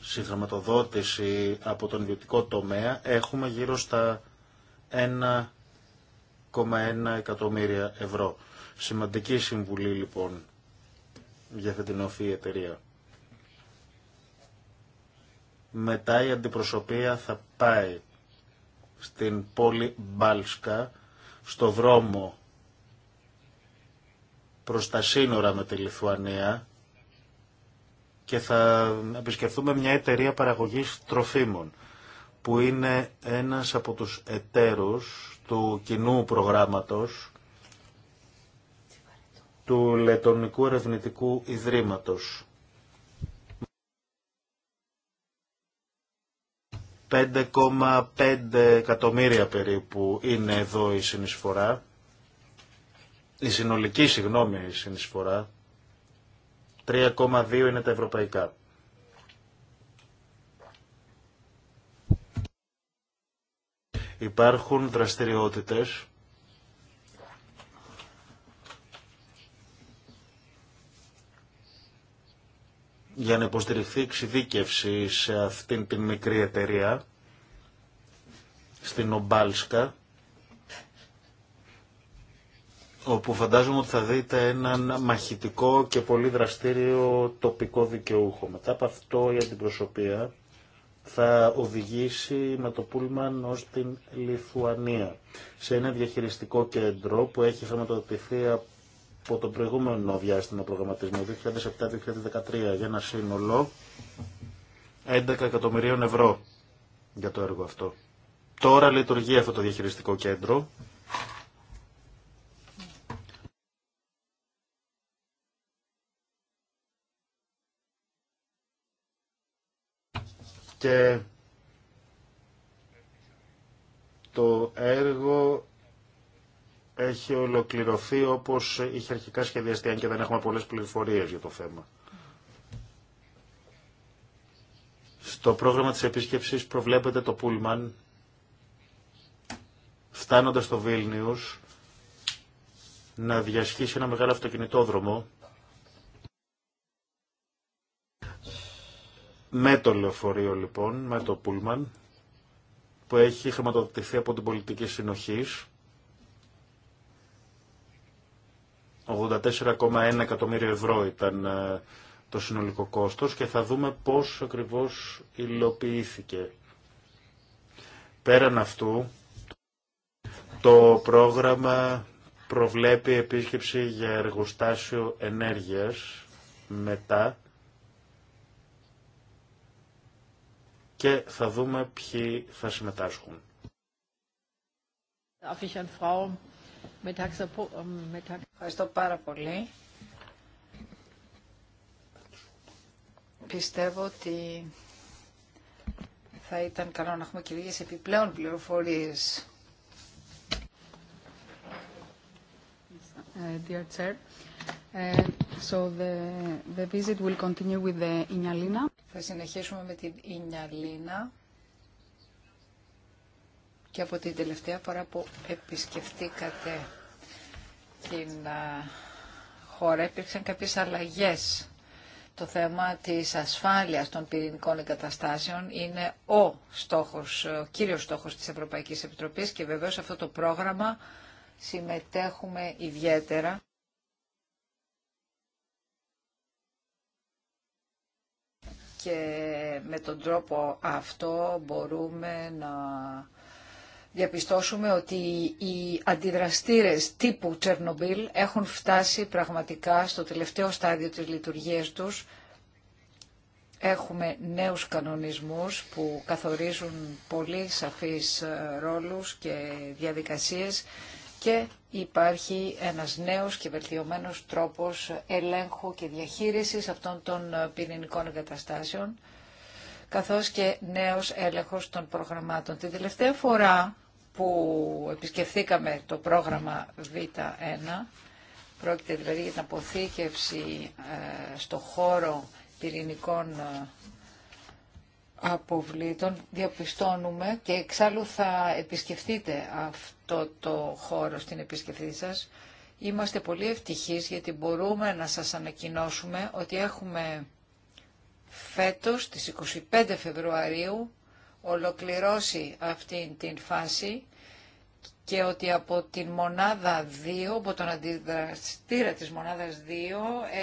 στη χρηματοδότηση από τον ιδιωτικό τομέα έχουμε γύρω στα 1,1 εκατομμύρια ευρώ. Σημαντική συμβουλή λοιπόν για αυτή την οφή εταιρεία. Μετά η αντιπροσωπεία θα πάει στην πόλη Μπάλσκα, στο δρόμο προς τα σύνορα με τη Λιθουανία και θα επισκεφθούμε μια εταιρεία παραγωγής τροφίμων που είναι ένας από τους εταίρους του κοινού προγράμματος του Λετωνικού Ερευνητικού Ιδρύματος 5,5 εκατομμύρια περίπου είναι εδώ η συνεισφορά, η συνολική συγγνώμη η συνεισφορά, 3,2 είναι τα ευρωπαϊκά. Υπάρχουν δραστηριότητες για να υποστηριχθεί εξειδίκευση σε αυτήν την μικρή εταιρεία, στην Ομπάλσκα, όπου φαντάζομαι ότι θα δείτε έναν μαχητικό και πολύ δραστήριο τοπικό δικαιούχο. Μετά από αυτό η αντιπροσωπεία θα οδηγήσει με το Πούλμαν ως την Λιθουανία σε ένα διαχειριστικό κέντρο που έχει χρηματοδοτηθεί από από το προηγούμενο διάστημα προγραμματισμού 2007-2013 για ένα σύνολο 11 εκατομμυρίων ευρώ για το έργο αυτό. Τώρα λειτουργεί αυτό το διαχειριστικό κέντρο. Και το έργο έχει ολοκληρωθεί όπως είχε αρχικά σχεδιαστεί, αν και δεν έχουμε πολλές πληροφορίες για το θέμα. Στο πρόγραμμα της επίσκεψης προβλέπεται το Πούλμαν, φτάνοντας στο Βίλνιους, να διασχίσει ένα μεγάλο αυτοκινητόδρομο με το λεωφορείο λοιπόν, με το Πούλμαν, που έχει χρηματοδοτηθεί από την πολιτική συνοχής 84,1 εκατομμύρια ευρώ ήταν ε, το συνολικό κόστος και θα δούμε πώς ακριβώς υλοποιήθηκε. Πέραν αυτού, το πρόγραμμα προβλέπει επίσκεψη για εργοστάσιο ενέργειας μετά και θα δούμε ποιοι θα συμμετάσχουν. Ε, Ευχαριστώ πάρα πολύ. Πιστεύω ότι θα ήταν καλό να έχουμε και λίγες επιπλέον πληροφορίες. Ε, dear Chair, ε, so the, the visit will continue with the Inyalina. Θα συνεχίσουμε με την Ινιαλίνα και από την τελευταία φορά που επισκεφτήκατε την χώρα υπήρξαν κάποιες αλλαγές. Το θέμα της ασφάλειας των πυρηνικών εγκαταστάσεων είναι ο στόχος, ο κύριος στόχος της Ευρωπαϊκής Επιτροπής και βεβαίως αυτό το πρόγραμμα συμμετέχουμε ιδιαίτερα. Και με τον τρόπο αυτό μπορούμε να διαπιστώσουμε ότι οι αντιδραστήρες τύπου Τσερνομπίλ έχουν φτάσει πραγματικά στο τελευταίο στάδιο της λειτουργίας τους. Έχουμε νέους κανονισμούς που καθορίζουν πολύ σαφείς ε, ρόλους και διαδικασίες και υπάρχει ένας νέος και βελτιωμένος τρόπος ελέγχου και διαχείρισης αυτών των ε, πυρηνικών εγκαταστάσεων καθώς και νέος έλεγχος των προγραμμάτων. Την τελευταία φορά που επισκεφθήκαμε το πρόγραμμα Β1, πρόκειται δηλαδή για την αποθήκευση ε, στο χώρο πυρηνικών ε, αποβλήτων, διαπιστώνουμε και εξάλλου θα επισκεφτείτε αυτό το χώρο στην επισκεφτή σας. Είμαστε πολύ ευτυχείς γιατί μπορούμε να σας ανακοινώσουμε ότι έχουμε φέτος, στις 25 Φεβρουαρίου, ολοκληρώσει αυτήν την φάση και ότι από την μονάδα 2, από τον αντιδραστήρα της μονάδας 2,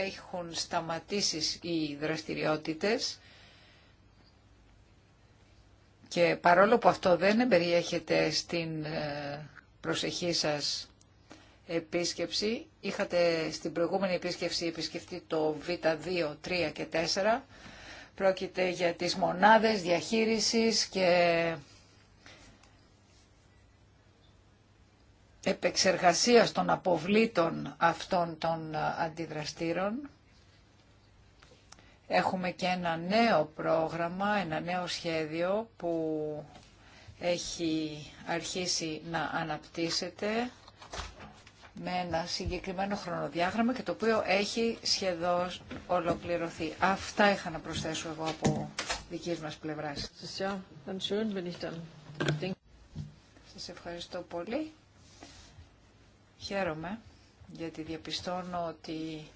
έχουν σταματήσει οι δραστηριότητες και παρόλο που αυτό δεν εμπεριέχεται στην ε, προσεχή σας επίσκεψη, είχατε στην προηγούμενη επίσκεψη επισκεφτεί το Β2, 3 και 4, Πρόκειται για τις μονάδες διαχείρισης και επεξεργασίας των αποβλήτων αυτών των αντιδραστήρων. Έχουμε και ένα νέο πρόγραμμα, ένα νέο σχέδιο που έχει αρχίσει να αναπτύσσεται με ένα συγκεκριμένο χρονοδιάγραμμα και το οποίο έχει σχεδόν ολοκληρωθεί. Αυτά είχα να προσθέσω εγώ από δική μα πλευρά. Σα ευχαριστώ πολύ. Χαίρομαι γιατί διαπιστώνω ότι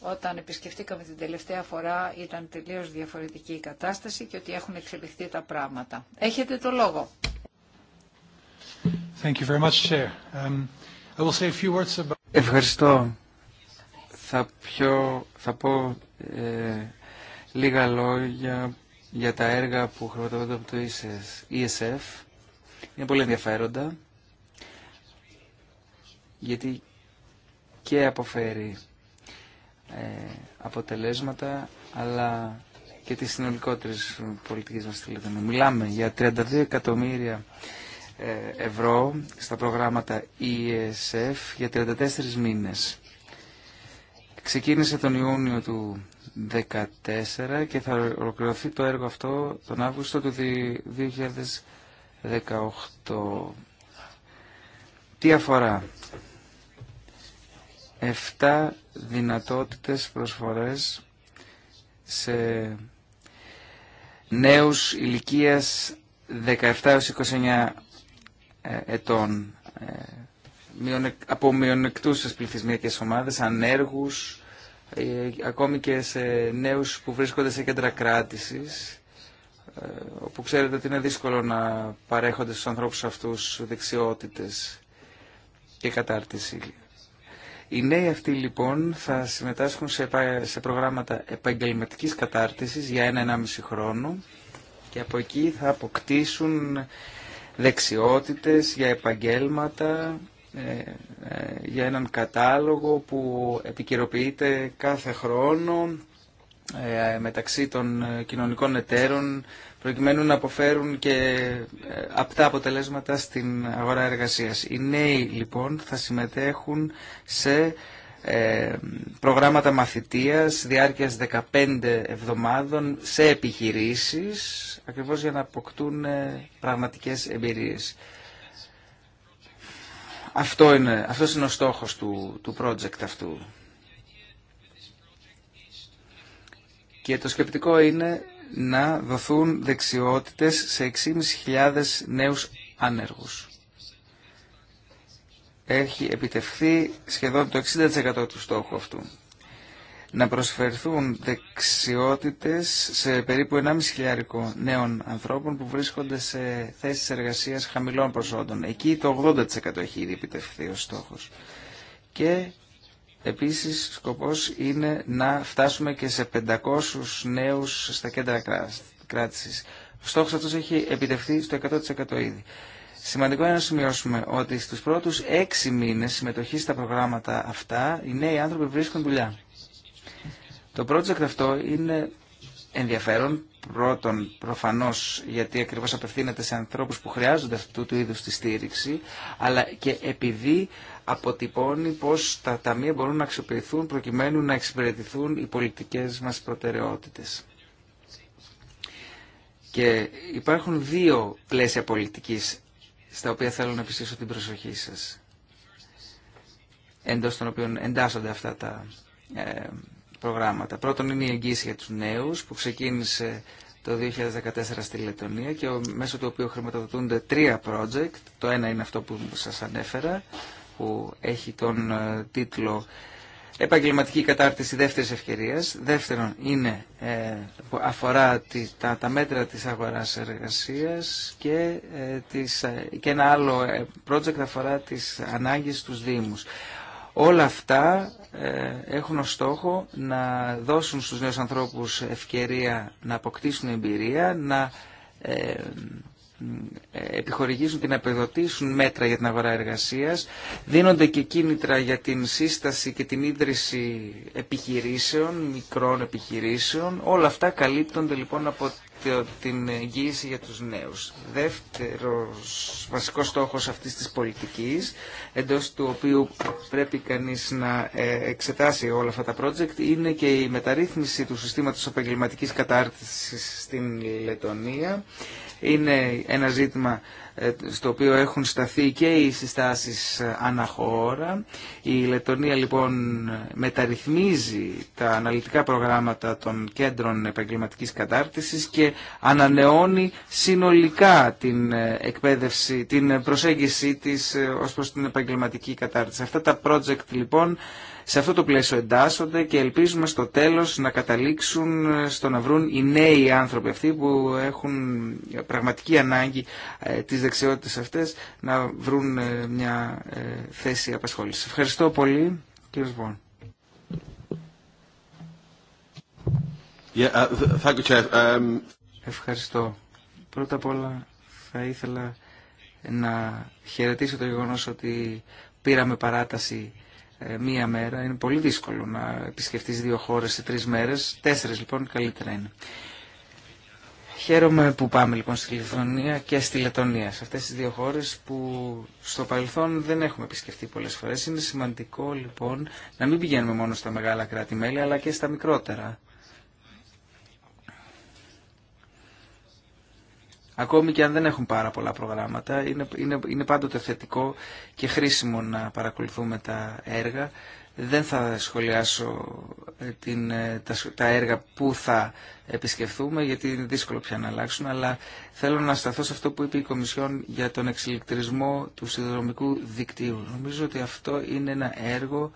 όταν επισκεφτήκαμε την τελευταία φορά ήταν τελείως διαφορετική η κατάσταση και ότι έχουν εξελιχθεί τα πράγματα. Έχετε το λόγο. Thank you very much, Um... Ευχαριστώ. Θα, πιο, θα πω ε, λίγα λόγια για τα έργα που χρηματοδοτούνται από το ESF. E Είναι πολύ ενδιαφέροντα γιατί και αποφέρει ε, αποτελέσματα αλλά και τις συνολικότερες πολιτικές μας Μιλάμε για 32 εκατομμύρια ε, ευρώ στα προγράμματα ESF για 34 μήνες. Ξεκίνησε τον Ιούνιο του 2014 και θα ολοκληρωθεί το έργο αυτό τον Αύγουστο του 2018. Τι αφορά. 7 δυνατότητες προσφορές σε νέους ηλικίας 17 29 ε, ετών ε, από μειονεκτούσες πληθυσμιακές ομάδες, ανέργους, ε, ακόμη και σε νέους που βρίσκονται σε κέντρα κράτησης, όπου ξέρετε ότι είναι δύσκολο να παρέχονται στους ανθρώπους αυτούς δεξιότητες και κατάρτιση. Οι νέοι αυτοί λοιπόν θα συμμετάσχουν σε προγράμματα επαγγελματικής κατάρτισης για ένα-ενάμιση χρόνο και από εκεί θα αποκτήσουν δεξιότητες, για επαγγέλματα, ε, ε, για έναν κατάλογο που επικυροποιείται κάθε χρόνο ε, μεταξύ των κοινωνικών εταίρων προκειμένου να αποφέρουν και απτά αποτελέσματα στην αγορά εργασίας. Οι νέοι λοιπόν θα συμμετέχουν σε ε, προγράμματα μαθητείας διάρκειας 15 εβδομάδων σε επιχειρήσεις ακριβώς για να αποκτούν ε, πραγματικές εμπειρίες. Αυτό είναι, αυτός είναι ο στόχος του, του project αυτού. Και το σκεπτικό είναι να δοθούν δεξιότητες σε 6.500 νέους άνεργους έχει επιτευχθεί σχεδόν το 60% του στόχου αυτού. Να προσφερθούν δεξιότητες σε περίπου 1.500 νέων ανθρώπων που βρίσκονται σε θέσεις εργασίας χαμηλών προσόντων. Εκεί το 80% έχει ήδη επιτευχθεί ο στόχος. Και Επίσης, σκοπός είναι να φτάσουμε και σε 500 νέους στα κέντρα κράτησης. Ο στόχος αυτός έχει επιτευχθεί στο 100% ήδη. Σημαντικό είναι να σημειώσουμε ότι στους πρώτους έξι μήνες συμμετοχή στα προγράμματα αυτά οι νέοι άνθρωποι βρίσκουν δουλειά. Το project αυτό είναι ενδιαφέρον πρώτον προφανώς γιατί ακριβώς απευθύνεται σε ανθρώπους που χρειάζονται αυτού του είδους τη στήριξη αλλά και επειδή αποτυπώνει πως τα ταμεία μπορούν να αξιοποιηθούν προκειμένου να εξυπηρετηθούν οι πολιτικές μας προτεραιότητες. Και υπάρχουν δύο πλαίσια πολιτικής στα οποία θέλω να επιστήσω την προσοχή σας εντός των οποίων εντάσσονται αυτά τα ε, προγράμματα. Πρώτον είναι η εγγύηση για τους νέους που ξεκίνησε το 2014 στη Λετωνία και μέσω του οποίου χρηματοδοτούνται τρία project. Το ένα είναι αυτό που σας ανέφερα που έχει τον ε, τίτλο επαγγελματική κατάρτιση δεύτερης ευκαιρίας. Δεύτερον, είναι, ε, αφορά τα, τα μέτρα της αγοράς εργασίας και, ε, ε, και ένα άλλο project αφορά τις ανάγκες τους Δήμους. Όλα αυτά έχουν ως στόχο να δώσουν στους νέους ανθρώπους ευκαιρία να αποκτήσουν εμπειρία, να επιχορηγήσουν και να επιδοτήσουν μέτρα για την αγορά εργασίας, δίνονται και κίνητρα για την σύσταση και την ίδρυση επιχειρήσεων, μικρών επιχειρήσεων. Όλα αυτά καλύπτονται λοιπόν από την εγγύηση για τους νέους. Δεύτερος βασικός στόχος αυτής της πολιτικής, εντός του οποίου πρέπει κανείς να ε, εξετάσει όλα αυτά τα project, είναι και η μεταρρύθμιση του συστήματος επαγγελματική κατάρτισης στην Λετωνία, είναι ένα ζήτημα ε, στο οποίο έχουν σταθεί και οι συστάσεις ε, αναχώρα. Η Λετωνία λοιπόν μεταρρυθμίζει τα αναλυτικά προγράμματα των κέντρων επαγγελματικής κατάρτισης και ανανεώνει συνολικά την ε, εκπαίδευση, την προσέγγιση της ως προς την επαγγελματική κατάρτιση. Αυτά τα project λοιπόν σε αυτό το πλαίσιο εντάσσονται και ελπίζουμε στο τέλος να καταλήξουν ε, στο να βρουν οι νέοι άνθρωποι αυτοί που έχουν πραγματική ανάγκη ε, τις δεξιότητες αυτές να βρουν ε, μια θέση απασχόλησης. Ευχαριστώ πολύ κύριε Βόν. Uh, um, Ευχαριστώ. Πρώτα απ' όλα θα ήθελα να χαιρετήσω το γεγονός ότι πήραμε παράταση ε, μία μέρα. Είναι πολύ δύσκολο να επισκεφτείς δύο χώρες σε τρεις μέρες. Τέσσερις λοιπόν καλύτερα είναι. Χαίρομαι που πάμε λοιπόν στη Λιθουανία και στη Λετωνία, σε αυτές τις δύο χώρες που στο παρελθόν δεν έχουμε επισκεφτεί πολλές φορές. Είναι σημαντικό λοιπόν να μην πηγαίνουμε μόνο στα μεγάλα κράτη-μέλη αλλά και στα μικρότερα. ακόμη και αν δεν έχουν πάρα πολλά προγράμματα. Είναι, είναι, είναι πάντοτε θετικό και χρήσιμο να παρακολουθούμε τα έργα. Δεν θα σχολιάσω ε, την, ε, τα, τα έργα που θα επισκεφθούμε γιατί είναι δύσκολο πια να αλλάξουν αλλά θέλω να σταθώ σε αυτό που είπε η Κομισιόν για τον εξηλεκτρισμό του συνδρομικού δικτύου. Νομίζω ότι αυτό είναι ένα έργο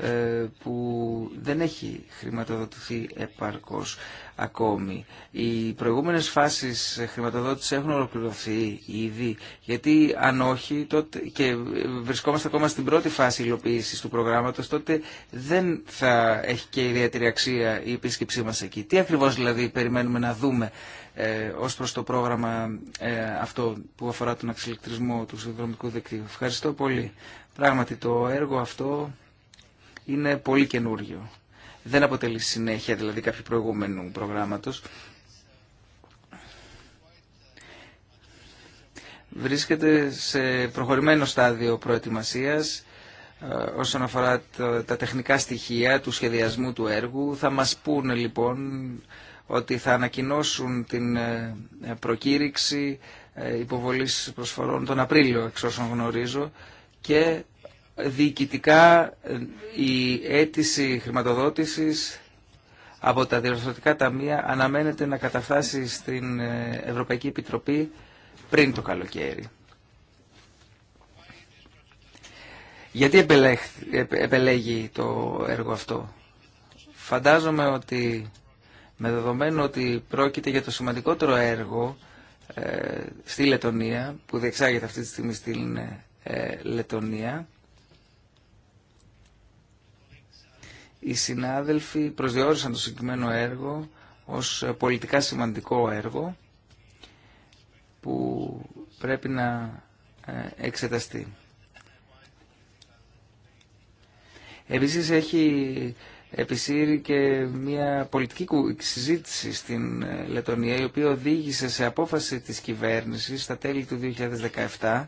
ε, που δεν έχει χρηματοδοτηθεί επαρκώς ακόμη. Οι προηγούμενες φάσεις χρηματοδότησης έχουν ολοκληρωθεί ήδη, γιατί αν όχι τότε, και βρισκόμαστε ακόμα στην πρώτη φάση υλοποίηση του προγράμματος, τότε δεν θα έχει και ιδιαίτερη αξία η επίσκεψή μας εκεί. Τι ακριβώς δηλαδή περιμένουμε να δούμε ε, ως προς το πρόγραμμα ε, αυτό που αφορά τον αξιλεκτρισμό του συνδρομικού δικτύου. Ευχαριστώ πολύ. Πράγματι το έργο αυτό είναι πολύ καινούριο δεν αποτελεί συνέχεια δηλαδή κάποιου προηγούμενου προγράμματος. Βρίσκεται σε προχωρημένο στάδιο προετοιμασίας ε, όσον αφορά τα τεχνικά στοιχεία του σχεδιασμού του έργου. Θα μας πούνε λοιπόν ότι θα ανακοινώσουν την ε, προκήρυξη ε, υποβολής προσφορών τον Απρίλιο εξ όσων γνωρίζω και Διοικητικά ε, η αίτηση χρηματοδότησης από τα διευθυντικά ταμεία αναμένεται να καταφτάσει στην ε, Ευρωπαϊκή Επιτροπή πριν το καλοκαίρι. Γιατί επελέγει το έργο αυτό. Φαντάζομαι ότι με δεδομένο ότι πρόκειται για το σημαντικότερο έργο ε, στη Λετωνία, που διεξάγεται αυτή τη στιγμή στην ε, Λετωνία, οι συνάδελφοι προσδιορίσαν το συγκεκριμένο έργο ως πολιτικά σημαντικό έργο που πρέπει να ε, εξεταστεί. Επίσης έχει επισύρει και μια πολιτική συζήτηση στην ε, Λετωνία η οποία οδήγησε σε απόφαση της κυβέρνησης στα τέλη του 2017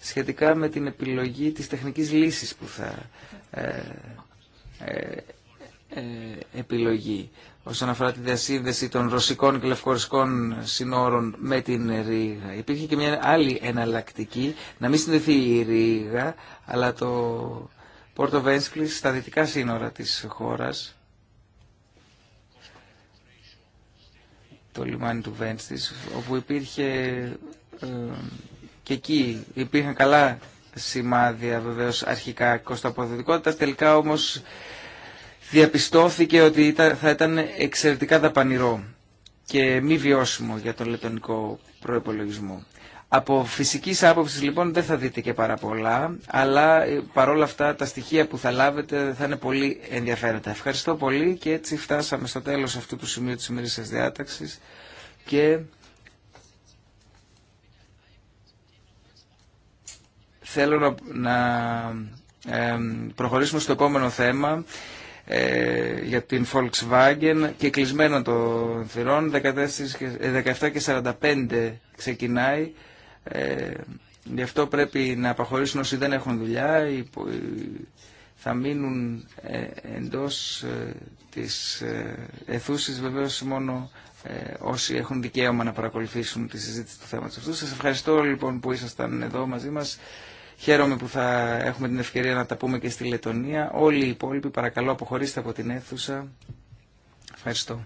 σχετικά με την επιλογή της τεχνικής λύσης που θα ε, ε, ε, επιλογή όσον αφορά τη διασύνδεση των ρωσικών και λευκορωσικών συνόρων με την Ρήγα. Υπήρχε και μια άλλη εναλλακτική, να μην συνδεθεί η Ρήγα, αλλά το Πόρτο Βένσκλης στα δυτικά σύνορα της χώρας, το λιμάνι του Βένστης, όπου υπήρχε ε, και εκεί υπήρχαν καλά σημάδια βεβαίως αρχικά κοστοποδοτικότητας, τελικά όμω διαπιστώθηκε ότι θα ήταν εξαιρετικά δαπανηρό και μη βιώσιμο για τον λετωνικό προπολογισμό. Από φυσικής άποψης λοιπόν δεν θα δείτε και πάρα πολλά, αλλά ε, παρόλα αυτά τα στοιχεία που θα λάβετε θα είναι πολύ ενδιαφέροντα. Ευχαριστώ πολύ και έτσι φτάσαμε στο τέλος αυτού του σημείου της ημερήσιας διάταξης και Θέλω να προχωρήσουμε στο επόμενο θέμα ε, για την Volkswagen και κλεισμένο των θυρών 17 και 45 ε, ξεκινάει ε, γι' αυτό πρέπει να απαχωρήσουν όσοι δεν έχουν δουλειά ή θα μείνουν εντός της αιθούσης βεβαίως μόνο όσοι έχουν δικαίωμα να παρακολουθήσουν τη συζήτηση του θέματος αυτού. Σας ευχαριστώ λοιπόν που ήσασταν εδώ μαζί μας Χαίρομαι που θα έχουμε την ευκαιρία να τα πούμε και στη Λετωνία. Όλοι οι υπόλοιποι παρακαλώ αποχωρήστε από την αίθουσα. Ευχαριστώ.